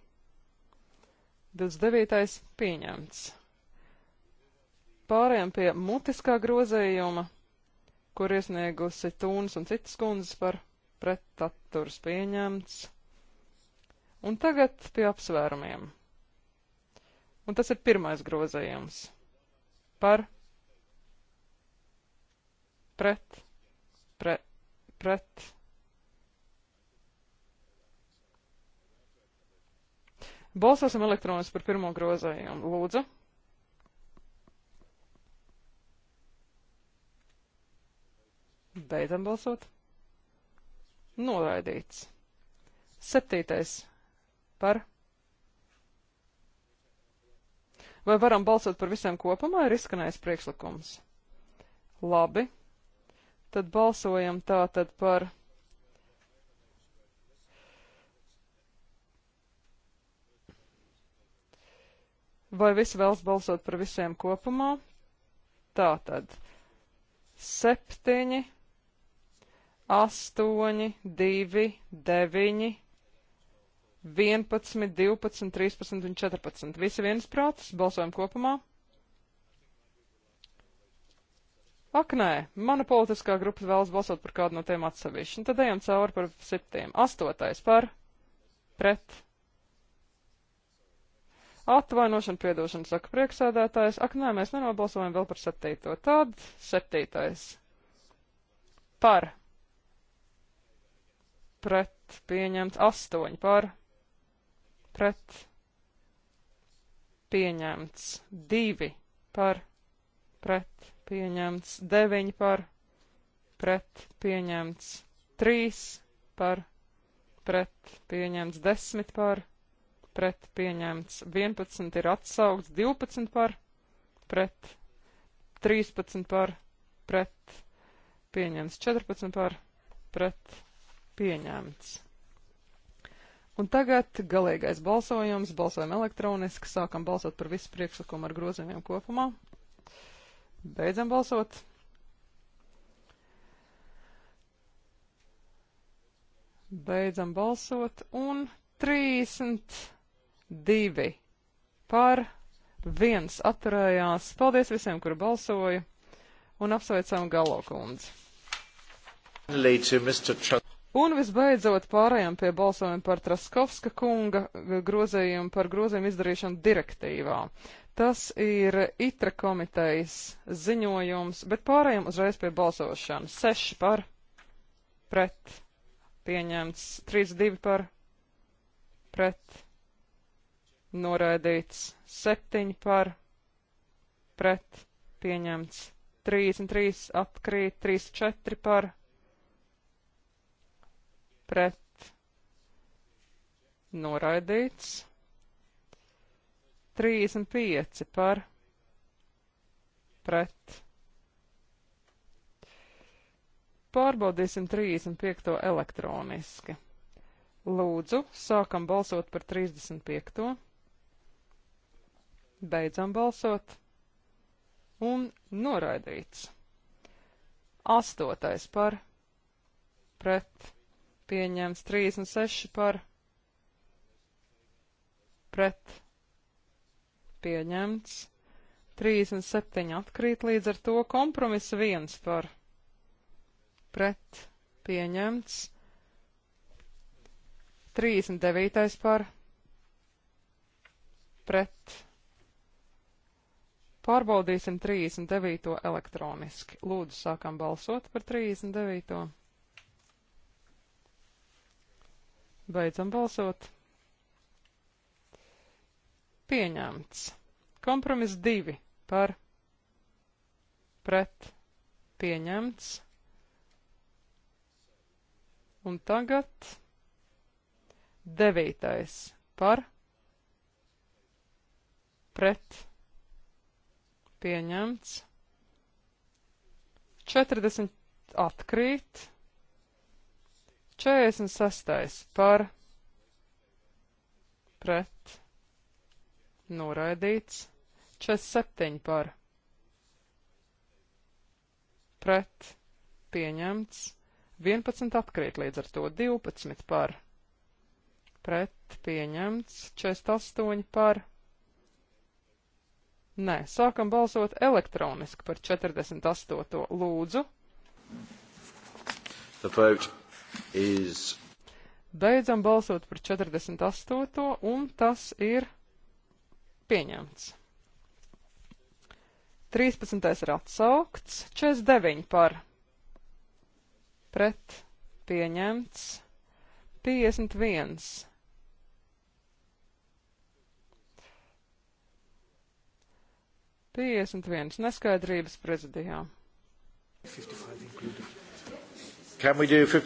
29. pieņemts. Pārējām pie mutiskā grozējuma, kur iesniegusi Tūnas un citas kundzes par pretaturs pieņemts. Un tagad pie apsvērumiem. Un tas ir pirmais grozējums par pret, pre, pret. Balsosim elektronis par pirmo grozējumu. Lūdzu. Beidzam balsot. Noraidīts. Septītais par. Vai varam balsot par visiem kopumā, ir izskanējis priekšlikums. Labi. Tad balsojam tātad par. Vai visi vēlas balsot par visiem kopumā? Tātad septiņi, astoņi, divi, deviņi, 11, 12, 13 un 14. Visi viensprātis, balsojam kopumā. Ak, nē, mana politiskā grupa vēlas balsot par kādu no tiem atsevišķi. Un nu, tad ejam cauri par septiem. Astotais par pret. Atvainošana, piedošana, saka prieksēdētājs. Ak, nē, mēs nenobalsojam vēl par septīto. Tad septītais. Par. Pret. Pieņemts. Astoņi par. Pret. Pieņemts. Divi par. Pret pieņemts, 9 par pret pieņemts, 3 par pret pieņemts, 10 par pret pieņemts, 11 ir atsaukts, 12 par pret, 13 par pret pieņemts, 14 par pret pieņemts. Un tagad galīgais balsojums, balsojam elektroniski, sākam balsot par visu priekšlikumu ar grozījumiem kopumā. Beidzam balsot. Beidzam balsot un 32 par viens atturējās. Paldies visiem, kuri balsoja un apsveicam Galo kundzi. Un visbeidzot pārējām pie balsojuma par Traskovska kunga grozējumu par grozējumu izdarīšanu direktīvā. Tas ir itra komitejas ziņojums, bet pārējiem uzreiz pie balsošanas. Seši par, pret, pieņemts, trīs divi par, pret, noraidīts, septiņi par, pret, pieņemts, trīs un trīs atkrīt, trīs četri par, pret, noraidīts. 35 par pret. Pārbaudīsim 35 elektroniski. Lūdzu, sākam balsot par 35. Beidzam balsot. Un noraidīts. Astotais par pret. Pieņems 36 par pret pieņemts. 37 atkrīt līdz ar to kompromisa viens par pret pieņemts. 39 par pret. Pārbaudīsim 39 elektroniski. Lūdzu, sākam balsot par 39. Beidzam balsot pieņemts. Kompromiss 2 par pret pieņemts. Un tagad 9. par pret pieņemts. 40 atkrīt. 46 par pret noraidīts, 47 par, pret, pieņemts, 11 atkrīt līdz ar to 12 par, pret, pieņemts, 48 par. Nē, sākam balsot elektroniski par 48. lūdzu. The vote is beidzam balsot par 48. un tas ir Pieņemts. 13. ir atsaukts, 49 par pret pieņemts, 51. Piecdesmit viens neskaidrības prezidijā. 51,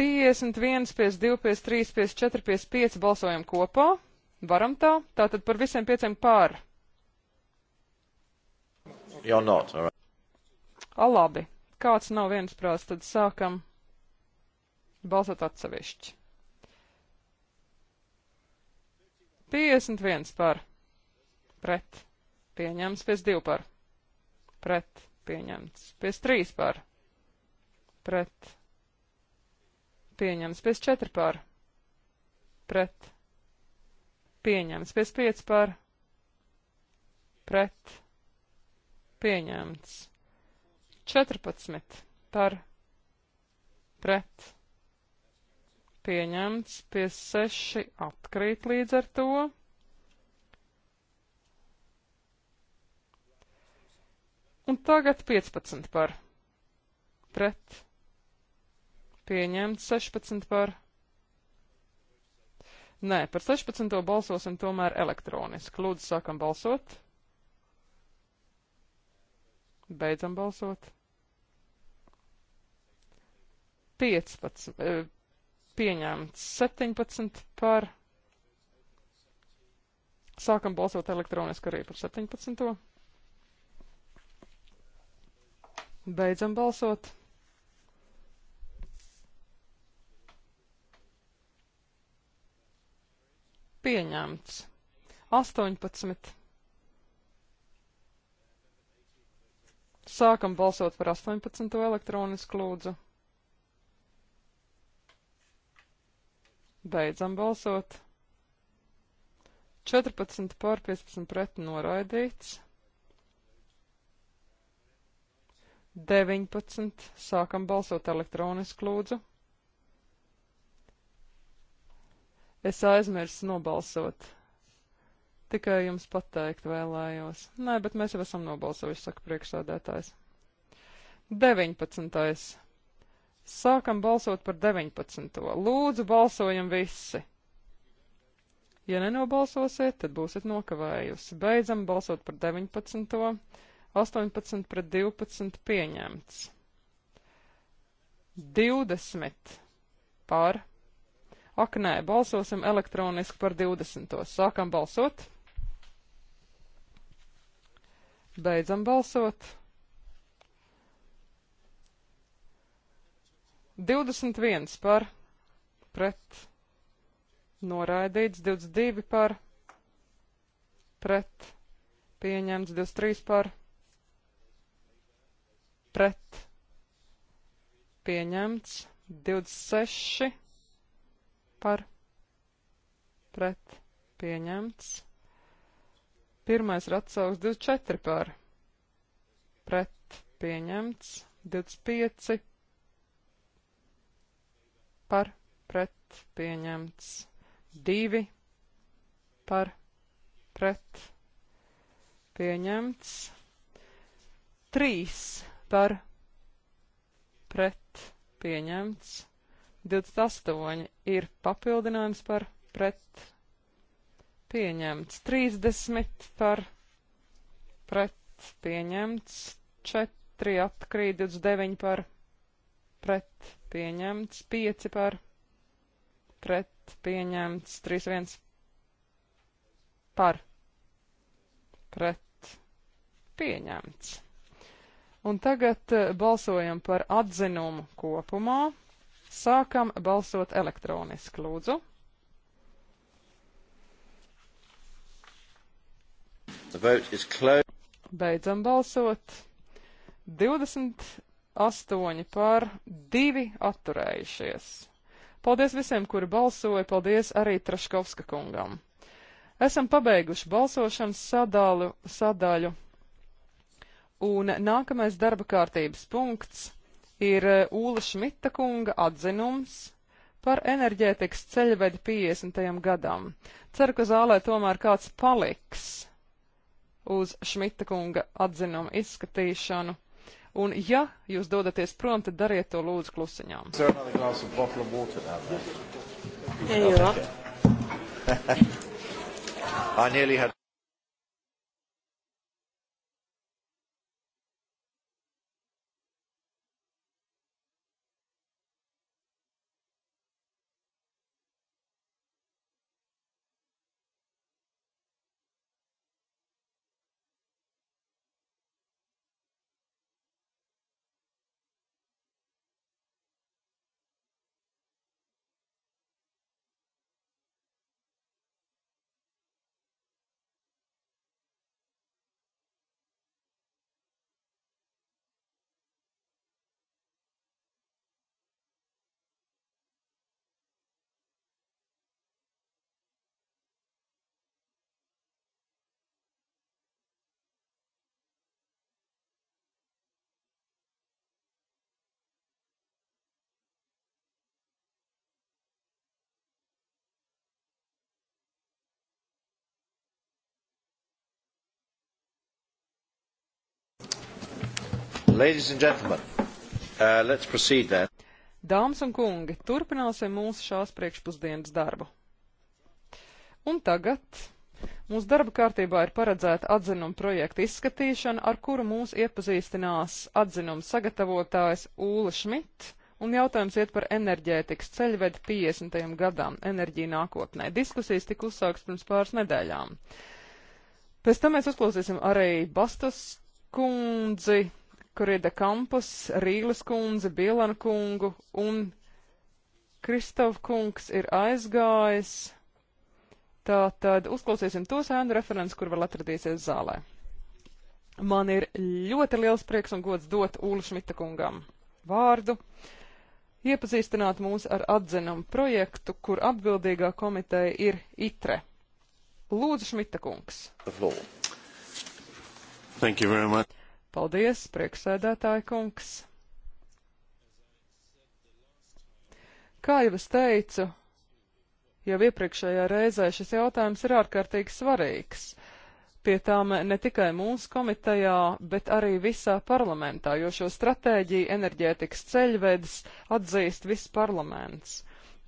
52, 53, 54, 55 balsojam kopā. Varam tā? Tātad par visiem pieciem pār. You're not, all right. A, labi. Kāds nav viensprāts, tad sākam balsot atsevišķi. 51 par. Pret. Pieņemts. 52 par. Pret. Pieņemts. 53 par. Pret. Pieņemts. 54 par. Pret pieņemts. 55 par pret pieņemts. 14 par pret pieņemts. 56 atkrīt līdz ar to. Un tagad 15 par pret pieņemts. 16 par pret Nē, par 16. balsosim tomēr elektroniski. Lūdzu, sākam balsot. Beidzam balsot. 15, eh, pieņemts 17 par. Sākam balsot elektroniski arī par 17. Beidzam balsot. Pieņemts. 18. Sākam balsot par 18. elektronisku lūdzu. Beidzam balsot. 14 pār 15 pret noraidīts. 19. Sākam balsot elektroniski lūdzu. Es aizmirsu nobalsot. Tikai jums pateikt vēlējos. Nē, bet mēs jau esam nobalsojuši, saka priekšsādētājs. 19. Sākam balsot par 19. Lūdzu, balsojam visi! Ja nenobalsosiet, tad būsiet nokavējusi. Beidzam balsot par 19. 18 pret 12 pieņemts. 20 par Ak, nē, balsosim elektroniski par 20. Sākam balsot. Beidzam balsot. 21 par pret noraidīts, 22 par pret pieņemts, 23 par pret pieņemts, 26 par pret pieņemts. Pirmais ir atsaugs 24 par pret pieņemts. 25 par pret pieņemts. 2 par pret pieņemts. 3 par pret pieņemts. 28 ir papildinājums par pret pieņemts, 30 par pret pieņemts, 4 atkrīt, 29 par pret pieņemts, 5 par pret pieņemts, 3-1 par pret pieņemts. Un tagad eh, balsojam par atzinumu kopumā. Sākam balsot elektroniski, lūdzu. Beidzam balsot. 28 pār 2 atturējušies. Paldies visiem, kuri balsoja, paldies arī Traškovska kungam. Esam pabeiguši balsošanas sadalu, sadaļu, un nākamais darba kārtības punkts ir Ūla eh, Šmita kunga atzinums par enerģētikas ceļvedi 50. gadam. Ceru, ka zālē tomēr kāds paliks uz Šmita kunga atzinumu izskatīšanu. Un, ja jūs dodaties prom, tad dariet to lūdzu klusiņām. There you are. I nearly had Ladies and gentlemen, uh, let's proceed then. Dāmas un kungi, turpināsim mūsu šās priekšpusdienas darbu. Un tagad mūsu darba kārtībā ir paredzēta atzinuma projekta izskatīšana, ar kuru mūs iepazīstinās atzinuma sagatavotājs Ūla Šmit, un jautājums iet par enerģētikas ceļvedi 50. gadām, enerģiju nākotnē. Diskusijas tika uzsāks pirms pāris nedēļām. Pēc tam mēs uzklausīsim arī Bastas kundzi, Korida Kampus, Rīles kundze, Bielan kungu un Kristof kungs ir aizgājis. Tā tad uzklausīsim tos ēnu referents, kur vēl atradīsies zālē. Man ir ļoti liels prieks un gods dot Ūlu Šmita kungam vārdu, iepazīstināt mūs ar atzinumu projektu, kur atbildīgā komiteja ir ITRE. Lūdzu, Šmita kungs. Thank you very much. Paldies, prieksēdētāja kungs! Kā jau es teicu, jau iepriekšējā reizē šis jautājums ir ārkārtīgi svarīgs. Pie tām ne tikai mūsu komitejā, bet arī visā parlamentā, jo šo stratēģiju enerģētikas ceļvedis atzīst viss parlaments.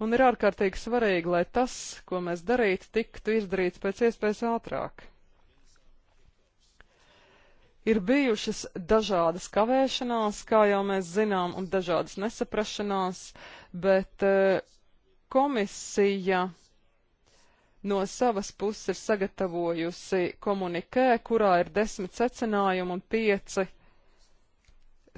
Un ir ārkārtīgi svarīgi, lai tas, ko mēs darītu, tiktu izdarīts pēc iespējas ātrāk. Ir bijušas dažādas kavēšanās, kā jau mēs zinām, un dažādas nesaprašanās, bet eh, komisija no savas puses ir sagatavojusi komunikē, kurā ir desmit secinājumi un pieci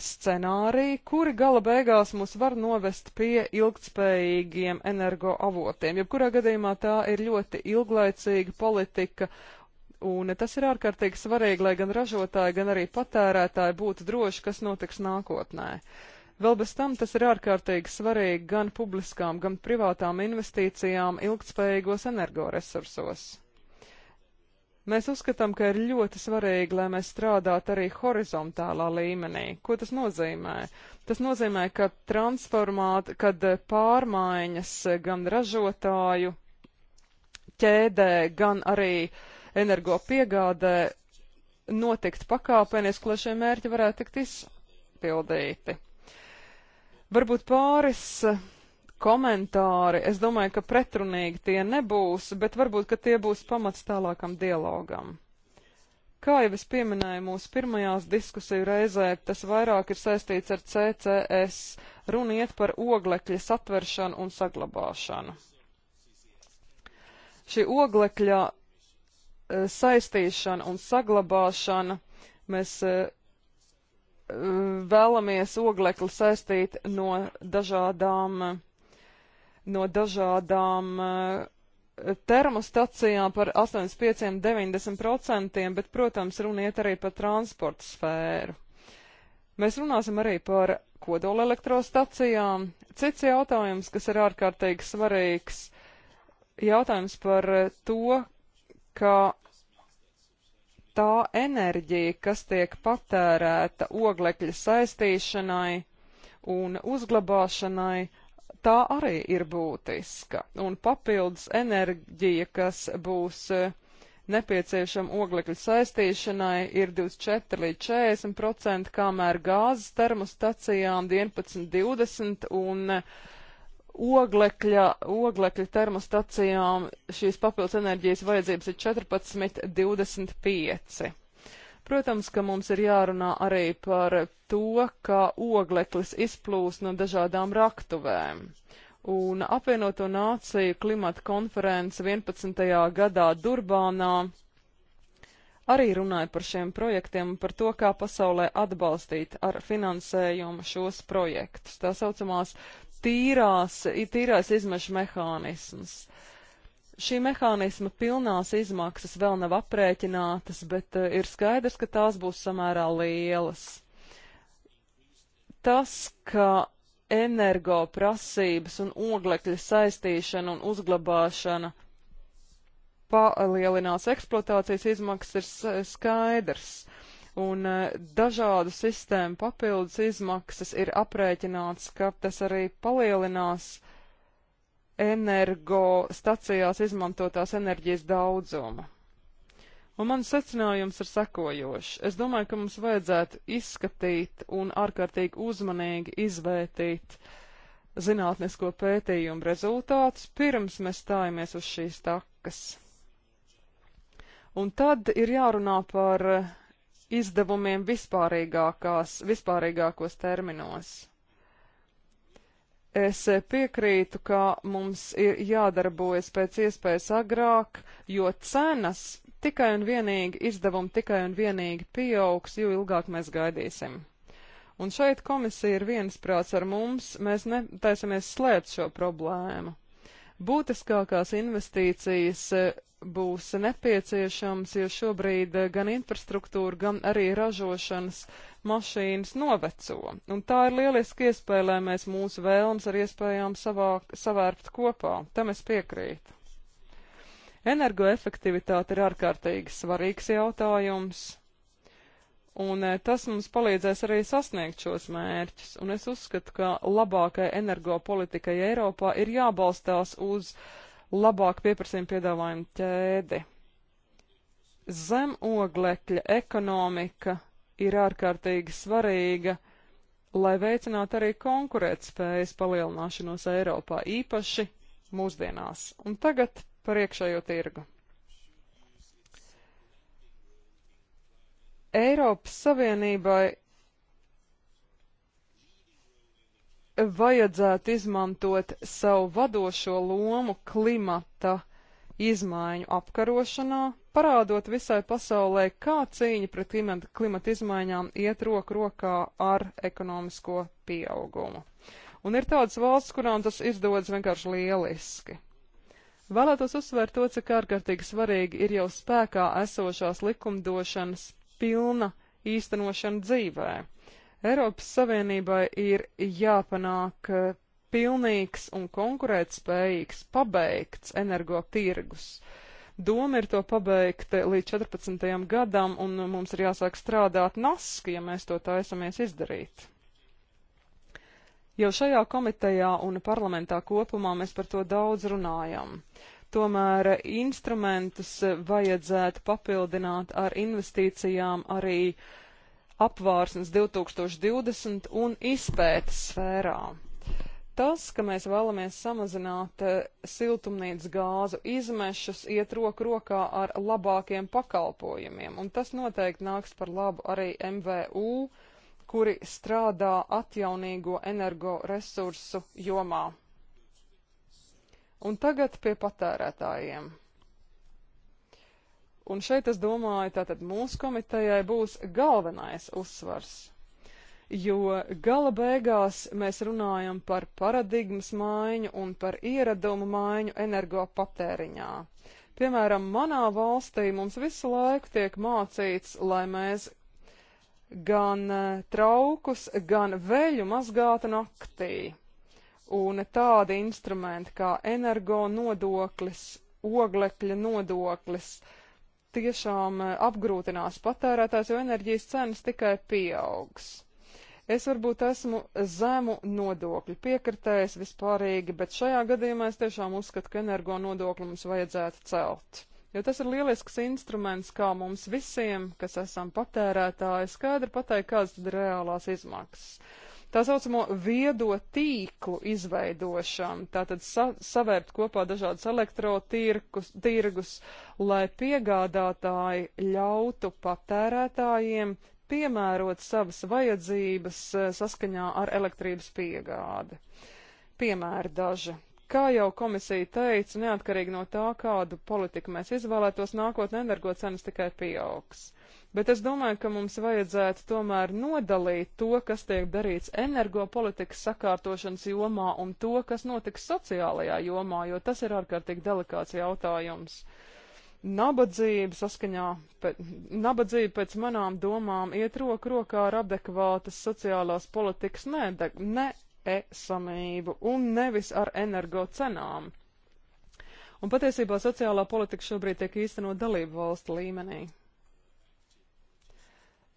scenāriji, kuri gala beigās mūs var novest pie ilgtspējīgiem energoavotiem. Jebkurā gadījumā tā ir ļoti ilglaicīga politika, Un tas ir ārkārtīgi svarīgi, lai gan ražotāji, gan arī patērētāji būtu droši, kas notiks nākotnē. Vēl bez tam tas ir ārkārtīgi svarīgi gan publiskām, gan privātām investīcijām ilgtspējīgos energoresursos. Mēs uzskatām, ka ir ļoti svarīgi, lai mēs strādātu arī horizontālā līmenī. Ko tas nozīmē? Tas nozīmē, ka transformāt, kad pārmaiņas gan ražotāju ķēdē, gan arī uh, energo piegādē notikt pakāpeniski, lai šie mērķi varētu tikt izpildīti. Varbūt pāris eh, komentāri, es domāju, ka pretrunīgi tie nebūs, bet varbūt, ka tie būs pamats tālākam dialogam. Kā jau es pieminēju mūsu pirmajās diskusiju reizē, tas vairāk ir saistīts ar CCS, runa iet par oglekļa satveršanu un saglabāšanu. Šī oglekļa Eh, saistīšana un saglabāšana. Mēs eh, eh, vēlamies oglekli saistīt no dažādām, no dažādām termostacijām par 85-90%, bet, protams, runiet arī par transporta sfēru. Mēs runāsim arī par kodolelektrostacijām. Cits jautājums, kas ir ārkārtīgi svarīgs, jautājums par to, ka tā enerģija, kas tiek patērēta oglekļa saistīšanai un uzglabāšanai, tā arī ir būtiska. Un papildus enerģija, kas būs eh, nepieciešama oglekļa saistīšanai, ir 24 līdz 40 procenti, kamēr gāzes termostacijām 11, 20 un oglekļa, oglekļa termostacijām šīs papildus enerģijas vajadzības ir 14,25. Protams, ka mums ir jārunā arī par to, ka ogleklis izplūst no dažādām raktuvēm. Un apvienoto nāciju klimata konference 11. gadā Durbānā arī runāja par šiem projektiem un par to, kā pasaulē atbalstīt ar finansējumu šos projektus. Tā saucamās tīrās, tīrais izmešu mehānisms. Šī mehānisma pilnās izmaksas vēl nav aprēķinātas, bet eh, ir skaidrs, ka tās būs samērā lielas. Tas, ka energoprasības un oglekļa saistīšana un uzglabāšana palielinās eksploatācijas izmaksas, ir skaidrs un e, dažādu sistēmu papildus izmaksas ir aprēķināts, ka tas arī palielinās energo stacijās izmantotās enerģijas daudzumu. Un mans secinājums ir sekojošs. Es domāju, ka mums vajadzētu izskatīt un ārkārtīgi uzmanīgi izvērtīt zinātnisko pētījumu rezultātus, pirms mēs stājamies uz šīs takas. Un tad ir jārunā par uh, izdevumiem vispārīgākos terminos. Es piekrītu, ka mums ir jādarbojas pēc iespējas agrāk, jo cenas tikai un vienīgi izdevumi tikai un vienīgi pieaugs, jo ilgāk mēs gaidīsim. Un šeit komisija ir viensprāts ar mums, mēs netaisamies slēpt šo problēmu. Būtiskākās investīcijas būs nepieciešams, jo šobrīd eh, gan infrastruktūra, gan arī ražošanas mašīnas noveco. Un tā ir lieliski iespēja, lai mēs mūsu vēlmes ar iespējām savāk, savērpt kopā. Tam es piekrītu. Energoefektivitāte ir ārkārtīgi svarīgs jautājums, un eh, tas mums palīdzēs arī sasniegt šos mērķus, un es uzskatu, ka labākai energopolitikai Eiropā ir jābalstās uz uh, labāku pieprasījumu piedāvājumu ķēdi. Zemoglekļa ekonomika ir ārkārtīgi svarīga, lai veicinātu arī konkurētspējas palielināšanos Eiropā, īpaši mūsdienās. Un tagad par iekšējo tirgu. Eiropas Savienībai vajadzētu izmantot savu vadošo lomu klimata izmaiņu apkarošanā, parādot visai pasaulē, kā cīņa pret klimata, klimata izmaiņām iet roku rokā ar ekonomisko pieaugumu. Un ir tādas valsts, kurām tas izdodas vienkārši lieliski. Vēlētos uzsvērt to, cik ārkārtīgi svarīgi ir jau spēkā esošās likumdošanas pilna īstenošana dzīvē. Eiropas Savienībai ir jāpanāk eh, pilnīgs un konkurētspējīgs pabeigts energotirgus. Doma ir to pabeigt eh, līdz 14. gadam, un mums ir jāsāk strādāt naski, ja mēs to taisamies izdarīt. Jau šajā komitejā un parlamentā kopumā mēs par to daudz runājam. Tomēr eh, instrumentus vajadzētu papildināt ar investīcijām arī uh, apvārsnes 2020 un izpētes sfērā. Tas, ka mēs vēlamies samazināt eh, siltumnīcas gāzu izmešus, iet roku rokā ar labākiem pakalpojumiem, un tas noteikti nāks par labu arī MVU, kuri strādā atjaunīgo energoresursu jomā. Un tagad pie patērētājiem. Un šeit es domāju, tātad mūsu komitejai būs galvenais uzsvars. Jo gala beigās mēs runājam par paradigmas maiņu un par ieradumu maiņu energopatēriņā. Piemēram, manā valstī mums visu laiku tiek mācīts, lai mēs gan e, traukus, gan veļu mazgātu naktī. Un tādi instrumenti kā energo nodoklis, oglekļa nodoklis, uh, tiešām eh, apgrūtinās patērētājs, jo enerģijas cenas tikai pieaugs. Es varbūt esmu zemu nodokļu piekritējis vispārīgi, bet šajā gadījumā es tiešām uzskatu, ka energo nodokli mums vajadzētu celt. Jo tas ir lielisks instruments, kā mums visiem, kas esam patērētāji, skaidri pateikt, kādas tad ir reālās izmaksas tā saucamo viedo tīklu izveidošanu, tātad sa savērt kopā dažādas elektrotirgus, lai piegādātāji ļautu patērētājiem piemērot savas vajadzības eh, saskaņā ar elektrības piegādi. Piemēri daži. Kā jau komisija teica, neatkarīgi no tā, kādu politiku mēs izvēlētos, nākotnē energocenas tikai pieaugs. Bet es domāju, ka mums vajadzētu tomēr nodalīt to, kas tiek darīts energopolitikas sakārtošanas jomā un to, kas notiks sociālajā jomā, jo tas ir ārkārtīgi delikāts jautājums. Nabadzība saskaņā, pēc, nabadzība pēc manām domām iet roku rokā ar adekvātas sociālās politikas neesamību ne un nevis ar energo cenām. Un patiesībā sociālā politika šobrīd tiek īstenot dalību valstu līmenī.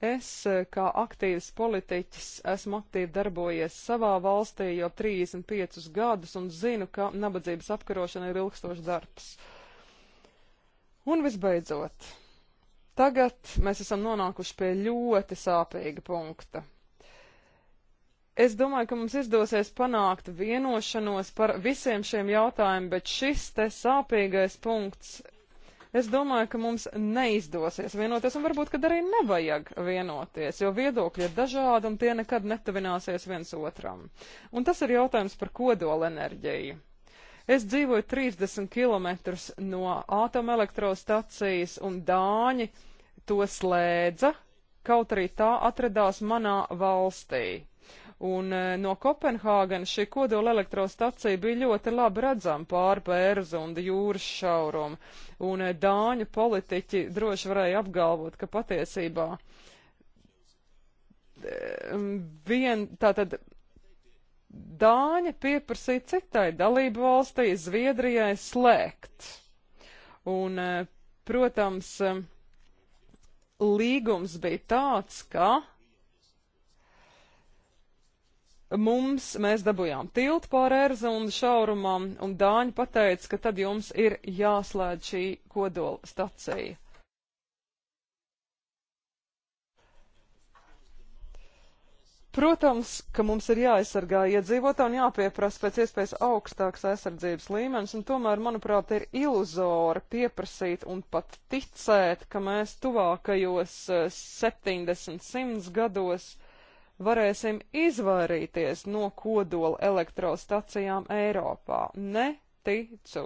Es, eh, kā aktīvs politiķis, esmu aktīvi darbojies savā valstī jau 35 gadus un zinu, ka nabadzības apkarošana ir ilgstošs darbs. Un visbeidzot, tagad mēs esam nonākuši pie ļoti sāpīga punkta. Es domāju, ka mums izdosies panākt vienošanos par visiem šiem jautājumiem, bet šis te sāpīgais punkts Es domāju, ka mums neizdosies vienoties, un varbūt, kad arī nevajag vienoties, jo viedokļi ir dažādi, un tie nekad netavināsies viens otram. Un tas ir jautājums par kodolenerģiju. Es dzīvoju 30 km no atomelektrostacijas, un Dāņi to slēdza, kaut arī tā atradās manā valstī. Un eh, no Kopenhāgenes šī kodola elektrostacija bija ļoti labi redzama pāri Pērzunda jūras šaurumu, un eh, dāņu politiķi droši varēja apgalvot, ka patiesībā eh, vien tātad Dāņa pieprasīja citai dalību valstī, Zviedrijai, slēgt. Un, protams, līgums bija tāds, ka mums, mēs dabūjām tiltu pār Erzundu šaurumam, un Dāņi pateica, ka tad jums ir jāslēdz šī kodola stacija. Protams, ka mums ir jāaizsargā iedzīvotāji un jāpieprasa pēc iespējas augstāks aizsardzības līmenis, un tomēr, manuprāt, ir iluzori pieprasīt un pat ticēt, ka mēs tuvākajos 70-100 eh, gados uh, varēsim izvairīties no kodola elektrostacijām Eiropā. Neticu!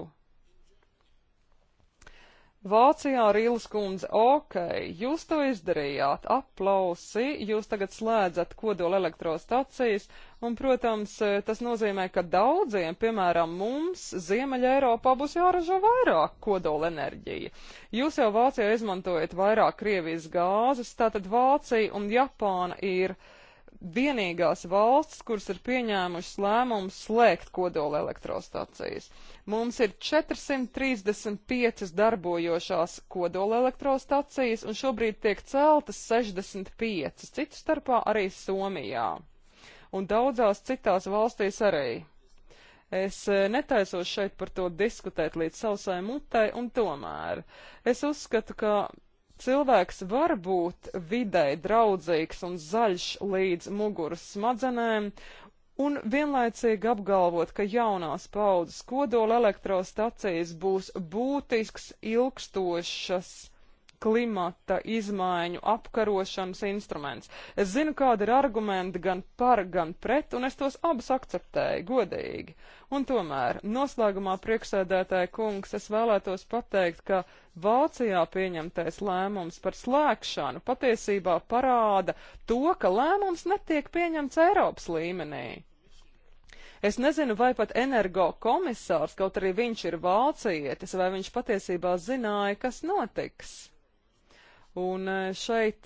Vācijā Rīles kundze, ok, jūs to izdarījāt, aplausi, jūs tagad slēdzat kodola elektrostacijas, un, protams, tas nozīmē, ka daudziem, piemēram, mums Ziemeļa Eiropā būs jāražo vairāk kodola enerģija. Jūs jau Vācijā izmantojat vairāk Krievijas gāzes, tātad Vācija un Japāna ir uh, vienīgās valsts, kuras ir pieņēmušas lēmumu slēgt kodola elektrostacijas. Mums ir 435 darbojošās kodola elektrostacijas, un šobrīd tiek celtas 65, citu starpā arī Somijā, un daudzās citās valstīs arī. Es e, netaisos šeit par to diskutēt līdz sausai mutai, un tomēr es uzskatu, ka Cilvēks var būt vidē draudzīgs un zaļš līdz muguras smadzenēm, un vienlaicīgi apgalvot, ka jaunās paudzes kodola elektrostacijas būs būtisks, ilgstošs klimata izmaiņu apkarošanas instruments. Es zinu, kāda ir argumenti gan par, gan pret, un es tos abus akceptēju godīgi. Un tomēr, noslēgumā priekšsēdētāja kungs, es vēlētos pateikt, ka Vācijā pieņemtais lēmums par slēgšanu patiesībā parāda to, ka lēmums netiek pieņemts Eiropas līmenī. Es nezinu, vai pat energo komisārs, kaut arī viņš ir vācietis, vai viņš patiesībā zināja, kas notiks. Un eh, šeit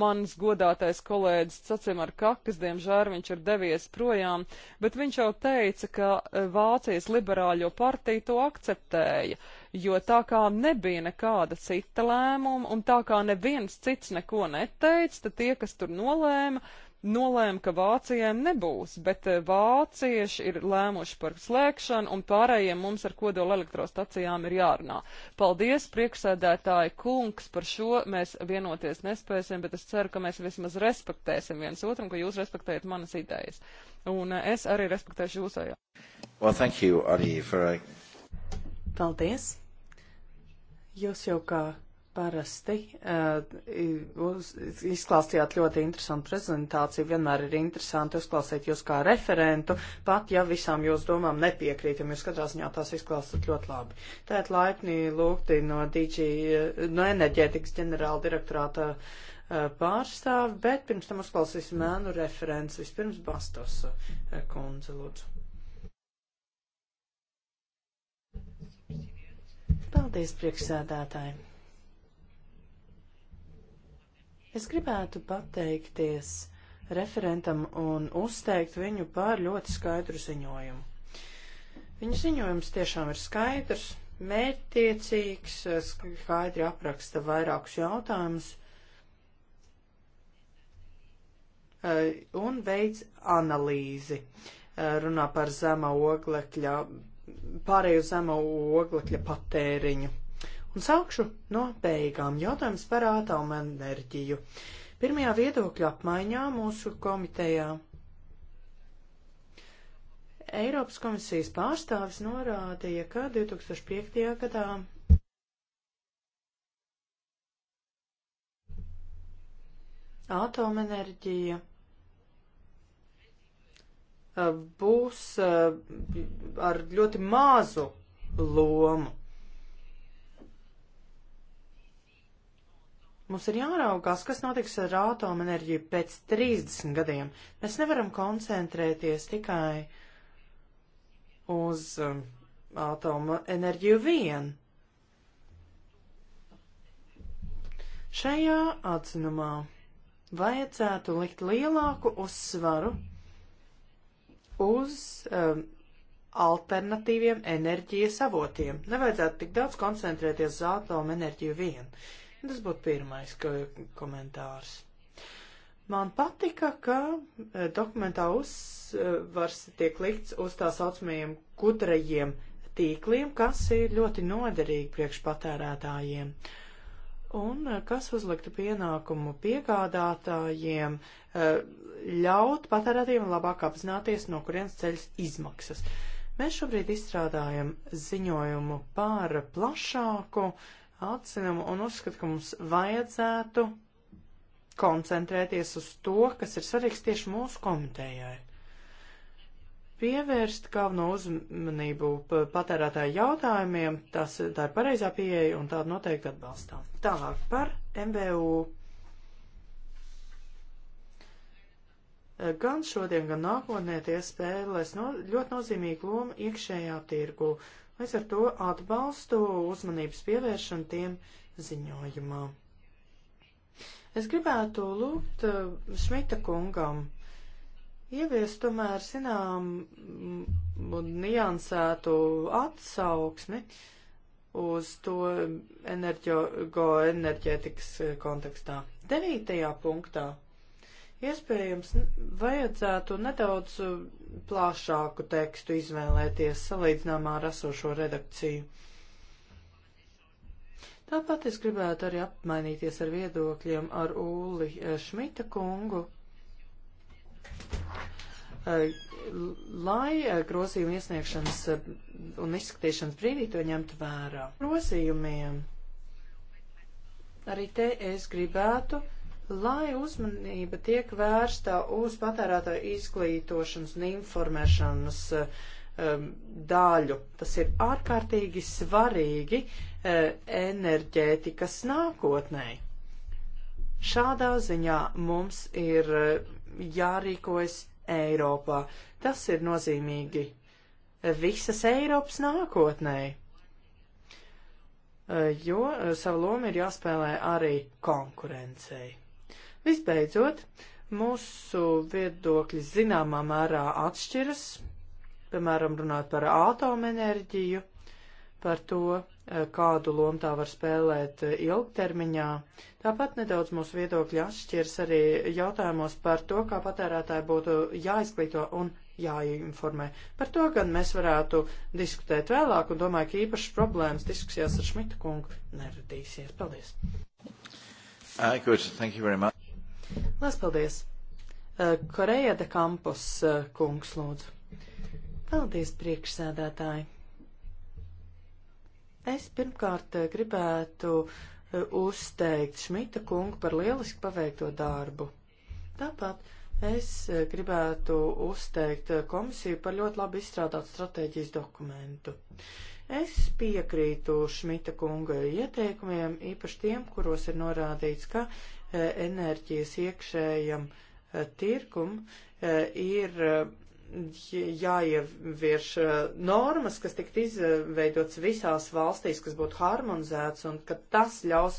mans godātais kolēģis Cacim ar kakas, diemžēr viņš ir devies projām, bet viņš jau teica, ka eh, Vācijas liberāļo partija to akceptēja, jo tā kā nebija nekāda cita lēmuma un tā kā neviens cits neko neteica, tad tie, kas tur nolēma, uh, nolēma, ka Vācijai nebūs, bet eh, vācieši ir lēmuši par slēgšanu un pārējiem mums ar kodola elektrostacijām ir jārunā. Paldies, priekšsēdētāji kungs, par šo mēs vienoties nespēsim, bet es ceru, ka mēs vismaz respektēsim viens otru un ka jūs respektējat manas idejas. Un eh, es arī respektēšu jūsējā. Well, thank you, Anī, for... Paldies. Jūs jau kā parasti jūs eh, uh, izklāstījāt ļoti interesantu prezentāciju. Vienmēr ir interesanti uzklausīt jūs kā referentu, pat ja visām jūs domām nepiekrītam, jūs katrā ziņā tās izklāstat ļoti labi. Tēt laipni lūgti no DG, eh, no enerģētikas ģenerāla direktorāta uh, pārstāvi, bet pirms tam uzklausīsim mēnu referents. Vispirms Bastos uh, kundze, lūdzu. Paldies, priekšsēdētāji! Es gribētu pateikties referentam un uzteikt viņu par ļoti skaidru ziņojumu. Viņa ziņojums tiešām ir skaidrs, mērķtiecīgs, skaidri apraksta vairākus jautājumus eh, un veids analīzi. Eh, runā par zema oglekļa, pārēju zema oglekļa patēriņu. Un sākšu no beigām. Jautājums par atomenerģiju. Pirmajā viedokļa apmaiņā mūsu komitejā Eiropas komisijas pārstāvis norādīja, ka 2005. gadā atomenerģija uh, būs uh, ar ļoti mazu lomu. Mums ir jāraugās, kas notiks ar atomenerģiju pēc 30 gadiem. Mēs nevaram koncentrēties tikai uz um, atomenerģiju vien. Šajā atzinumā vajadzētu likt lielāku uzsvaru uz um, alternatīviem enerģijas avotiem. Nevajadzētu tik daudz koncentrēties uz atomenerģiju vien. Uh, Tas būtu pirmais komentārs. Man patika, ka e, dokumentā uzsvars e, tiek likts uz tā saucamajiem kudrajiem tīkliem, kas ir ļoti noderīgi priekšpatērētājiem un e, kas uzliktu pienākumu piegādātājiem ļaut patērētājiem labāk apzināties, no kurienes ceļas izmaksas. Mēs šobrīd izstrādājam ziņojumu par plašāku uh, atzinumu un uzskatu, ka mums vajadzētu koncentrēties uz to, kas ir svarīgs tieši mūsu komitējai. Pievērst galveno uzmanību patērētāju jautājumiem, tas, tā ir pareizā pieeja un tādu noteikti atbalstām. Tālāk par MVU. Gan šodien, gan nākotnē tie spēlēs no, ļoti nozīmīgu lomu iekšējā tirgu. Uh, Līdz ar to atbalstu uzmanības pievēršanu tiem ziņojumā. Es gribētu lūgt uh, Šmita kungam ieviest tomēr zinām mm, niansētu atsauksmi uz to enerģo, enerģētikas uh, kontekstā. Devītajā punktā Iespējams, vajadzētu nedaudz uh, plašāku tekstu izvēlēties salīdzināmā ar esošo redakciju. Tāpat es gribētu arī apmainīties ar viedokļiem ar Ūli uh, Šmita kungu, uh, lai grozījumu iesniegšanas un izskatīšanas brīdī to ņemtu vērā. Grozījumiem arī te es gribētu lai uzmanība tiek vērsta uz patērētāju izglītošanas un informēšanas um, daļu. Tas ir ārkārtīgi svarīgi uh, enerģētikas nākotnē. Šādā ziņā mums ir uh, jārīkojas Eiropā. Tas ir nozīmīgi visas Eiropas nākotnē uh, jo uh, savu lomu ir jāspēlē arī konkurencei. Visbeidzot, mūsu viedokļi zināmā mērā atšķiras, piemēram, runāt par atomenerģiju, par to, eh, kādu lomu tā var spēlēt eh, ilgtermiņā. Tāpat nedaudz mūsu viedokļi atšķiras arī jautājumos par to, kā patērētāji būtu jāizglīto un jāinformē. Par to gan mēs varētu diskutēt vēlāk, un domāju, ka īpašas problēmas diskusijās ar Šmita kungu neradīsies. Paldies! Uh, good. Thank you very much. Lās paldies! Eh, Koreja de Kampus eh, kungs lūdzu. Paldies, priekšsēdētāji! Es pirmkārt eh, gribētu uzteikt Šmita kungu par lieliski paveikto darbu. Tāpat es gribētu uzteikt komisiju par ļoti labi izstrādātu stratēģijas dokumentu. Es piekrītu Šmita kunga ieteikumiem, īpaši tiem, kuros ir norādīts, ka E, enerģijas iekšējam e, tirkum e, ir jāievieš normas, kas tikt izveidots visās valstīs, kas būtu harmonizēts, un ka tas ļaus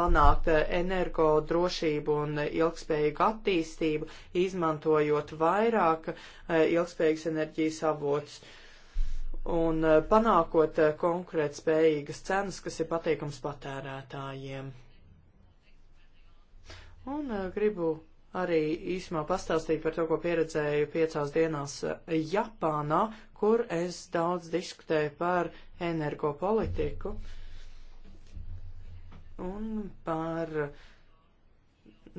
panākt energo drošību un ilgspējīgu attīstību, izmantojot vairāk ilgspējīgas enerģijas avots. Un panākot konkrēt spējīgas cenas, kas ir pateikums patērētājiem. Un eh, gribu arī īsumā pastāstīt par to, ko pieredzēju piecās dienās eh, Japānā, kur es daudz diskutēju par energopolitiku un par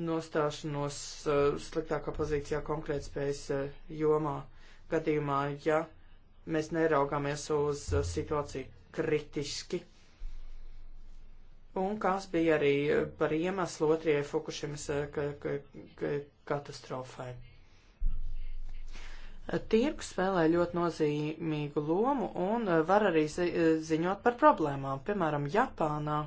nostāšanos eh, sliktākā pozīcijā konkrētspējas jomā gadījumā, ja mēs neraugāmies uz situāciju kritiski un kas bija arī par iemeslu otrajai Fukushimas eh, ka, ka, ka, katastrofai. Tirgus spēlē ļoti nozīmīgu lomu un eh, var arī zi eh, ziņot par problēmām. Piemēram, Japānā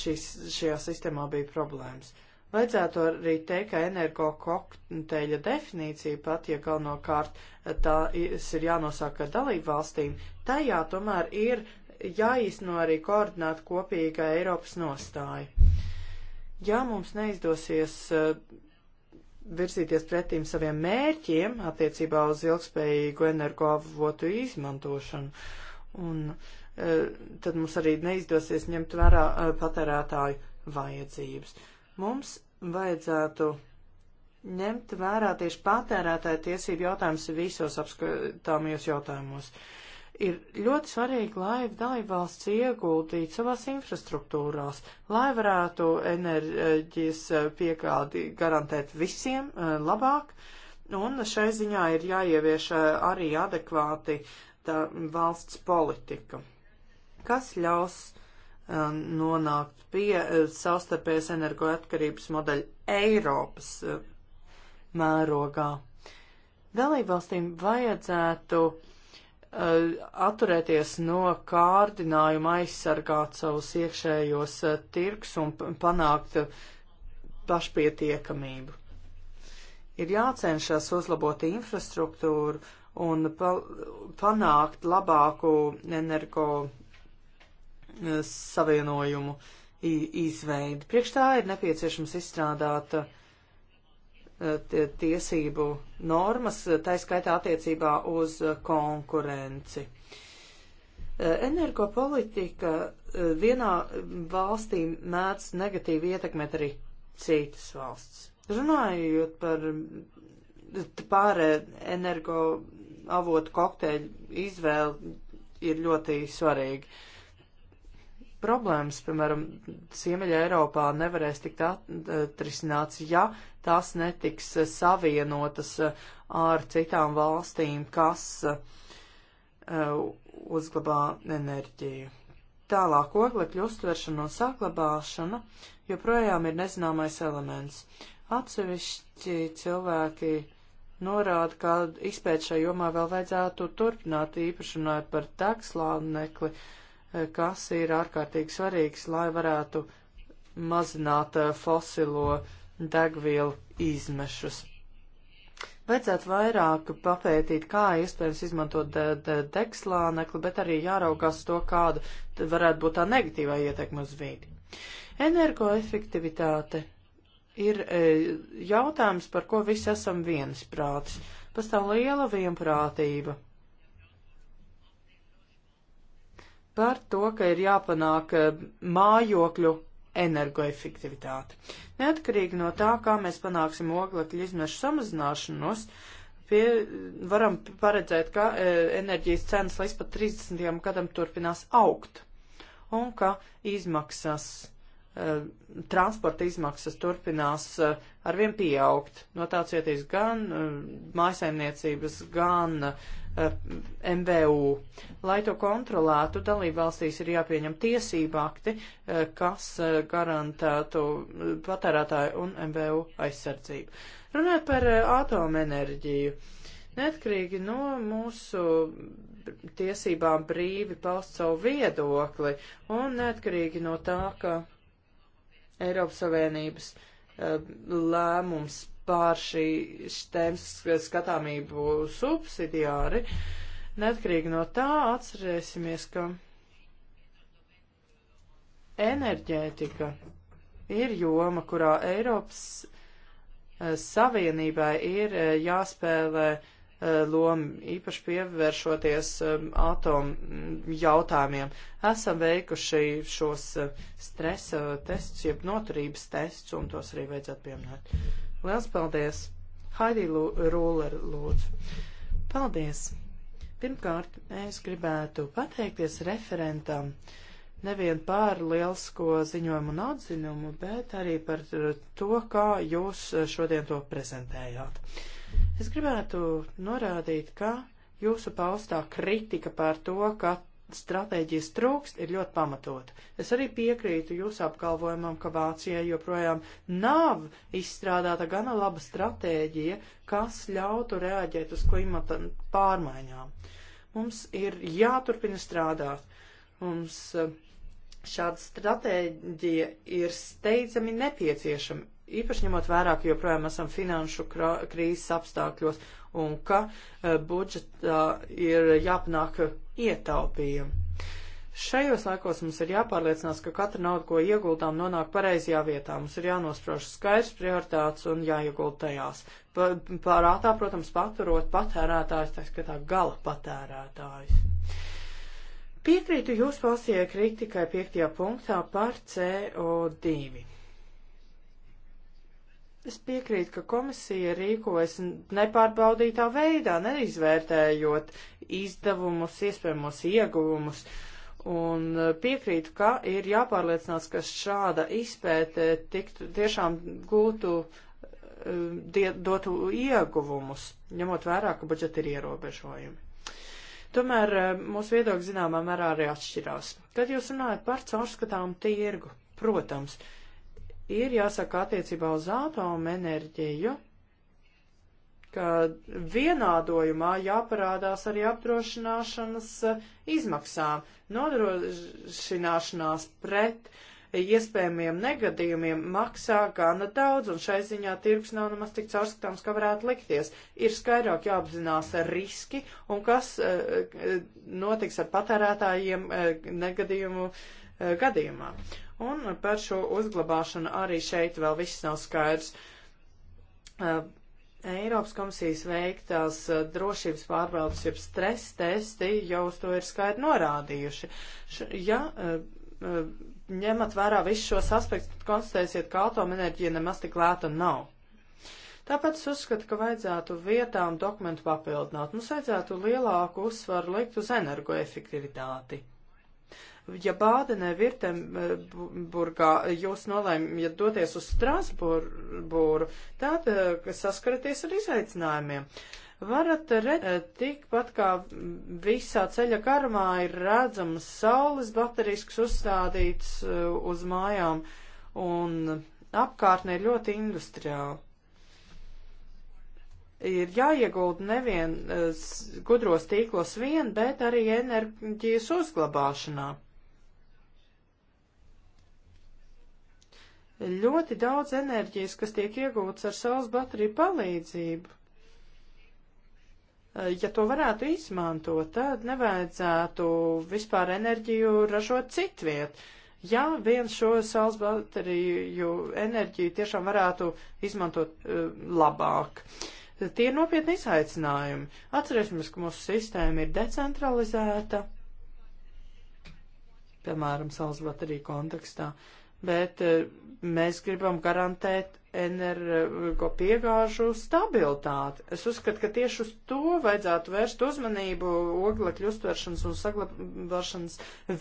šīs, šajā sistēmā bija problēmas. Uh, Vajadzētu arī teikt, ka energo kokteļa definīcija pat, ja galvenokārt eh, tā ir jānosaka dalību valstīm, tajā tomēr ir jāīsno arī koordinēt kopīga Eiropas nostāja. Ja mums neizdosies eh, virzīties pretīm saviem mērķiem attiecībā uz ilgspējīgu energoavotu izmantošanu. Un e, tad mums arī neizdosies ņemt vērā e, patērētāju vajadzības. Mums vajadzētu ņemt vērā tieši patērētāja tiesību jautājumus visos apskatāmajos jautājumos. Ir ļoti svarīgi, lai dalībvalsts ieguldītu savās infrastruktūrās, lai varētu enerģijas piekādi garantēt visiem eh, labāk, un šai ziņā ir jāievieš eh, arī adekvāti valsts politika, kas ļaus uh, Um, nonākt pie uh, savstarpējas energoatkarības modeļa Eiropas uh, mērogā. Dalībvalstīm vajadzētu uh, atturēties no kārdinājuma aizsargāt savus iekšējos tirgus un panākt pašpietiekamību. Ir jācenšas uzlabot infrastruktūru un panākt labāku energo E, savienojumu izveidi. Priekš tā ir nepieciešams izstrādāt e, tiesību normas, taiskaitā attiecībā uz konkurenci. E, energopolitika vienā valstī mēdz negatīvi ietekmēt arī citas valsts. Runājot par pār energo avotu kokteļu izvēli ir ļoti svarīgi problēmas, piemēram, Ziemeļa Eiropā nevarēs tikt atrisināts, ja tās netiks eh, savienotas eh, ar citām valstīm, kas eh, uzglabā enerģiju. Tālāk oglekļu uztveršana un saglabāšana joprojām ir nezināmais elements. Atsevišķi cilvēki norāda, ka izpēt šajā jomā vēl vajadzētu turpināt īpaši runājot par tekslānekli. Uh, kas ir ārkārtīgi svarīgs, lai varētu mazināt eh, fosilo degvielu izmešus. Vajadzētu vairāk papētīt, kā iespējams izmantot de de degslānekli, bet arī jāraugās to, kāda varētu būt tā negatīvā ietekma uz vīdi. Energoefektivitāte ir e, jautājums, par ko visi esam viensprātis. Pastāv liela vienprātība par to, ka ir jāpanāk eh, mājokļu energoefektivitāte. Neatkarīgi no tā, kā mēs panāksim oglekļa izmešu samazināšanos, pie, varam paredzēt, ka e, enerģijas cenas līdz pat 30. gadam turpinās augt un ka izmaksas Eh, transporta izmaksas turpinās eh, arvien pieaugt. No tā cietīs gan eh, mājasaimniecības, gan MVU. Lai to kontrolētu, dalībvalstīs ir jāpieņem tiesība akti, kas garantētu patērētāju un MVU aizsardzību. Runājot par atomenerģiju. Neatkarīgi no mūsu tiesībām brīvi paust savu viedokli un neatkarīgi no tā, ka Eiropas Savienības eh, lēmums pār šīs tēmas skatāmību subsidiāri. Neatkarīgi no tā atcerēsimies, ka enerģētika ir joma, kurā Eiropas eh, Savienībai ir eh, jāspēlē uh, lomu, īpaši pievēršoties um, atomu mm, jautājumiem. Esam veikuši šos um, stresa testus, jeb noturības testus, un tos arī vajadzētu pieminēt. Liels paldies! Haidī Rūler, lūdzu! Paldies! Pirmkārt, es gribētu pateikties referentam nevien par lielsko ziņojumu un atzinumu, bet arī par to, kā jūs šodien to prezentējāt. Es gribētu norādīt, ka jūsu paustā kritika par to, ka stratēģijas trūkst, ir ļoti pamatota. Es arī piekrītu jūsu apgalvojumam, ka Vācijai joprojām nav izstrādāta gana laba stratēģija, kas ļautu reaģēt uz klimata pārmaiņām. Mums ir jāturpina strādāt. Mums eh, šāda stratēģija ir steidzami nepieciešama īpaši ņemot vērā, ka joprojām esam finanšu krīzes apstākļos un ka eh, budžetā ir jāpanāk ietaupījumi. Šajos laikos mums ir jāpārliecinās, ka katra nauda, ko ieguldām, nonāk pareizajā vietā. Mums ir jānosprož skaidrs prioritātes un jāiegulda tajās. Pārātā, protams, paturot patērētājs, tā skatā gala patērētājs. Piekrītu jūsu valstijai kritikai piektajā punktā par CO2. Es piekrītu, ka komisija rīkojas nepārbaudītā veidā, neizvērtējot izdevumus, iespējamos ieguvumus. Un e, piekrītu, ka ir jāpārliecinās, ka šāda izpēte tiktu tiešām gūtu, e, die, dotu ieguvumus, ņemot vērā, ka budžeti ir ierobežojumi. Tomēr e, mūsu viedokļi zināmā mērā arī atšķirās. Kad jūs runājat par caurskatām tirgu, protams, uh, ir jāsaka attiecībā uz ātomu enerģiju, ka vienādojumā jāparādās arī apdrošināšanas eh, izmaksām, nodrošināšanās pret iespējamiem negadījumiem maksā gana daudz, un šai ziņā tirgus nav nemaz tik caurskatāms, kā varētu likties. Ir skaidrāk jāapzinās riski un kas eh, eh, notiks ar patērētājiem negadījumu gadījumā. Un par šo uzglabāšanu arī šeit vēl viss nav skaidrs. Eiropas komisijas veiktās drošības pārbaudas, jeb stresa testi jau uz to ir skaidri norādījuši. Š, ja ņemat vērā visus šos aspektus, tad konstatēsiet, ka atomenerģija nemaz tik lēta nav. Tāpēc es uzskatu, ka vajadzētu vietām dokumentu papildināt. Mums vajadzētu lielāku uzsvaru likt uz energoefektivitāti ja Bādenē, Virtemburgā jūs nolēmjat doties uz Strasbūru, tad eh, saskaraties ar izaicinājumiem. Varat redzēt, eh, tikpat kā visā ceļa karmā ir redzamas saules baterijas, kas uzstādītas eh, uz mājām, un apkārtnē ir ļoti industriāli. Ir jāiegulda nevien gudros tīklos vien, bet arī enerģijas uzglabāšanā. ļoti daudz enerģijas, kas tiek iegūts ar saules bateriju palīdzību. Eh, ja to varētu izmantot, tad nevajadzētu vispār enerģiju ražot citviet. Ja viens šo saules bateriju enerģiju tiešām varētu izmantot eh, labāk. Tie ir nopietni izaicinājumi. Atcerēsimies, ka mūsu sistēma ir decentralizēta, piemēram, saules bateriju kontekstā. Uh, bet eh, mēs gribam garantēt energo piegāžu stabilitāti. Es uzskatu, ka tieši uz to vajadzētu vērst uzmanību oglekļu uztveršanas un saglabāšanas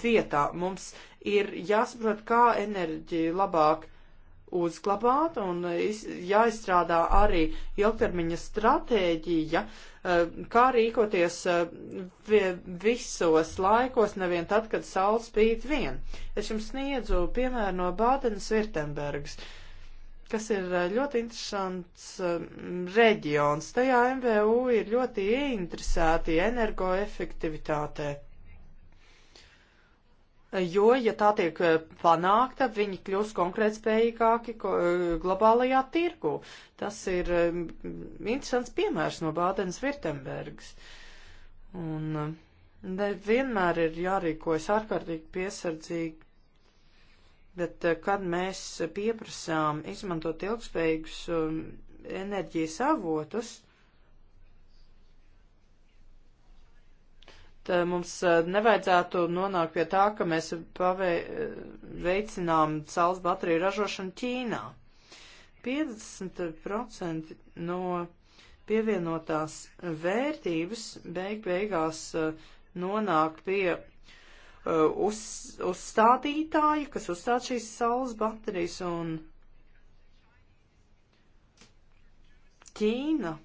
vietā. Mums ir jāsaprot, kā enerģiju labāk uzglabāt un jāizstrādā arī ilgtermiņa stratēģija, eh, kā rīkoties eh, visos laikos, nevien tad, kad saule spīd vien. Es jums sniedzu piemēru no Bādenes Virtembergas, kas ir eh, ļoti interesants reģions. Tajā MVU ir ļoti ieinteresēti energoefektivitātē. Jo, ja tā tiek eh, panākta, viņi kļūs konkrētspējīgāki eh, globālajā tirgu. Tas ir eh, interesants piemērs no Bādenes Virtembergas. Un nevienmēr ir jārīkojas ārkārtīgi piesardzīgi, bet kad mēs pieprasām izmantot ilgspējīgus enerģijas avotus, tā eh, mums eh, nevajadzētu nonākt pie tā, ka mēs eh, veicinām saules bateriju ražošanu Ķīnā. 50% no pievienotās vērtības beig beigās nonāk pie uz, uzstādītāja, kas uzstāda šīs saules baterijas, un Ķīna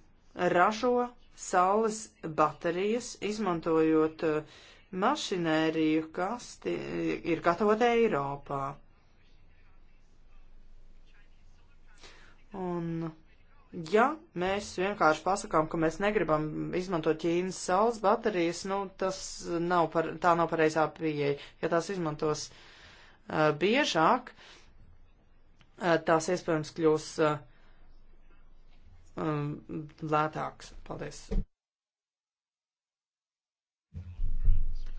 ražo saules baterijas, izmantojot eh, mašinēriju, kas eh, ir gatavota Eiropā. Un ja mēs vienkārši pasakām, ka mēs negribam izmantot Ķīnas saules baterijas, nu, tas nav par, tā nav pareizā pieeja. Ja tās izmantos uh, biežāk, uh, tās iespējams kļūs uh, um, lētāks. Paldies!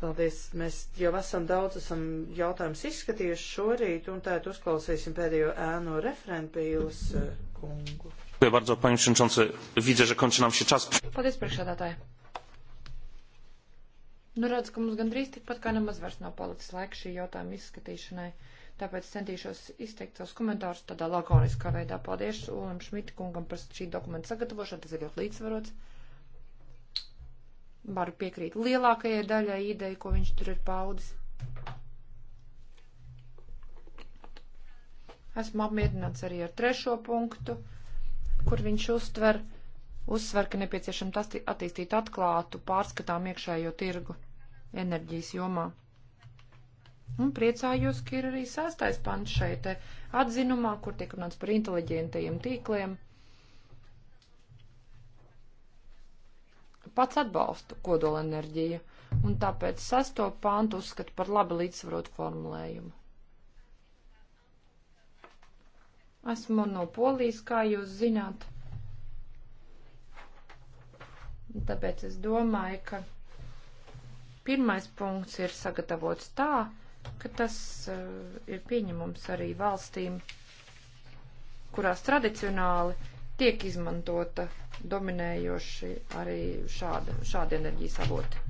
Paldies! Mēs jau esam daudz esam jautājumus izskatījuši šorīt, un tēt uzklausīsim pēdējo ēnu referentu Pīles eh, kungu. Bardzo, panie przewodniczący. Widzę, że kończy nam się czas. Paldies, priekšādātāji. Nu, redz, ka mums gandrīz tikpat kā nemaz vairs nav palicis laiks šī jautājuma izskatīšanai tāpēc centīšos izteikt savus komentārus tādā lakoniskā veidā. Paldies Ulam Šmita kungam par šī dokumenta sagatavošanu, tas ir ļoti līdzsvarots. Varu piekrīt lielākajai daļai ideju, ko viņš tur ir paudis. Esmu apmierināts arī ar trešo punktu, kur viņš uztver, uzsver, ka nepieciešams attīstīt atklātu, pārskatām iekšējo tirgu enerģijas jomā. Un priecājos, ka ir arī sastais pants šeit atzinumā, kur tiek runāts par inteliģentajiem tīkliem. Pats atbalstu kodolenerģiju, un tāpēc sasto pantu uzskatu par labi līdzsvarotu formulējumu. Esmu no Polijas, kā jūs zināt. Tāpēc es domāju, ka pirmais punkts ir sagatavots tā, ka tas uh, ir pieņemums arī valstīm, kurās tradicionāli tiek izmantota dominējoši arī šāda, šāda enerģijas avoti.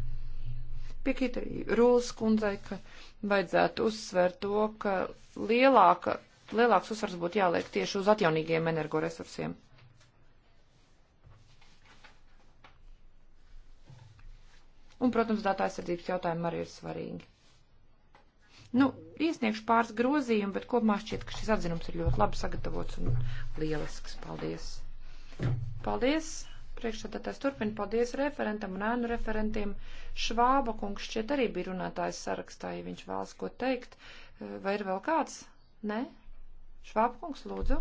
Piekrīt arī Rūlas kundzei, ka vajadzētu uzsvērt to, ka lielāka, lielāks uzsvars būtu jāliek tieši uz atjaunīgiem energoresursiem. Un, protams, datu aizsardzības jautājumi arī ir svarīgi. Nu, iesniegšu pāris grozījumu, bet kopumā šķiet, ka šis atzinums ir ļoti labi sagatavots un lielisks. Paldies! Paldies! Priekšsēdētājs turpina. Paldies referentam un ēnu referentiem. Švāba kungs šķiet arī bija runātājs sarakstā, ja viņš vēlas ko teikt. Eh, vai ir vēl kāds? Nē? Švāba kungs, lūdzu.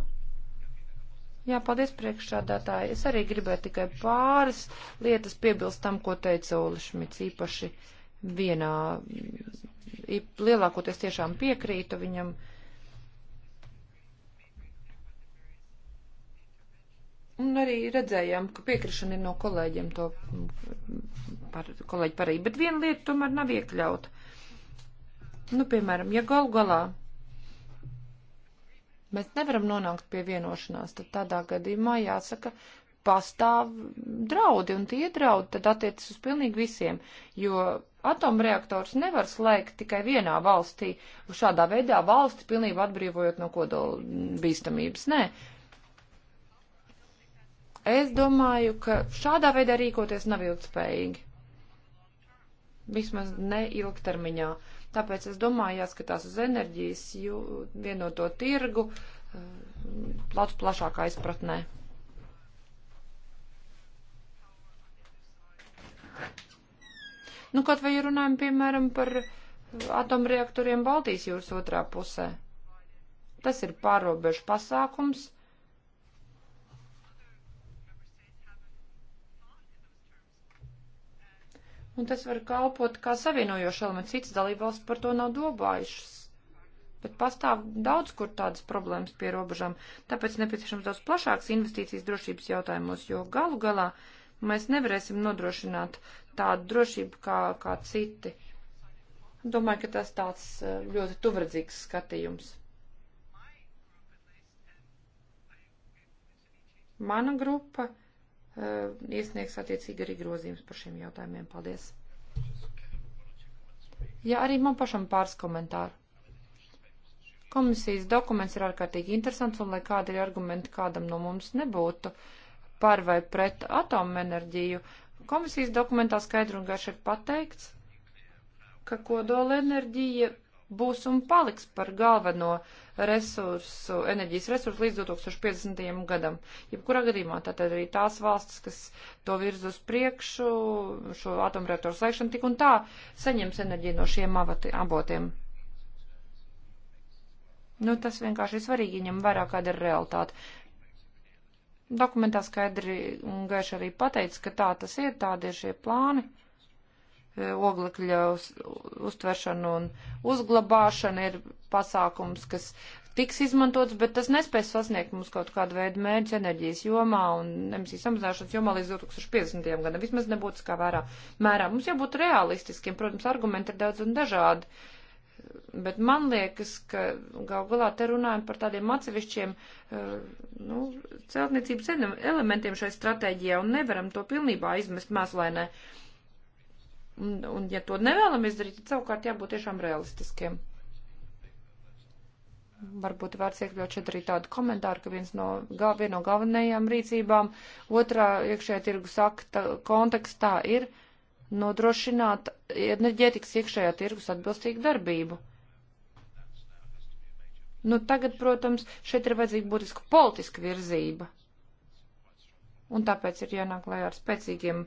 Jā, paldies priekšsādātāji. Es arī gribēju tikai pāris lietas piebilst tam, ko teica Ola Šmits, īpaši vienā lielākoties tiešām piekrītu viņam. Un arī redzējām, ka piekrišana ir no kolēģiem to par, kolēģi parība, bet viena lieta tomēr nav iekļauta. Nu, piemēram, ja gal galā mēs nevaram nonākt pie vienošanās, tad tādā gadījumā jāsaka, pastāv draudi, un tie draudi tad attiecas uz pilnīgi visiem, jo atomreaktors nevar slēgt tikai vienā valstī, un šādā veidā valsti pilnībā atbrīvojot no kodola bīstamības. Nē. Es domāju, ka šādā veidā rīkoties nav ilgspējīgi. Vismaz ne ilgtermiņā. Tāpēc es domāju, jāskatās uz enerģijas vienoto tirgu, eh, plats plašākā izpratnē. Nu, kaut vai runājam, piemēram, par atomreaktoriem Baltijas jūras otrā pusē. Tas ir pārobežu pasākums. Un tas var kalpot kā savienojošs elements. Cits dalībvalsts par to nav domājušas. Bet pastāv daudz kur tādas problēmas pie robežām. Tāpēc nepieciešams daudz plašāks investīcijas drošības jautājumos, jo galu galā mēs nevarēsim nodrošināt tādu drošību kā, kā citi. Domāju, ka tas tāds eh, ļoti tuvredzīgs skatījums. Mana grupa uh, iesniegs attiecīgi arī grozījums par šiem jautājumiem. Paldies! Jā, arī man pašam pāris komentāru. Komisijas dokuments ir ārkārtīgi interesants, un lai kādi ir argumenti kādam no mums nebūtu par vai pret atomenerģiju, Komisijas dokumentā skaidri un garši ir pateikts, ka kodolenerģija būs un paliks par galveno resursu, enerģijas resursu līdz 2050. gadam. Jebkurā gadījumā tātad arī tās valstis, kas to virz uz priekšu, šo atomreaktoru slēgšanu tik un tā saņems enerģiju no šiem avati, abotiem. Nu, tas vienkārši ir svarīgi, ņem vairāk kāda ir realitāte. Dokumentā skaidri un gaiši arī pateicis, ka tā tas ir, tādi ir šie plāni. E, oglekļa uz, uztveršana un uzglabāšana ir pasākums, kas tiks izmantots, bet tas nespēs sasniegt mums kaut kādu veidu mērķi enerģijas jomā un emisiju samazināšanas jomā līdz 2050. gadam. Vismaz nebūtu kā vērā mērā. Mums jābūt realistiskiem, protams, argumenti ir daudz un dažādi bet man liekas, ka gal galā te runājam par tādiem atsevišķiem, eh, nu, celtniecības elementiem šai stratēģijā un nevaram to pilnībā izmest mēslainē. Un, un ja to nevēlam izdarīt, tad savukārt jābūt tiešām realistiskiem. Varbūt vērts iekļaut šeit arī tādu komentāru, ka viens no, gal, viena no galvenajām rīcībām otrā iekšējā tirgus akta kontekstā ir uh, nodrošināt enerģētikas iekšējā tirgus atbilstīgu darbību. Nu, tagad, protams, šeit ir vajadzīga būtiska politiska virzība un tāpēc ir jānāk lai ar spēcīgiem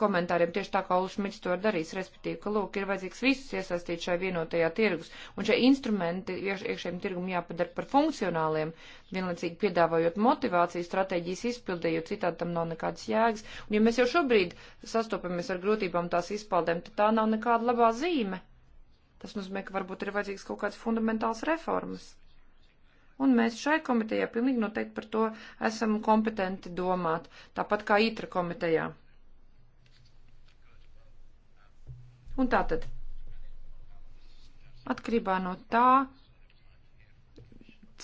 komentāriem, tieši tā kā Ulšmits to ir darījis, respektīvi, ka, lūk, ir vajadzīgs visus iesaistīt šai vienotajā tirgus, un šie instrumenti iekš, iekšējiem tirgum jāpadara par funkcionāliem, vienlaicīgi piedāvājot motivāciju stratēģijas izpildē, jo citādi tam nav nekādas jēgas, un ja mēs jau šobrīd sastopamies ar grūtībām tās izpaldēm, tad tā nav nekāda labā zīme. Tas nozīmē, ka varbūt ir vajadzīgs kaut kāds fundamentāls reformas. Un mēs šai komitejā pilnīgi noteikti par to esam kompetenti domāt, tāpat kā ITRA komitejā. Un tā tad, atkarībā no tā,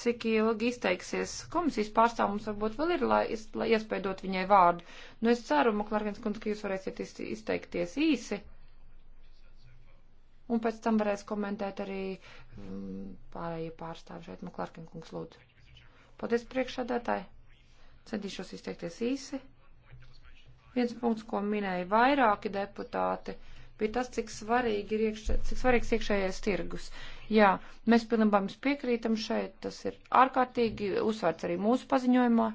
cik ilgi izteiksies komisijas pārstāv, mums varbūt vēl ir, lai, lai iespēj dot viņai vārdu. Nu, es ceru, Maklārkins kundze, ka jūs varēsiet izteikties īsi un pēc tam varēs komentēt arī mm, pārējie pārstāvi šeit. Maklārkin nu, kungs lūdzu. Paldies priekšādātāji. Centīšos izteikties īsi. Viens punkts, ko minēja vairāki deputāti, bija tas, cik, svarīgi ir iekšē, cik svarīgs iekšējais tirgus. Jā, mēs pilnībā jums piekrītam šeit, tas ir ārkārtīgi uzsvērts arī mūsu paziņojumā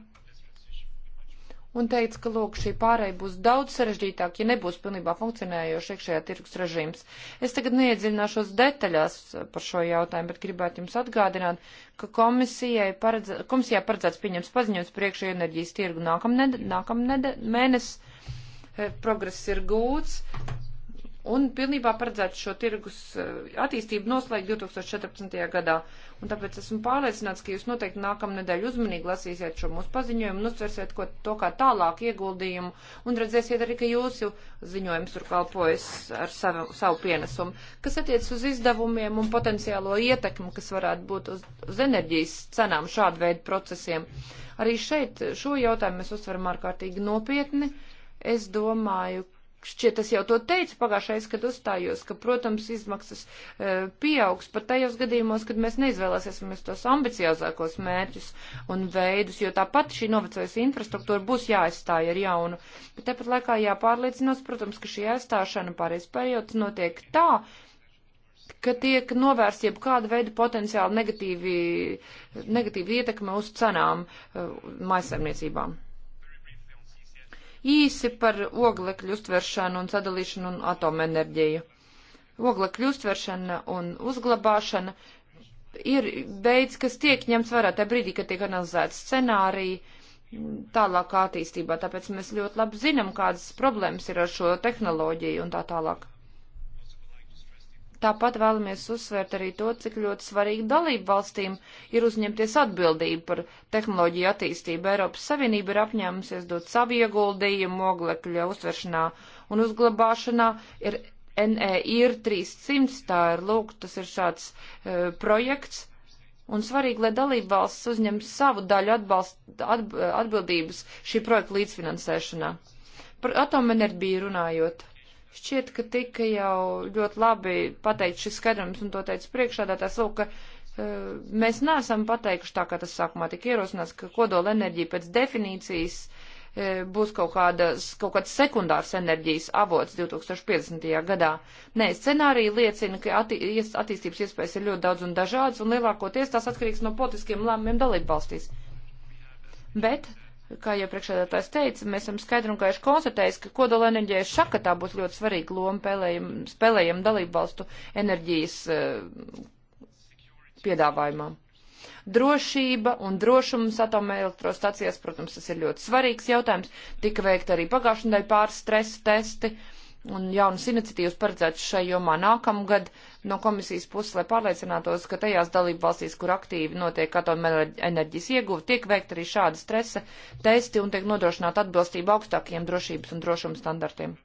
un teica, ka lūk, šī pārēja būs daudz sarežģītāk, ja nebūs pilnībā funkcionējoši iekšējā tirgus režīms. Es tagad neiedziļināšos detaļās par šo jautājumu, bet gribētu jums atgādināt, ka komisijai paredz, komisijā paredzēts pieņems paziņojums par iekšējo enerģijas tirgu nākamned, nākamned, mēnesi. Eh, progress ir gūts, un pilnībā paredzētu šo tirgus eh, attīstību noslēgt 2014. gadā. Un tāpēc esmu pārliecināts, ka jūs noteikti nākamnedēļ uzmanīgi lasīsiet šo mūsu paziņojumu un uztversiet ko, to kā tālāk ieguldījumu un redzēsiet arī, ka jūsu ziņojums tur kalpojas ar savu, savu pienesumu. Kas attiec uz izdevumiem un potenciālo ietekmi, kas varētu būt uz, uz enerģijas cenām šādu veidu procesiem. Arī šeit šo jautājumu mēs uztveram ārkārtīgi nopietni. Es domāju, Šķiet, es jau to teicu pagājušais, kad uzstājos, ka, protams, izmaksas e, pieaugs pat tajos gadījumos, kad mēs neizvēlēsimies tos ambiciozākos mērķus un veidus, jo tāpat šī novecojusi infrastruktūra būs jāaizstāja ar jaunu. Bet tepat laikā jāpārliecinās, protams, ka šī aizstāšana pārējais periods notiek tā, ka tiek novērst jeb kāda veida potenciāli negatīvi, negatīvi ietekme uz cenām e, maisaimniecībām. Īsi par oglekļu uztveršanu un sadalīšanu un atomenerģiju. Oglekļu uztveršana un uzglabāšana ir veids, kas tiek ņemts vērā tajā brīdī, kad tiek analizēts scenāriji tālākā attīstībā, tāpēc mēs ļoti labi zinām, kādas problēmas ir ar šo tehnoloģiju un tā tālāk. Tāpat vēlamies uzsvērt arī to, cik ļoti svarīgi dalību valstīm ir uzņemties atbildību par tehnoloģiju attīstību. Eiropas Savienība ir apņēmusies dot savu ieguldījumu oglekļa uztveršanā un uzglabāšanā. Ir NEIR 300, tā ir lūk, tas ir šāds e, projekts. Un svarīgi, lai dalību valsts uzņem savu daļu atbalst, atb, atbildības šī projekta līdzfinansēšanā. Par atomenerģiju runājot. Šķiet, ka tika jau ļoti labi pateikt šis skaidrums, un to teica priekšādātās, lūk, ka uh, mēs neesam pateikuši tā, kā tas sākumā tika ierosināts, ka kodola enerģija pēc definīcijas uh, būs kaut, kādas, kaut kāds sekundārs enerģijas avots 2050. gadā. Nē, scenārija liecina, ka atti, attīstības iespējas ir ļoti daudz un dažādas, un lielākoties tās atkarīgs no politiskiem lēmumiem dalību valstīs. Bet kā jau priekšādātājs teica, mēs esam skaidri un gaiši konstatējis, ka kodola enerģijas šakatā būs ļoti svarīga loma spēlējam, spēlējam dalību valstu enerģijas eh, piedāvājumā. Drošība un drošums atomelektrostacijās, protams, tas ir ļoti svarīgs jautājums. Tika veikta arī pagājušajā nedēļā pāris stresa testi. Uh, un jaunas iniciatīvas paredzētas šai jomā nākamgad no komisijas puses, lai pārliecinātos, ka tajās dalību valstīs, kur aktīvi notiek atomenerģijas ieguva, tiek veikta arī šāda stresa testi un tiek nodrošināta atbilstība augstākiem drošības un drošuma standartiem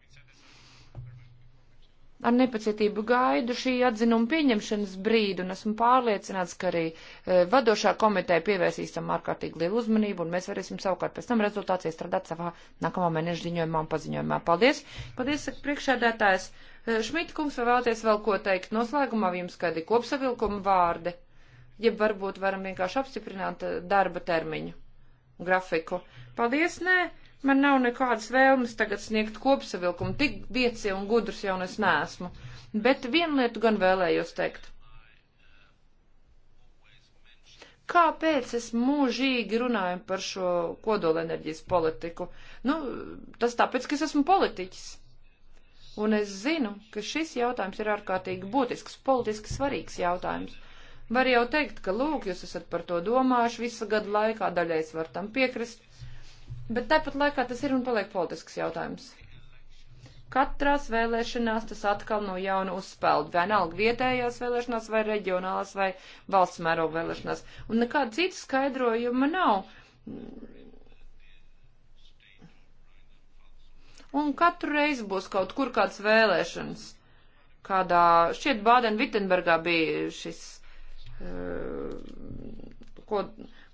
ar nepacietību gaidu šī atzinuma pieņemšanas brīdi, un esmu pārliecināts, ka arī e, vadošā komiteja pievērsīs tam ārkārtīgi lielu uzmanību, un mēs varēsim savukārt pēc tam rezultācijas strādāt savā nākamā mēneša ziņojumā un paziņojumā. Paldies! Paldies, saka priekšēdētājs! E, Šmita kungs, vai vēlaties vēl ko teikt? Noslēgumā jums kādi kopsavilkuma vārdi, jeb varbūt varam vienkārši apstiprināt e, darba termiņu grafiku. Paldies, nē! Man nav nekādas vēlmes tagad sniegt kopsavilkumu, tik vieci un gudrs jau es neesmu. Bet vienu lietu gan vēlējos teikt. Kāpēc es mūžīgi runāju par šo kodolenerģijas politiku? Nu, tas tāpēc, ka es esmu politiķis. Un es zinu, ka šis jautājums ir ārkārtīgi būtisks, politiski svarīgs jautājums. Var jau teikt, ka lūk, jūs esat par to domājuši visu gadu laikā, daļais var tam piekrist Bet tāpat laikā tas ir un paliek politisks jautājums. Katrās vēlēšanās tas atkal no jauna uzspēld, vienalga vietējās vēlēšanās vai reģionālās vai valsts mēroga vēlēšanās. Un nekāda cita skaidrojuma nav. Un katru reizi būs kaut kur kāds vēlēšanas. Kādā, šķiet, Bādenvitenbergā bija šis, uh, ko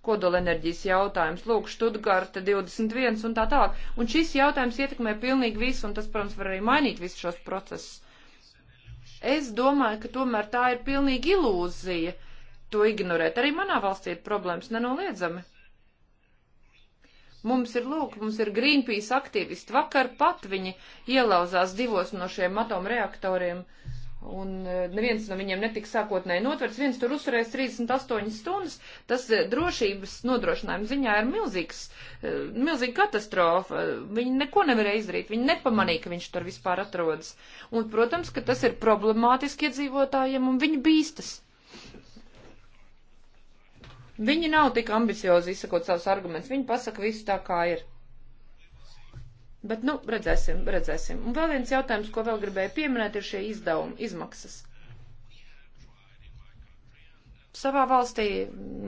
kodolenerģijas jautājums, lūk, Študgarta 21 un tā tālāk. Un šis jautājums ietekmē pilnīgi visu, un tas, protams, var arī mainīt visus šos procesus. Es domāju, ka tomēr tā ir pilnīgi ilūzija to ignorēt. Arī manā valstī ir problēmas nenoliedzami. Mums ir, lūk, mums ir Greenpeace aktīvisti. Vakar pat viņi ielauzās divos no šiem atomreaktoriem. Uh, Un e, neviens no viņiem netiks sākotnēji notverts, viens tur uzturēs 38 stundas. Tas e, drošības nodrošinājuma ziņā ir milzīgs, e, milzīga katastrofa. Viņi neko nevarēja izdarīt, viņi nepamanīja, ka viņš tur vispār atrodas. Un, protams, ka tas ir problemātiski iedzīvotājiem un viņi bīstas. Viņi nav tik ambiciozi izsakot savus argumentus, viņi pasaka visu tā, kā ir. Bet, nu, redzēsim, redzēsim. Un vēl viens jautājums, ko vēl gribēju pieminēt, ir šie izdevumi, izmaksas. Savā valstī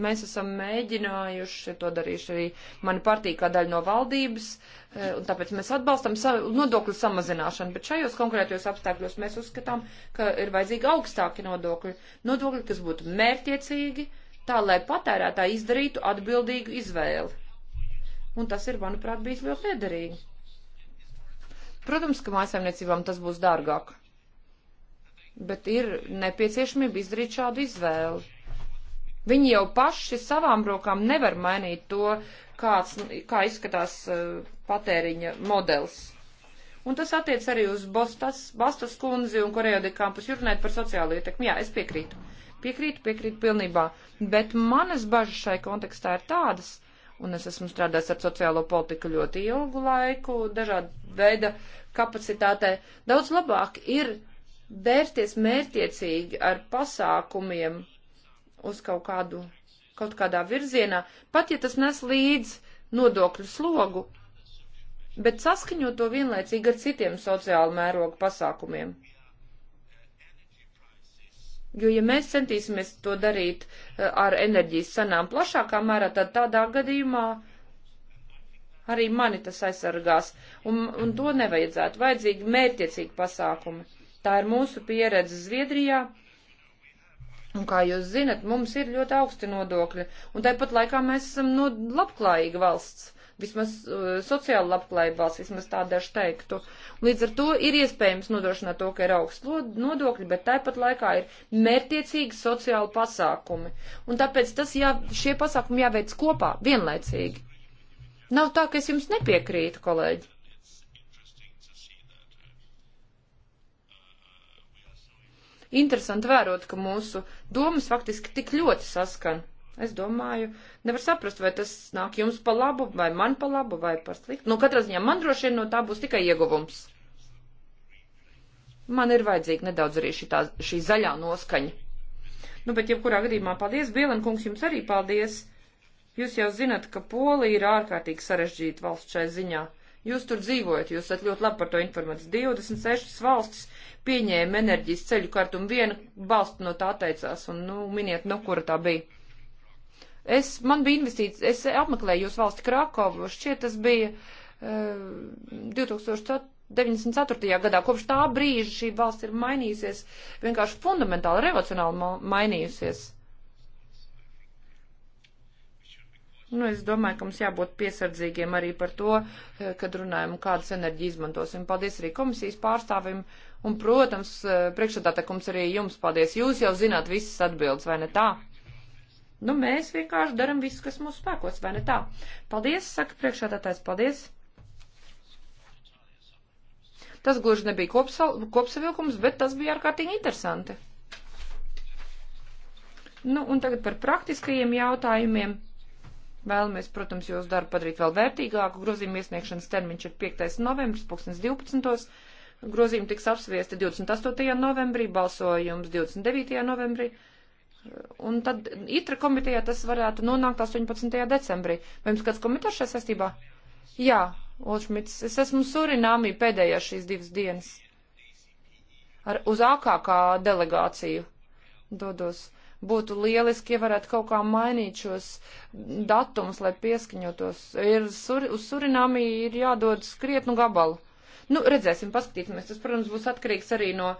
mēs esam mēģinājuši, to darījuši arī mani partija kā daļa no valdības, eh, un tāpēc mēs atbalstam sa nodokļu samazināšanu, bet šajos konkrētajos apstākļos mēs uzskatām, ka ir vajadzīgi augstāki nodokļi. Nodokļi, kas būtu mērtiecīgi, tā lai patērētāji izdarītu atbildīgu izvēli. Un tas ir, manuprāt, bijis ļoti liederīgi Protams, ka mājasemniecībām tas būs dārgāk, bet ir nepieciešamība izdarīt šādu izvēli. Viņi jau paši savām rokām nevar mainīt to, kāds, kā izskatās uh, patēriņa modelis. Un tas attiec arī uz Bostas, Bastas kundzi un Korejo de Campus jurnēt par sociālo ietekmi. Jā, es piekrītu. Piekrītu, piekrītu pilnībā. Bet manas bažas šai kontekstā ir tādas, uh, un es esmu strādājis ar sociālo politiku ļoti ilgu laiku, dažāda veida kapacitātē. Daudz labāk ir vērsties mērtiecīgi ar pasākumiem uz kaut kādu, kaut kādā virzienā, pat ja tas nes līdz nodokļu slogu, bet saskaņot to vienlaicīgi ar citiem sociāla mēroga pasākumiem. Jo, ja mēs centīsimies to darīt eh, ar enerģijas sanām plašākā mērā, tad tādā gadījumā arī mani tas aizsargās. Un, un to nevajadzētu. Vajadzīgi mērķiecīgi pasākumi. Tā ir mūsu pieredze Zviedrijā. Un, kā jūs zinat, mums ir ļoti augsti nodokļi. Un tāpat laikā mēs esam no labklājīga valsts vismaz uh, sociāla labklājība valsts, vismaz tā daži teiktu. Līdz ar to ir iespējams nodrošināt to, ka ir augsts nodokļi, bet tāpat laikā ir mērtiecīgi sociāli pasākumi. Un tāpēc tas jā, šie pasākumi jāveic kopā, vienlaicīgi. Nav tā, ka es jums nepiekrītu, kolēģi. Interesanti vērot, ka mūsu domas faktiski tik ļoti saskan. Es domāju, nevar saprast, vai tas nāk jums pa labu, vai man pa labu, vai par sliktu. Nu, katrā ziņā man droši vien no tā būs tikai ieguvums. Man ir vajadzīga nedaudz arī šī, tā, šī zaļā noskaņa. Nu, bet jebkurā gadījumā paldies, Bielan kungs, jums arī paldies. Jūs jau zinat, ka Polija ir ārkārtīgi sarežģīta valsts šai ziņā. Jūs tur dzīvojat, jūs esat ļoti labi par to informēts. 26 valstis pieņēma enerģijas ceļu kartu un viena valsts no tā teicās, un, nu, miniet, no kura tā bija. Es, man bija investīts, es apmeklēju jūsu valsti Krakovu, šķiet tas bija uh, eh, 2094. gadā. Kopš tā brīža šī valsts ir mainījusies, vienkārši fundamentāli, revolucionāli ma mainījusies. Nu, es domāju, ka mums jābūt piesardzīgiem arī par to, eh, kad runājam, kādas enerģijas izmantosim. Paldies arī komisijas pārstāvim. Un, protams, eh, priekšsādātā kungs arī jums paldies. Jūs jau zināt visas atbildes, vai ne tā? Nu, mēs vienkārši daram visu, kas mūsu spēkos, vai ne tā? Paldies, saka priekšādātājs, paldies. Tas gluži nebija kopsa, kopsavilkums, bet tas bija ārkārtīgi interesanti. Nu, un tagad par praktiskajiem jautājumiem. Vēlamies, protams, jūsu darbu padarīt vēl vērtīgāku. Grozījuma iesniegšanas termiņš ir 5. novembris, 2012. Grozījumi tiks apsviesti 28. novembrī, balsojums 29. novembrī Un tad itra komitejā tas varētu nonākt 18. decembrī. Vai jums kāds komentārs šajā saistībā? Jā, Olšmits, es esmu Surināmī pēdējā šīs divas dienas. Ar, uz ākākā delegāciju dodos. Būtu lieliski, ja varētu kaut kā mainīt šos datumus, lai pieskaņotos. Ir, sur, uz Surināmī ir jādod skrietnu gabalu. Nu, redzēsim, paskatīsimies. Tas, protams, būs atkarīgs arī no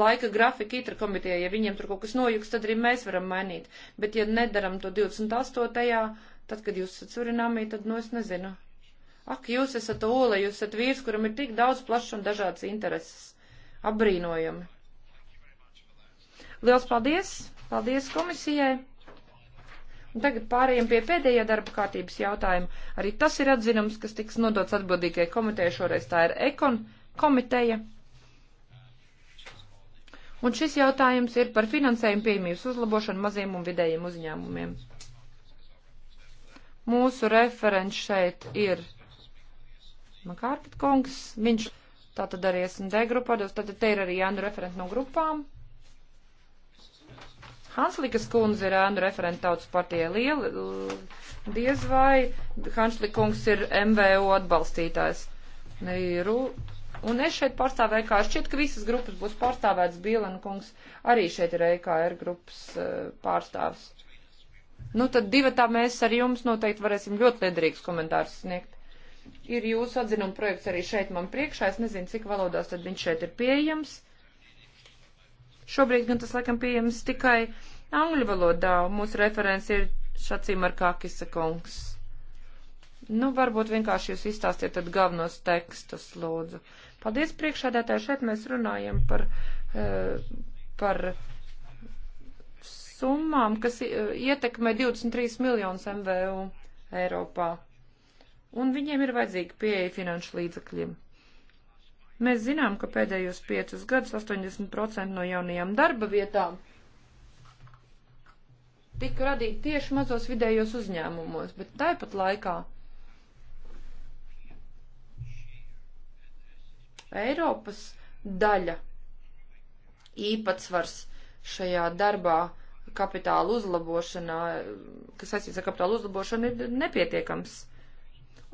laika grafika itra komitē. Ja viņiem tur kaut kas nojuks, tad arī mēs varam mainīt. Bet, ja nedaram to 28. tad, kad jūs esat Surinamī, tad, nu, es nezinu. Ak, jūs esat Ola, jūs esat vīrs, kuram ir tik daudz plašs un dažādas intereses. Apbrīnojami. Liels paldies! Paldies komisijai! Tagad pārējiem pie pēdējā darba kārtības jautājuma. Arī tas ir atzinums, kas tiks nodots atbildīgai komitejai. Šoreiz tā ir ekon komiteja. Un šis jautājums ir par finansējumu pieejamības uzlabošanu maziem un vidējiem uzņēmumiem. Mūsu referents šeit ir Makārpit kungs. Viņš tātad arī esmu D grupā, tātad te ir arī Jānu referenti no grupām. Hanslikas kundze ir ēnu referenta tautas partijai liela, diez vai Hanslikungs ir MVO atbalstītājs. Neiru. Un es šeit pārstāvēju, e kā šķiet, ka visas grupas būs pārstāvētas, Bīlena kungs arī šeit ir EKR grupas e, pārstāvs. Nu, tad divi tā mēs ar jums noteikti varēsim ļoti liederīgus komentārus sniegt. Ir jūsu atzinuma projekts arī šeit man priekšā, es nezinu, cik valodās tad viņš šeit ir pieejams. Šobrīd gan tas laikam pieejams tikai angļu valodā. Mūsu referents ir Šacīm ar Kākisa kungs. Nu, varbūt vienkārši jūs izstāstiet tad galvenos tekstus, lūdzu. Paldies priekšādātāji, šeit mēs runājam par, eh, par summām, kas eh, ietekmē 23 miljonus MVU Eiropā. Un viņiem ir vajadzīga pieeja finanšu līdzakļiem. Mēs zinām, ka pēdējos piecus gadus 80% no jaunajām darba vietām tika radīti tieši mazos vidējos uzņēmumos, bet tāpat laikā Eiropas daļa īpatsvars šajā darbā kapitāla uzlabošanā, kas saistīts ar kapitāla uzlabošanu, ir nepietiekams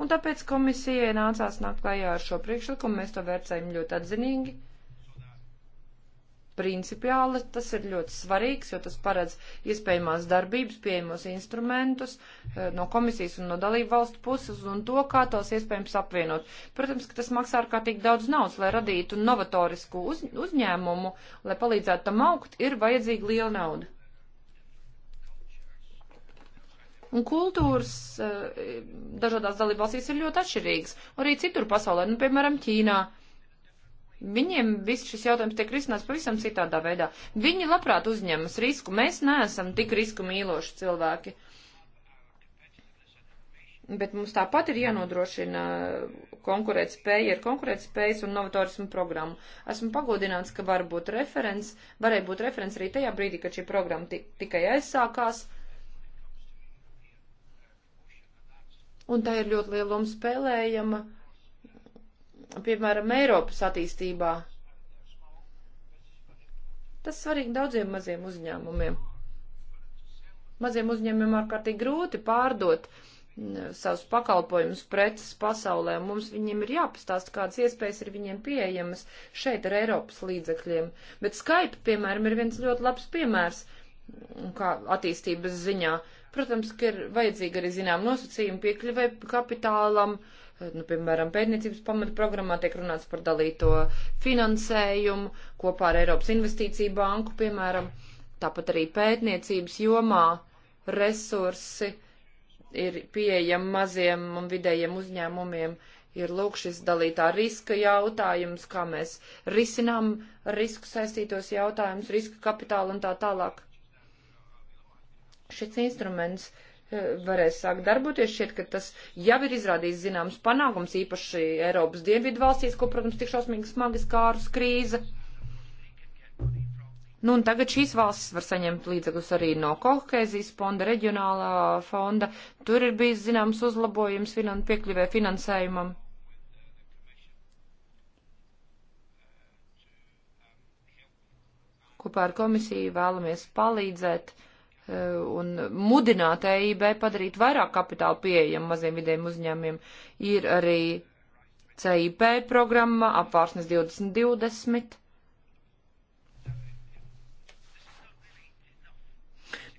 un tāpēc komisijai nācās nākt klajā ar šo priekšlikumu, mēs to vērcējam ļoti atzinīgi. Principiāli tas ir ļoti svarīgs, jo tas paredz iespējamās darbības, pieejamos instrumentus eh, no komisijas un no dalību valstu puses un to, kā tos iespējams apvienot. Protams, ka tas maksā ārkārtīgi daudz naudas, lai radītu novatorisku uz, uzņēmumu, lai palīdzētu tam augt, ir vajadzīga liela nauda. Un kultūras eh, dažādās dalībvalstīs ir ļoti atšķirīgas. Un arī citur pasaulē, nu, piemēram, Ķīnā. Viņiem viss šis jautājums tiek risināts pavisam citādā veidā. Viņi labprāt uzņemas risku. Mēs neesam tik risku mīloši cilvēki. Bet mums tāpat ir jānodrošina konkurētspēja ar konkurētspējas un novatorismu programmu. Esmu pagodināts, ka var būt referents, varēja būt referents arī tajā brīdī, kad šī programma tikai aizsākās. Uh, un tā ir ļoti liela loma spēlējama, piemēram, Eiropas attīstībā. Tas svarīgi daudziem maziem uzņēmumiem. Maziem uzņēmumiem ārkārtīgi grūti pārdot mm, savus pakalpojumus, preces pasaulē. Mums viņiem ir jāpastāst, kādas iespējas ir viņiem pieejamas šeit ar Eiropas līdzekļiem. Bet Skype, piemēram, ir viens ļoti labs piemērs mm, kā attīstības ziņā. Protams, ka ir vajadzīga arī zinām nosacījuma piekļuvai kapitālam, eh, nu, piemēram, pētniecības pamatprogrammā tiek runāts par dalīto finansējumu kopā ar Eiropas investīciju banku, piemēram, tāpat arī pētniecības jomā resursi ir pieejami maziem un vidējiem uzņēmumiem, ir lūk šis dalītā riska jautājums, kā mēs risinām risku saistītos jautājumus, riska kapitālu un tā tālāk šis instruments eh, varēs sākt darboties. Šķiet, ka tas jau ir izrādījis zināms panākums, īpaši Eiropas dienvidu valstīs, ko, protams, tik šausmīgi smagi skārus krīze. Nu, un tagad šīs valstis var saņemt līdzekļus arī no Kohēzijas fonda, reģionālā fonda. Tur ir bijis zināms uzlabojums finan piekļuvē finansējumam. Kopā ar komisiju vēlamies palīdzēt uh, Eh, un mudināt EIB padarīt vairāk kapitāla pieejamu maziem vidiem uzņēmiem. Ir arī CIP programma, apvārsnes 2020.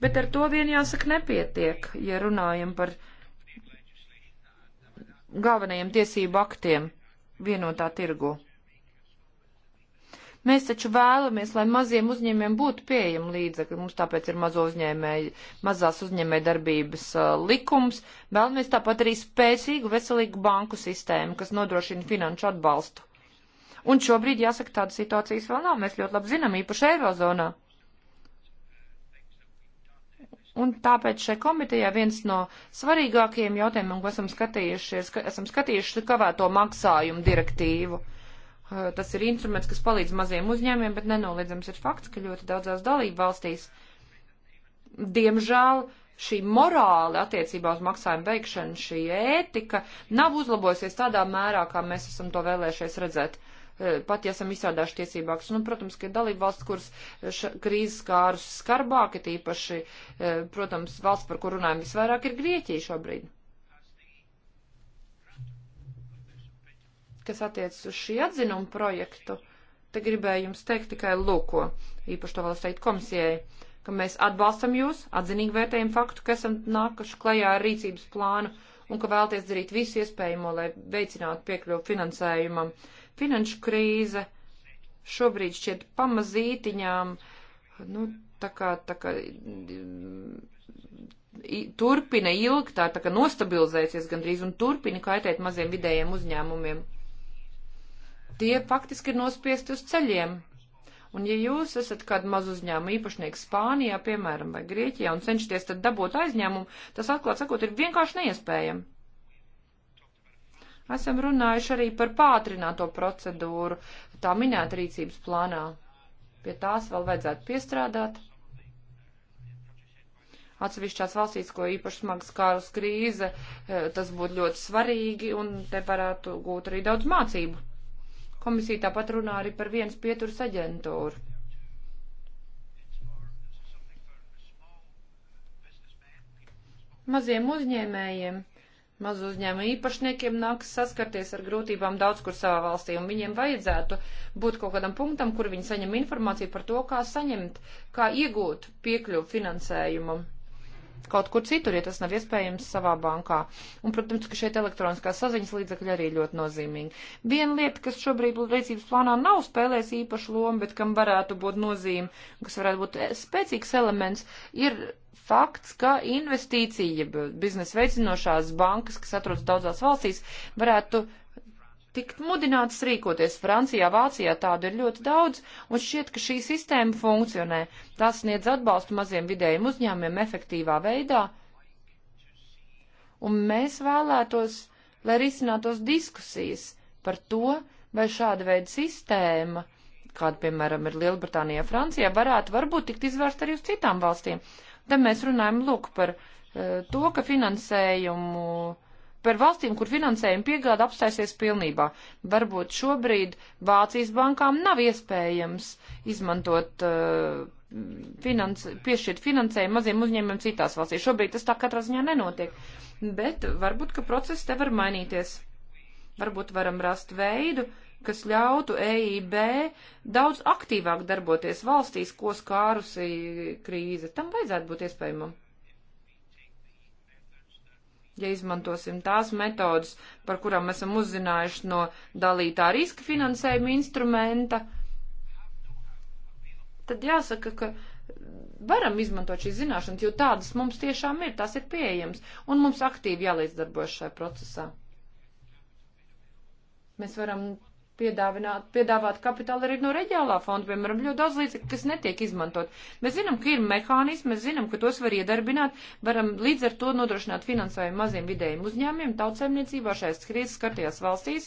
Bet ar to vien jāsaka nepietiek, ja runājam par galvenajiem tiesību aktiem vienotā tirgu. Mēs taču vēlamies, lai maziem uzņēmiem būtu pieejami līdzekļi. Mums tāpēc ir mazo uzņēmēju, mazās uzņēmēju darbības uh, likums. Vēlamies tāpat arī spēcīgu, veselīgu banku sistēmu, kas nodrošina finanšu atbalstu. Un šobrīd, jāsaka, tādas situācijas vēl nav. Mēs ļoti labi zinām, īpaši Eirozonā. Un tāpēc šai komitejā viens no svarīgākajiem jautājumiem, ko esam skatījušies, esam skatījuši kavēto maksājumu direktīvu. Tas ir instruments, kas palīdz maziem uzņēmiem, bet nenoliedzams ir fakts, ka ļoti daudzās dalību valstīs, diemžēl, šī morāla attiecībā uz maksājumu veikšanu, šī ētika nav uzlabojusies tādā mērā, kā mēs esam to vēlējušies redzēt. Pat ja esam izstrādājuši tiesībākus, nu, protams, ka ir dalība valsts, kuras krīzes kārus skarbāk, ir tīpaši, protams, valsts, par kur runājam visvairāk, ir Grieķija šobrīd. kas attiecas uz šī atzinuma projektu, te gribēju jums teikt tikai lūko, īpaši to vēl es teikt komisijai, ka mēs atbalstam jūs, atzinīgi vērtējam faktu, ka esam nākuši klajā ar rīcības plānu un ka vēlties darīt visu iespējamo, lai veicinātu piekļuvu finansējumam. Finanšu krīze šobrīd šķiet pamazītiņām, nu, tā kā, tā kā turpina ilgt, tā, tā kā nostabilizēsies gandrīz un turpina kaitēt maziem vidējiem uzņēmumiem tie faktiski ir nospiesti uz ceļiem. Un ja jūs esat kāda maza uzņēmuma īpašnieks Spānijā, piemēram, vai Grieķijā un cenšaties tad dabūt aizņēmumu, tas atklāt sakot ir vienkārši neiespējami. Esam runājuši arī par pātrināto procedūru, tā minēta rīcības plānā. Pie tās vēl vajadzētu piestrādāt. Atsevišķās valstīs, ko īpaši smags kāras krīze, eh, tas būtu ļoti svarīgi un te varētu gūt arī daudz mācību. Komisija tāpat runā arī par vienas pieturas aģentūru. Maziem uzņēmējiem, mazu uzņēmumu īpašniekiem nāks saskarties ar grūtībām daudz kur savā valstī, un viņiem vajadzētu būt kaut kādam punktam, kur viņi saņem informāciju par to, kā saņemt, kā iegūt piekļuvu finansējumam kaut kur citur, ja tas nav iespējams savā bankā. Un, protams, ka šeit elektroniskā saziņas līdzekļi arī ļoti nozīmīgi. Viena lieta, kas šobrīd rīcības plānā nav spēlējis īpašu lomu, bet kam varētu būt nozīme, kas varētu būt spēcīgs elements, ir fakts, ka investīcija biznesa veicinošās bankas, kas atrodas daudzās valstīs, varētu tikt mudinātas rīkoties. Francijā, Vācijā tādu ir ļoti daudz, un šķiet, ka šī sistēma funkcionē. Tas sniedz atbalstu maziem vidējiem uzņēmumiem efektīvā veidā, un mēs vēlētos, lai risinātos diskusijas par to, vai šāda veida sistēma, kāda, piemēram, ir Lielbritānijā, Francijā, varētu varbūt tikt izvērsta arī uz citām valstīm. Tad mēs runājam, lūk, par uh, to, ka finansējumu uh, par valstīm, kur finansējuma piegāda apstāsies pilnībā. Varbūt šobrīd Vācijas bankām nav iespējams izmantot, uh, finans, piešķirt finansējumu maziem uzņēmumiem citās valstīs. Šobrīd tas tā katrā ziņā nenotiek. Bet varbūt, ka process te var mainīties. Varbūt varam rast veidu, kas ļautu EIB daudz aktīvāk darboties valstīs, ko skārusi krīze. Tam vajadzētu būt iespējamam ja izmantosim tās metodas, par kurām esam uzzinājuši no dalītā riska finansējuma instrumenta, tad jāsaka, ka varam izmantot šīs zināšanas, jo tādas mums tiešām ir, tās ir pieejamas, un mums aktīvi jālīdzdarbojas šajā procesā. Mēs varam piedāvināt, piedāvāt kapitālu arī no reģionālā fonda, piemēram, ļoti daudz līdzekļu, kas netiek izmantot. Mēs zinām, ka ir mehānismi, mēs zinām, ka tos var iedarbināt, varam līdz ar to nodrošināt finansējumu maziem vidējiem uzņēmumiem, tautsēmniecībā šajās krīzes skartajās valstīs.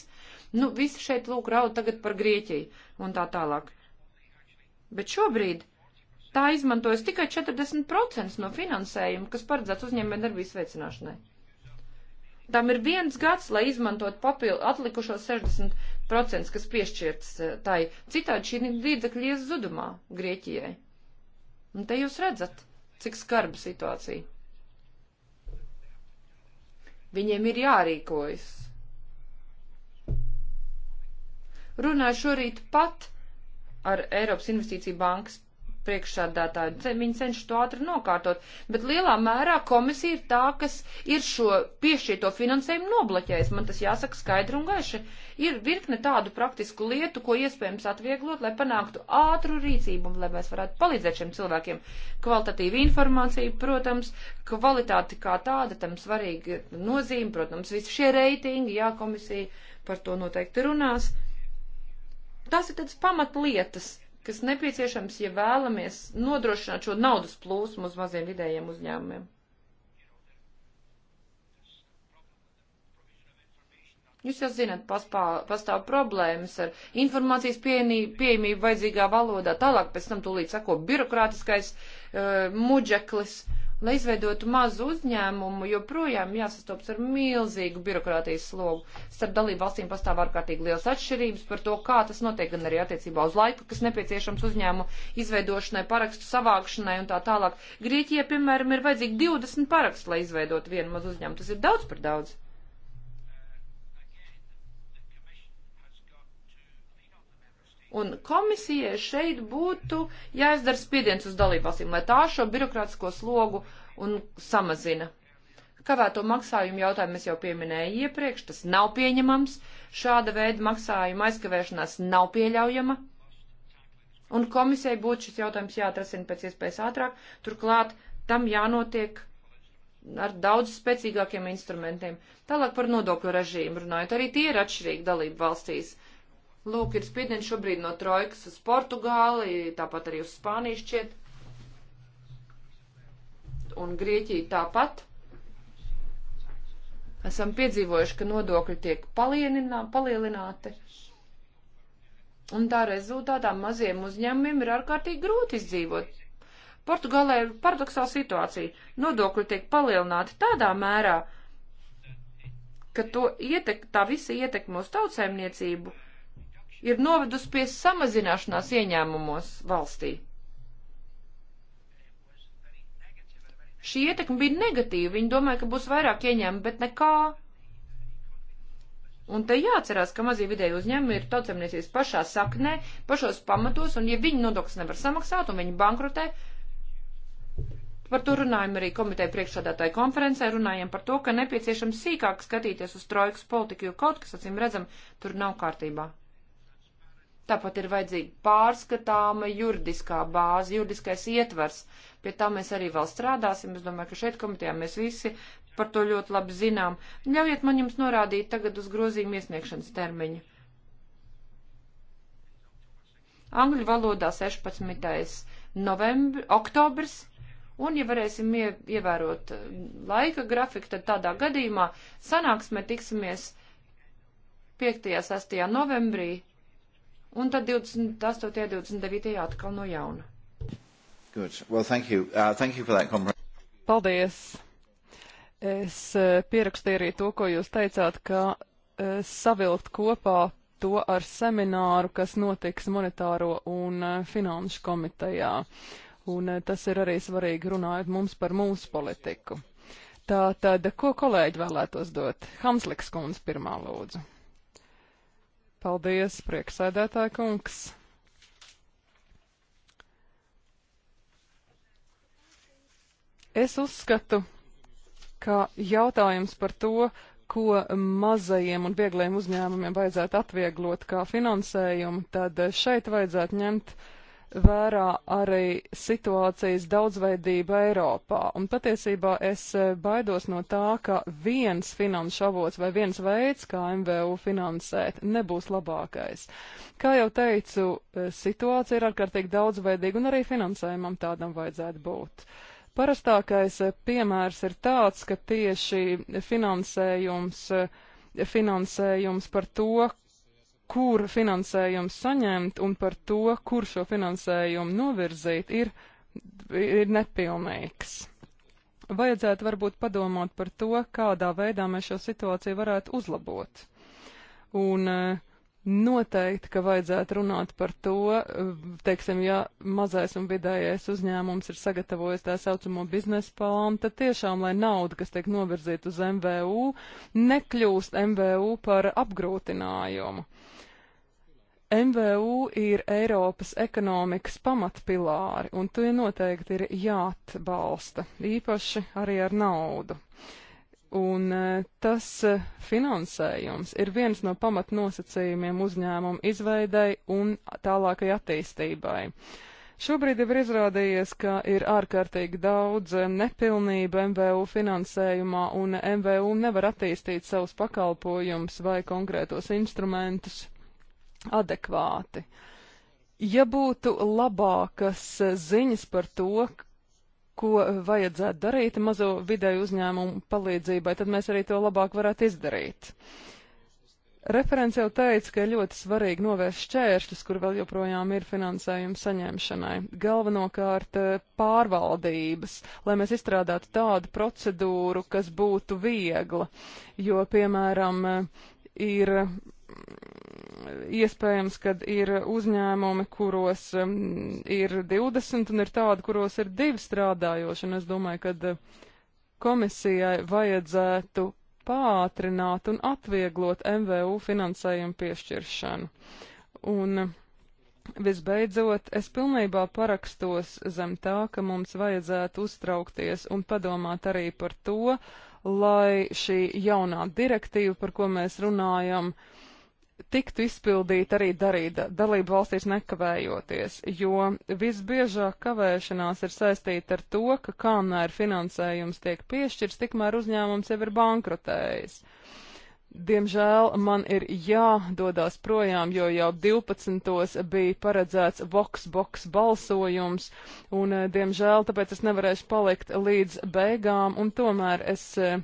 Nu, visi šeit lūk raud tagad par Grieķiju un tā tālāk. Bet šobrīd tā izmantojas tikai 40% no finansējuma, kas paredzēts uzņēmē darbības veicināšanai. Tam ir viens gads, lai izmantot papildu atlikušos 60 procents, kas piešķirts eh, tai. Citādi šī līdzekļa ies zudumā Grieķijai. Un te jūs redzat, cik skarba situācija. Viņiem ir jārīkojas. Runāju šorīt pat ar Eiropas Investīciju bankas priekšsādātāju. Viņi cenšas to ātri nokārtot, bet lielā mērā komisija ir tā, kas ir šo piešķirto finansējumu noblaķējis. Man tas jāsaka skaidri un gaiši. Ir virkne tādu praktisku lietu, ko iespējams atvieglot, lai panāktu ātru rīcību un lai mēs varētu palīdzēt šiem cilvēkiem. Kvalitatīva informācija, protams, kvalitāte kā tāda, tam svarīga nozīme, protams, visi šie reitingi, jā, komisija par to noteikti runās. Tas ir tāds pamatlietas kas nepieciešams, ja vēlamies nodrošināt šo naudas plūsmu uz maziem vidējiem uzņēmumiem. Jūs jau zināt, paspā, pastāv problēmas ar informācijas pieejamību vajadzīgā valodā, tālāk pēc tam tūlīt sako birokrātiskais uh, muģeklis. Lai izveidotu mazu uzņēmumu, joprojām jāsastops ar milzīgu birokrātijas slogu. Starp dalību valstīm pastāv ārkārtīgi liels atšķirības par to, kā tas notiek, gan arī attiecībā uz laiku, kas nepieciešams uzņēmumu izveidošanai, parakstu savākšanai un tā tālāk. Grieķijai, piemēram, ir vajadzīgi 20 parakstu, lai izveidotu vienu mazu uzņēmumu. Tas ir daudz par daudz. Un komisijai šeit būtu jāizdara spiediens uz dalībvalstīm, lai tā šo birokrātisko slogu un samazina. Kavēto maksājumu jautājumu es jau pieminēju iepriekš, tas nav pieņemams, šāda veida maksājuma aizkavēšanās nav pieļaujama. Un komisijai būtu šis jautājums jāatrasina pēc iespējas ātrāk, turklāt tam jānotiek ar daudz spēcīgākiem instrumentiem. Tālāk par nodokļu režīmu runājot, arī tie ir atšķirīgi dalību valstīs. Uh, Lūk, ir spiediens šobrīd no trojkas uz Portugāli, tāpat arī uz Spāniju šķiet. Un Grieķija tāpat. Esam piedzīvojuši, ka nodokļi tiek palielināti. Un tā rezultātā maziem uzņēmumiem ir ārkārtīgi grūti izdzīvot. Portugālē ir paradoxāla situācija. Nodokļi tiek palielināti tādā mērā, ka to ietek, tā visa ietekme uz tautsēmniecību ir novedusi pie samazināšanās ieņēmumos valstī. Šī ietekme bija negatīva, viņi domāja, ka būs vairāk ieņēmumi, bet nekā. Un te jāatcerās, ka mazie vidēji uzņēmumi ir tautsemniecības pašā saknē, pašos pamatos, un ja viņi nodokļus nevar samaksāt un viņi bankrotē, par to runājam arī komiteja priekšsādātāja konferencē, runājam par to, ka nepieciešams sīkāk skatīties uz trojkas politiku, jo kaut kas, acīm redzam, tur nav kārtībā. Tāpat ir vajadzīga pārskatāma juridiskā bāze, juridiskais ietvars. Pie tā mēs arī vēl strādāsim. Es domāju, ka šeit komitejā mēs visi par to ļoti labi zinām. Ļaujiet man jums norādīt tagad uz grozījumu iesniegšanas termiņu. Angļu valodā 16. Novembr, oktobrs, un ja varēsim ie, ievērot eh, laika grafiku, tad tādā gadījumā sanāksmē tiksimies 5. 6. novembrī un tad 28. un 29. atkal no jauna. Good. Well, thank you. Uh, thank you for that Paldies! Es uh, pierakstīju arī to, ko jūs teicāt, ka uh, savilkt kopā to ar semināru, kas notiks monetāro un uh, finanšu komitejā. Un tas ir arī svarīgi runājot mums par mūsu politiku. Tā tad, ko kolēģi vēlētos dot? Hamsliks kundze pirmā lūdzu. Paldies, prieksēdētāja kungs! Es uzskatu, ka jautājums par to, ko mazajiem un viegliem uzņēmumiem vajadzētu atvieglot kā finansējumu, tad šeit vajadzētu ņemt uh, vērā arī situācijas daudzveidību Eiropā. Un patiesībā es e, baidos no tā, ka viens finanšu avots vai viens veids, kā MVU finansēt, nebūs labākais. Kā jau teicu, e, situācija ir ārkārtīgi daudzveidīga un arī finansējumam tādam vajadzētu būt. Parastākais e, piemērs ir tāds, ka tieši finansējums, finansējums par to, kur finansējumu saņemt un par to, kur šo finansējumu novirzīt, ir, ir nepilnīgs. Vajadzētu varbūt padomāt par to, kādā veidā mēs šo situāciju varētu uzlabot. Un eh, noteikti, ka vajadzētu runāt par to, eh, teiksim, ja mazais un vidējais uzņēmums ir sagatavojis tā saucamo biznesa plānu, tad tiešām, lai nauda, kas tiek novirzīta uz MVU, nekļūst MVU par apgrūtinājumu. Uh, MVU ir Eiropas ekonomikas pamatpilāri, un tie noteikti ir jāatbalsta, īpaši arī ar naudu. Un e, tas e, finansējums ir viens no pamatnosacījumiem uzņēmumu izveidai un tālākai attīstībai. Šobrīd jau ir izrādījies, ka ir ārkārtīgi daudz e, nepilnību MVU finansējumā, un MVU nevar attīstīt savus pakalpojumus vai konkrētos instrumentus adekvāti. Ja būtu labākas eh, ziņas par to, ko vajadzētu darīt mazo vidēju uzņēmumu palīdzībai, tad mēs arī to labāk varētu izdarīt. Referents jau teica, ka ļoti svarīgi novērst šķēršļus, kur vēl joprojām ir finansējuma saņemšanai. Galvenokārt eh, pārvaldības, lai mēs izstrādātu tādu procedūru, kas būtu viegla, jo, piemēram, eh, ir iespējams, ka ir uzņēmumi, kuros um, ir 20 un ir tādi, kuros ir divi strādājoši, un es domāju, ka uh, komisijai vajadzētu pātrināt un atvieglot MVU finansējumu piešķiršanu. Un visbeidzot, es pilnībā parakstos zem tā, ka mums vajadzētu uztraukties un padomāt arī par to, lai šī jaunā direktīva, par ko mēs runājam, uh, tiktu izpildīti arī darīt dalību valstīs nekavējoties, jo visbiežāk kavēšanās ir saistīta ar to, ka kamēr finansējums tiek piešķirts, tikmēr uzņēmums jau ir bankrotējis. Uh, Diemžēl man ir jādodās projām, jo jau 12. bija paredzēts voksboks balsojums, un, eh, diemžēl, tāpēc es nevarēšu palikt līdz beigām, un tomēr es eh,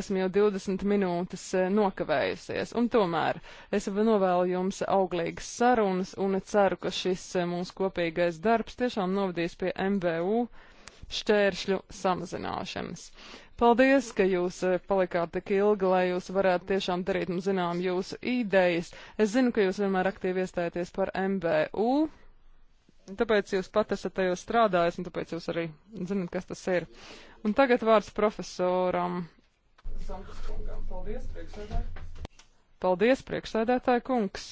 esmu jau 20 minūtes eh, nokavējusies. Un tomēr es novēlu jums auglīgas sarunas, un ceru, ka šis mūsu kopīgais darbs tiešām novadīs pie MVU šķēršļu samazināšanas. Paldies, ka jūs eh, palikāt tik ilgi, lai jūs varētu tiešām darīt mums zinām jūsu idejas. Es zinu, ka jūs vienmēr aktīvi iestājaties par MBU, tāpēc jūs pat esat tajos strādājis, un tāpēc jūs arī zinat, kas tas ir. Un tagad vārds profesoram. Paldies, priekšsēdētāji. Paldies, priekšsēdētāji kungs.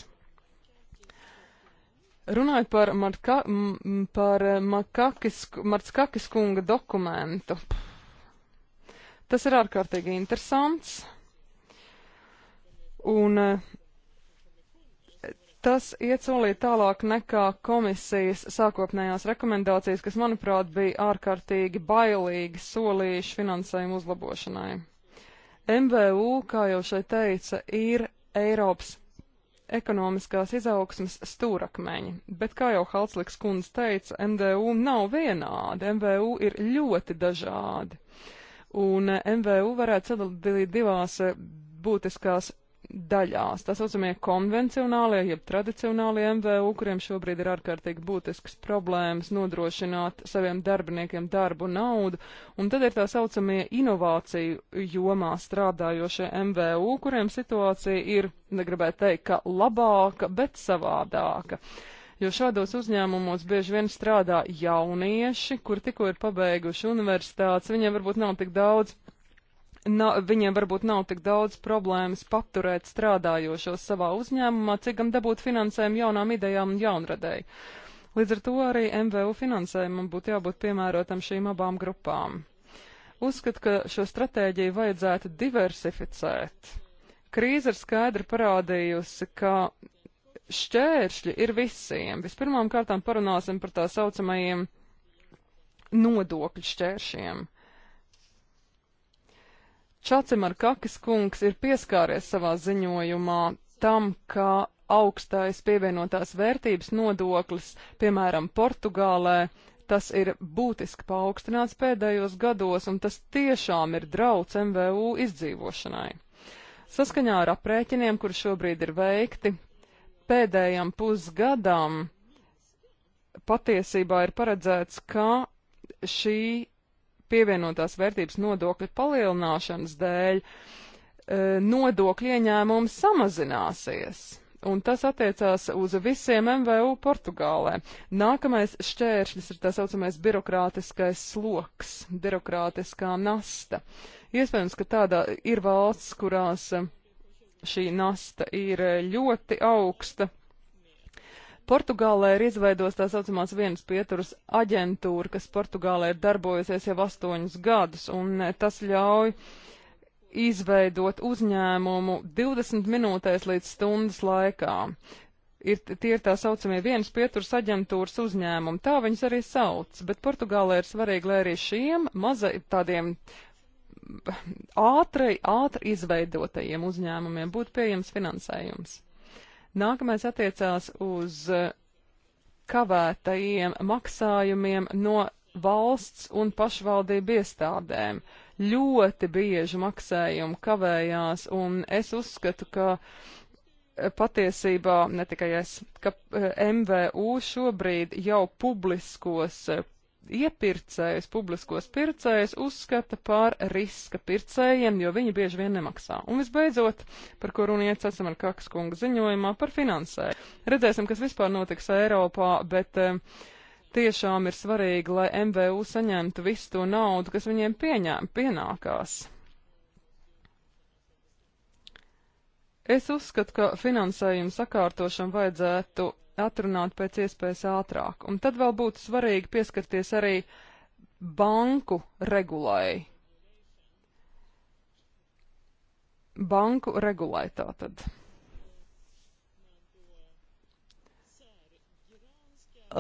Runājot par, Marka, par Markakis, Marckakis kunga dokumentu. Puh Tas ir ārkārtīgi interesants. Un eh, tas iet solī tālāk nekā komisijas sākotnējās rekomendācijas, kas, manuprāt, bija ārkārtīgi bailīgi solījuši finansējumu uzlabošanai. MVU, kā jau šeit teica, ir Eiropas ekonomiskās izaugsmas stūrakmeņi, bet, kā jau Halsliks kundze teica, MVU nav vienādi, MVU ir ļoti dažādi. Uh, un eh, MVU varētu sadalīt divās eh, būtiskās daļās. Tā saucamie konvencionālie, jeb tradicionālie MVU, kuriem šobrīd ir ārkārtīgi būtisks problēmas nodrošināt saviem darbiniekiem darbu naudu, un tad ir tā saucamie inovāciju jomā strādājošie MVU, kuriem situācija ir, negribētu teikt, ka labāka, bet savādāka. Uh, jo šādos uzņēmumos bieži vien strādā jaunieši, kur tikko ir pabeiguši universitātes, viņiem varbūt nav tik daudz. Na, viņiem varbūt nav tik daudz problēmas paturēt strādājošos savā uzņēmumā, cik gan dabūt finansējumu jaunām idejām un jaunradēji. Līdz ar to arī MVU finansējumam būtu jābūt piemērotam šīm abām grupām. Uzskatu, ka šo stratēģiju vajadzētu diversificēt. Krīze ir skaidri parādījusi, ka šķēršļi ir visiem. Vispirmām kārtām parunāsim par tā saucamajiem nodokļu šķēršiem. Čacimar Kakis kungs ir pieskāries savā ziņojumā tam, ka augstais pievienotās vērtības nodoklis, piemēram, Portugālē, tas ir būtiski paaugstināts pēdējos gados, un tas tiešām ir drauds MVU izdzīvošanai. Saskaņā ar aprēķiniem, kur šobrīd ir veikti, pēdējam pusgadam patiesībā ir paredzēts, ka šī pievienotās vērtības nodokļa palielināšanas dēļ e, nodokļu ieņēmums samazināsies un tas attiecās uz visiem MVU Portugālē. Nākamais šķēršļis ir tā saucamais birokrātiskais sloks, birokrātiskā nasta. Iespējams, ka tādā ir valsts, kurās uh, šī nasta ir eh, ļoti augsta. Portugālē ir izveidos tā saucamās vienas pieturas aģentūra, kas Portugālē ir darbojusies jau astoņus gadus, un eh, tas ļauj izveidot uzņēmumu 20 minūtēs līdz stundas laikā. Ir, tie ir tā saucamie vienas pieturas aģentūras uzņēmumi, tā viņas arī sauc, bet Portugālē ir svarīgi, lai arī šiem maza, tādiem ātri, ātri izveidotajiem uzņēmumiem būtu pieejams finansējums. Nākamais attiecās uz eh, kavētajiem maksājumiem no valsts un pašvaldību iestādēm. Ļoti bieži maksājumi kavējās, un es uzskatu, ka eh, patiesībā ne tikai es, ka eh, MVU šobrīd jau publiskos iepircējs, publiskos pircējs uzskata par riska pircējiem, jo viņi bieži vien nemaksā. Un visbeidzot, par ko runa iet esam ar Kakas kunga ziņojumā par finansē. Redzēsim, kas vispār notiks Eiropā, bet um, tiešām ir svarīgi, lai MVU saņemtu visu to naudu, kas viņiem pieņēm, pienākās. Es uzskatu, ka finansējumu sakārtošanu vajadzētu atrunāt pēc iespējas ātrāk. Un tad vēl būtu svarīgi pieskarties arī banku regulai. Banku regulai tātad.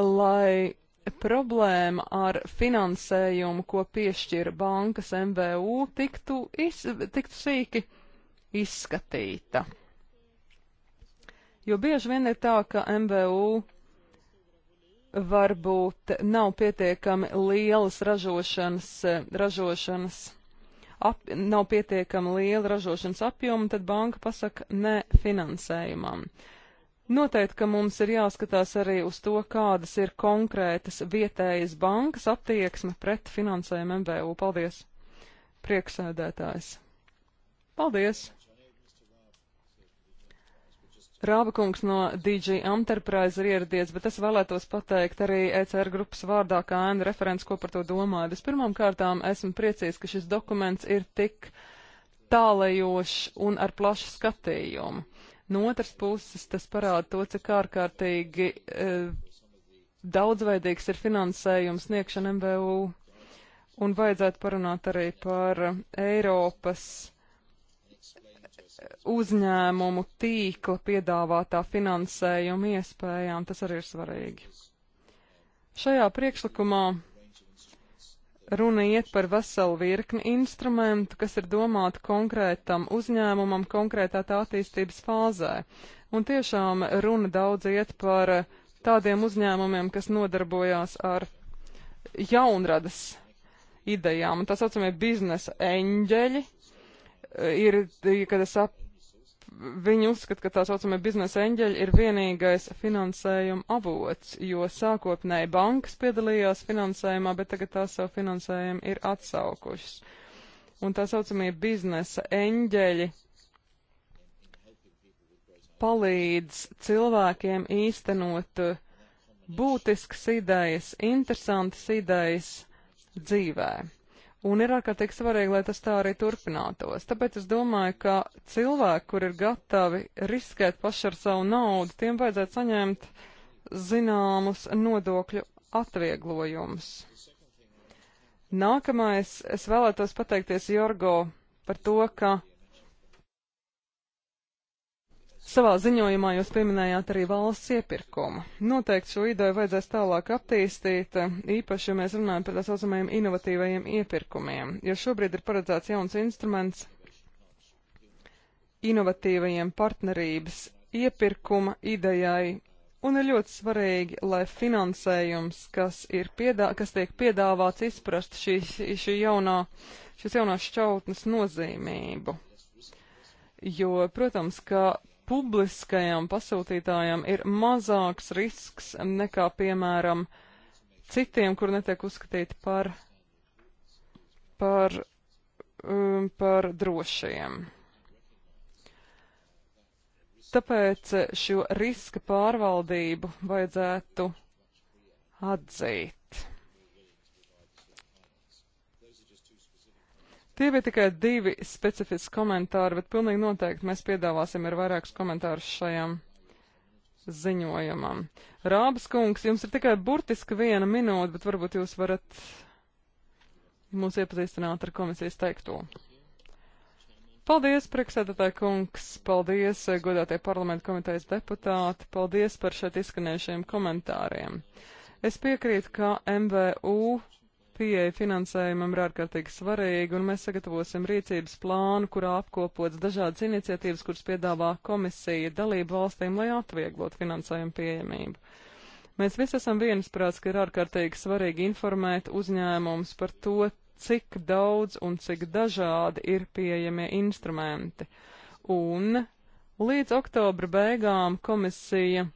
Lai problēma ar finansējumu, ko piešķira bankas MVU, tiktu, iz, tiktu sīki izskatīta. Jo bieži vien ir tā, ka MVU varbūt nav pietiekami lielas ražošanas, ražošanas ap, nav pietiekami liela ražošanas apjoma, tad banka pasaka ne finansējumam. Noteikti, ka mums ir jāskatās arī uz to, kādas ir konkrētas vietējas bankas attieksme pret finansējumu MVU. Paldies! Prieksēdētājs. Paldies! Rābakungs no DG Enterprise ir ieradies, bet es vēlētos pateikt arī ECR grupas vārdā, kā ēna referents, ko par to domāju. Vispirmām kārtām esmu priecīgs, ka šis dokuments ir tik tālējošs un ar plašu skatījumu. No otras puses, tas parāda to, cik ārkārtīgi e, daudzveidīgs ir finansējums sniegšana MVU. Un vajadzētu parunāt arī par Eiropas uzņēmumu tīkla piedāvātā finansējuma iespējām, tas arī ir svarīgi. Šajā priekšlikumā runa iet par veselu virkni instrumentu, kas ir domāti konkrētam uzņēmumam, konkrētā tā attīstības fāzē. Un tiešām runa daudz iet par tādiem uzņēmumiem, kas nodarbojās ar jaunradas idejām, un tā saucamie biznesa eņģeļi, ir, kad es ap, viņi uzskata, ka tā saucamie biznesa eņģeļi ir vienīgais finansējuma avots, jo sākotnēji bankas piedalījās finansējumā, bet tagad tās savu finansējumu ir atsaukušas. Un tā saucamie biznesa eņģeļi palīdz cilvēkiem īstenot uh, būtiskas idejas, interesantas idejas dzīvē. Un ir ārkārtīgi svarīgi, lai tas tā arī turpinātos. Tāpēc es domāju, ka cilvēki, kur ir gatavi riskēt paši ar savu naudu, tiem vajadzētu saņemt zināmus nodokļu atvieglojumus. Nākamais, es vēlētos pateikties Jorgo par to, ka Savā ziņojumā jūs pieminējāt arī valsts iepirkumu. Noteikti šo ideju vajadzēs tālāk attīstīt, īpaši, ja mēs runājam par tā saucamajiem inovatīvajiem iepirkumiem, jo šobrīd ir paredzēts jauns instruments inovatīvajiem partnerības iepirkuma idejai, un ir ļoti svarīgi, lai finansējums, kas, ir piedā, kas tiek piedāvāts, izprast šī, šī jaunā, šis jaunās šķautnes nozīmību. Jo, protams, ka publiskajam pasūtītājam ir mazāks risks nekā, piemēram, citiem, kur netiek uzskatīti par, par, um, par drošiem. Tāpēc šo riska pārvaldību vajadzētu atzīt. Tie bija tikai divi specifiski komentāri, bet pilnīgi noteikti mēs piedāvāsim ar vairākus komentārus šajam ziņojumam. Rābas kungs, jums ir tikai burtiski viena minūte, bet varbūt jūs varat mūs iepazīstināt ar komisijas teikto. Paldies, priekšsēdētāji kungs, paldies, godātie parlamenta komitejas deputāti, paldies par šeit izskanējušiem komentāriem. Es piekrītu, ka MVU pieeja finansējumam ir ārkārtīgi svarīga, un mēs sagatavosim rīcības plānu, kurā apkopots dažādas iniciatīvas, kuras piedāvā komisija dalību valstīm, lai atvieglotu finansējumu pieejamību. Mēs visi esam viensprāts, ka ir ārkārtīgi svarīgi informēt uzņēmumus par to, cik daudz un cik dažādi ir pieejamie instrumenti. Un līdz oktobra beigām komisija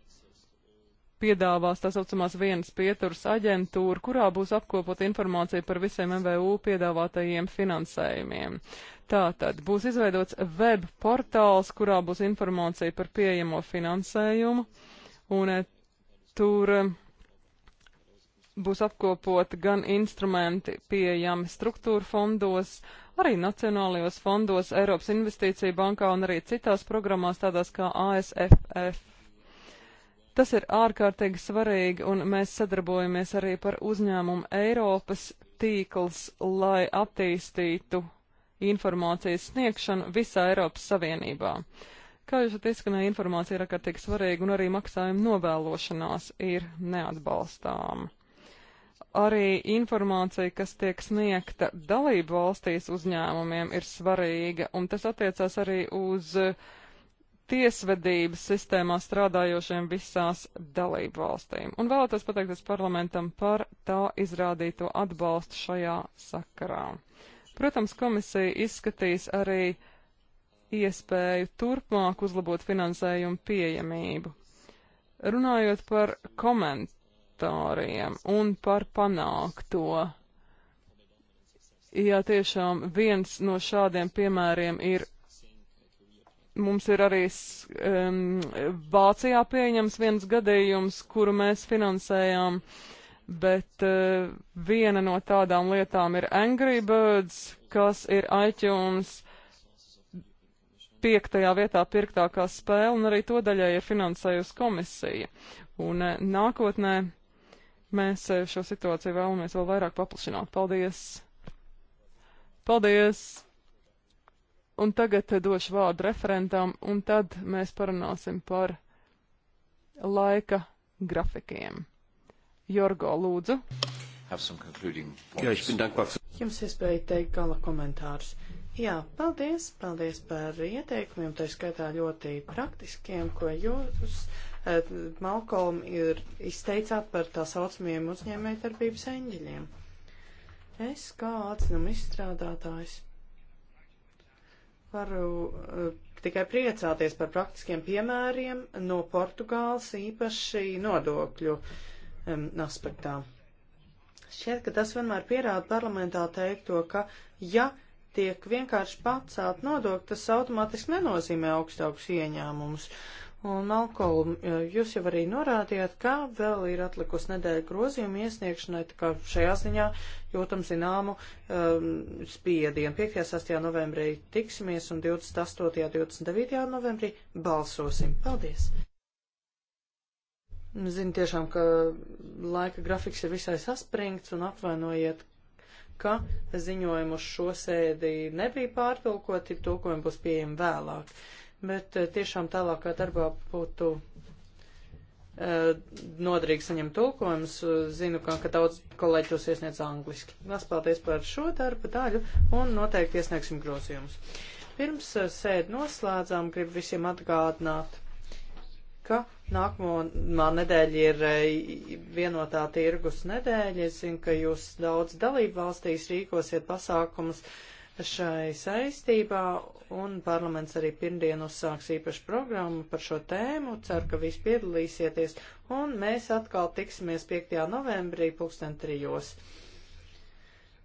piedāvās tā saucamās vienas pieturas aģentūra, kurā būs apkopot informācija par visiem MVU piedāvātajiem finansējumiem. Tātad būs izveidots web portāls, kurā būs informācija par pieejamo finansējumu, un e, tur e, būs apkopot gan instrumenti pieejami struktūra fondos, arī nacionālajos fondos, Eiropas investīcija bankā un arī citās programmās tādās kā ASFF. Tas ir ārkārtīgi svarīgi, un mēs sadarbojamies arī par uzņēmumu Eiropas tīkls, lai attīstītu informācijas sniegšanu visā Eiropas Savienībā. Kā jūs esat izskanēja, informācija ir ārkārtīgi svarīga, un arī maksājuma novēlošanās ir neatbalstāma. Arī informācija, kas tiek sniegta dalību valstīs uzņēmumiem, ir svarīga, un tas attiecās arī uz uh, tiesvedības sistēmā strādājošiem visās dalību valstīm. Un vēlētos pateikties parlamentam par tā izrādīto atbalstu šajā sakarā. Protams, komisija izskatīs arī iespēju turpmāk uzlabot finansējumu pieejamību. Runājot par komentāriem un par panākto, jā, tiešām viens no šādiem piemēriem ir mums ir arī um, Vācijā pieņems viens gadījums, kuru mēs finansējām, bet uh, viena no tādām lietām ir Angry Birds, kas ir iTunes piektajā vietā pirktākā spēle, un arī to daļai ir finansējusi komisija. Un uh, nākotnē mēs uh, šo situāciju vēlamies vēl vairāk paplašināt. Paldies! Paldies! Un tagad došu vārdu referentam, un tad mēs parunāsim par laika grafikiem. Jorgo, lūdzu. Jā, Jums iespēja teikt gala komentārus. Jā, paldies, paldies par ieteikumiem, tā skaitā ļoti praktiskiem, ko jūs, eh, Malkolm, ir izteicāt par tā saucamiem uzņēmējdarbības eņģeļiem. Es kā atzinumu izstrādātājs varu eh, tikai priecāties par praktiskiem piemēriem no Portugāles, īpaši nodokļu um, aspektā. Šķiet, ka tas vienmēr pierāda parlamentā teikto, ka ja tiek vienkārši pacelt nodokļi, tas automātiski nenozīmē augstākus ieņēmumus. Uh, Un, Malkolm, eh, jūs jau arī norādījāt, ka vēl ir atlikusi nedēļa grozījuma iesniegšanai, tā kā šajā ziņā jūtam zināmu um, spiedienu. 5. 6. novembrī tiksimies un 28. 29. novembrī balsosim. Paldies! Zinu tiešām, ka laika grafiks ir visai saspringts un atvainojiet, ka ziņojumu uz šo sēdi nebija pārtulkoti, tulkojumi būs pieejami vēlāk bet eh, tiešām tālākā darbā būtu eh, noderīgi saņemt tulkojumus. Zinu, ka, ka daudz kolēģi tos iesniedz angliski. Lās paldies par šo darba daļu un noteikti iesniegsim grozījumus. Pirms eh, sēdi noslēdzām, gribu visiem atgādināt, ka nākamā nedēļa ir vienotā tirgus nedēļa. Es zinu, ka jūs daudz dalību valstīs rīkosiet pasākumus. Uh, šai saistībā, un parlaments arī pirmdien uzsāks īpašu programmu par šo tēmu. Ceru, ka visi piedalīsieties, un mēs atkal tiksimies 5. novembrī pulksten trijos.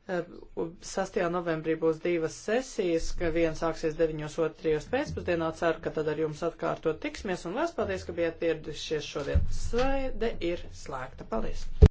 6. Eh, novembrī būs divas sesijas, ka viena sāksies 9.2.3. pēcpusdienā. Ceru, ka tad ar jums atkārtot tiksimies, un liels paldies, ka bijāt pieradušies šodien. Svaide ir slēgta. Paldies!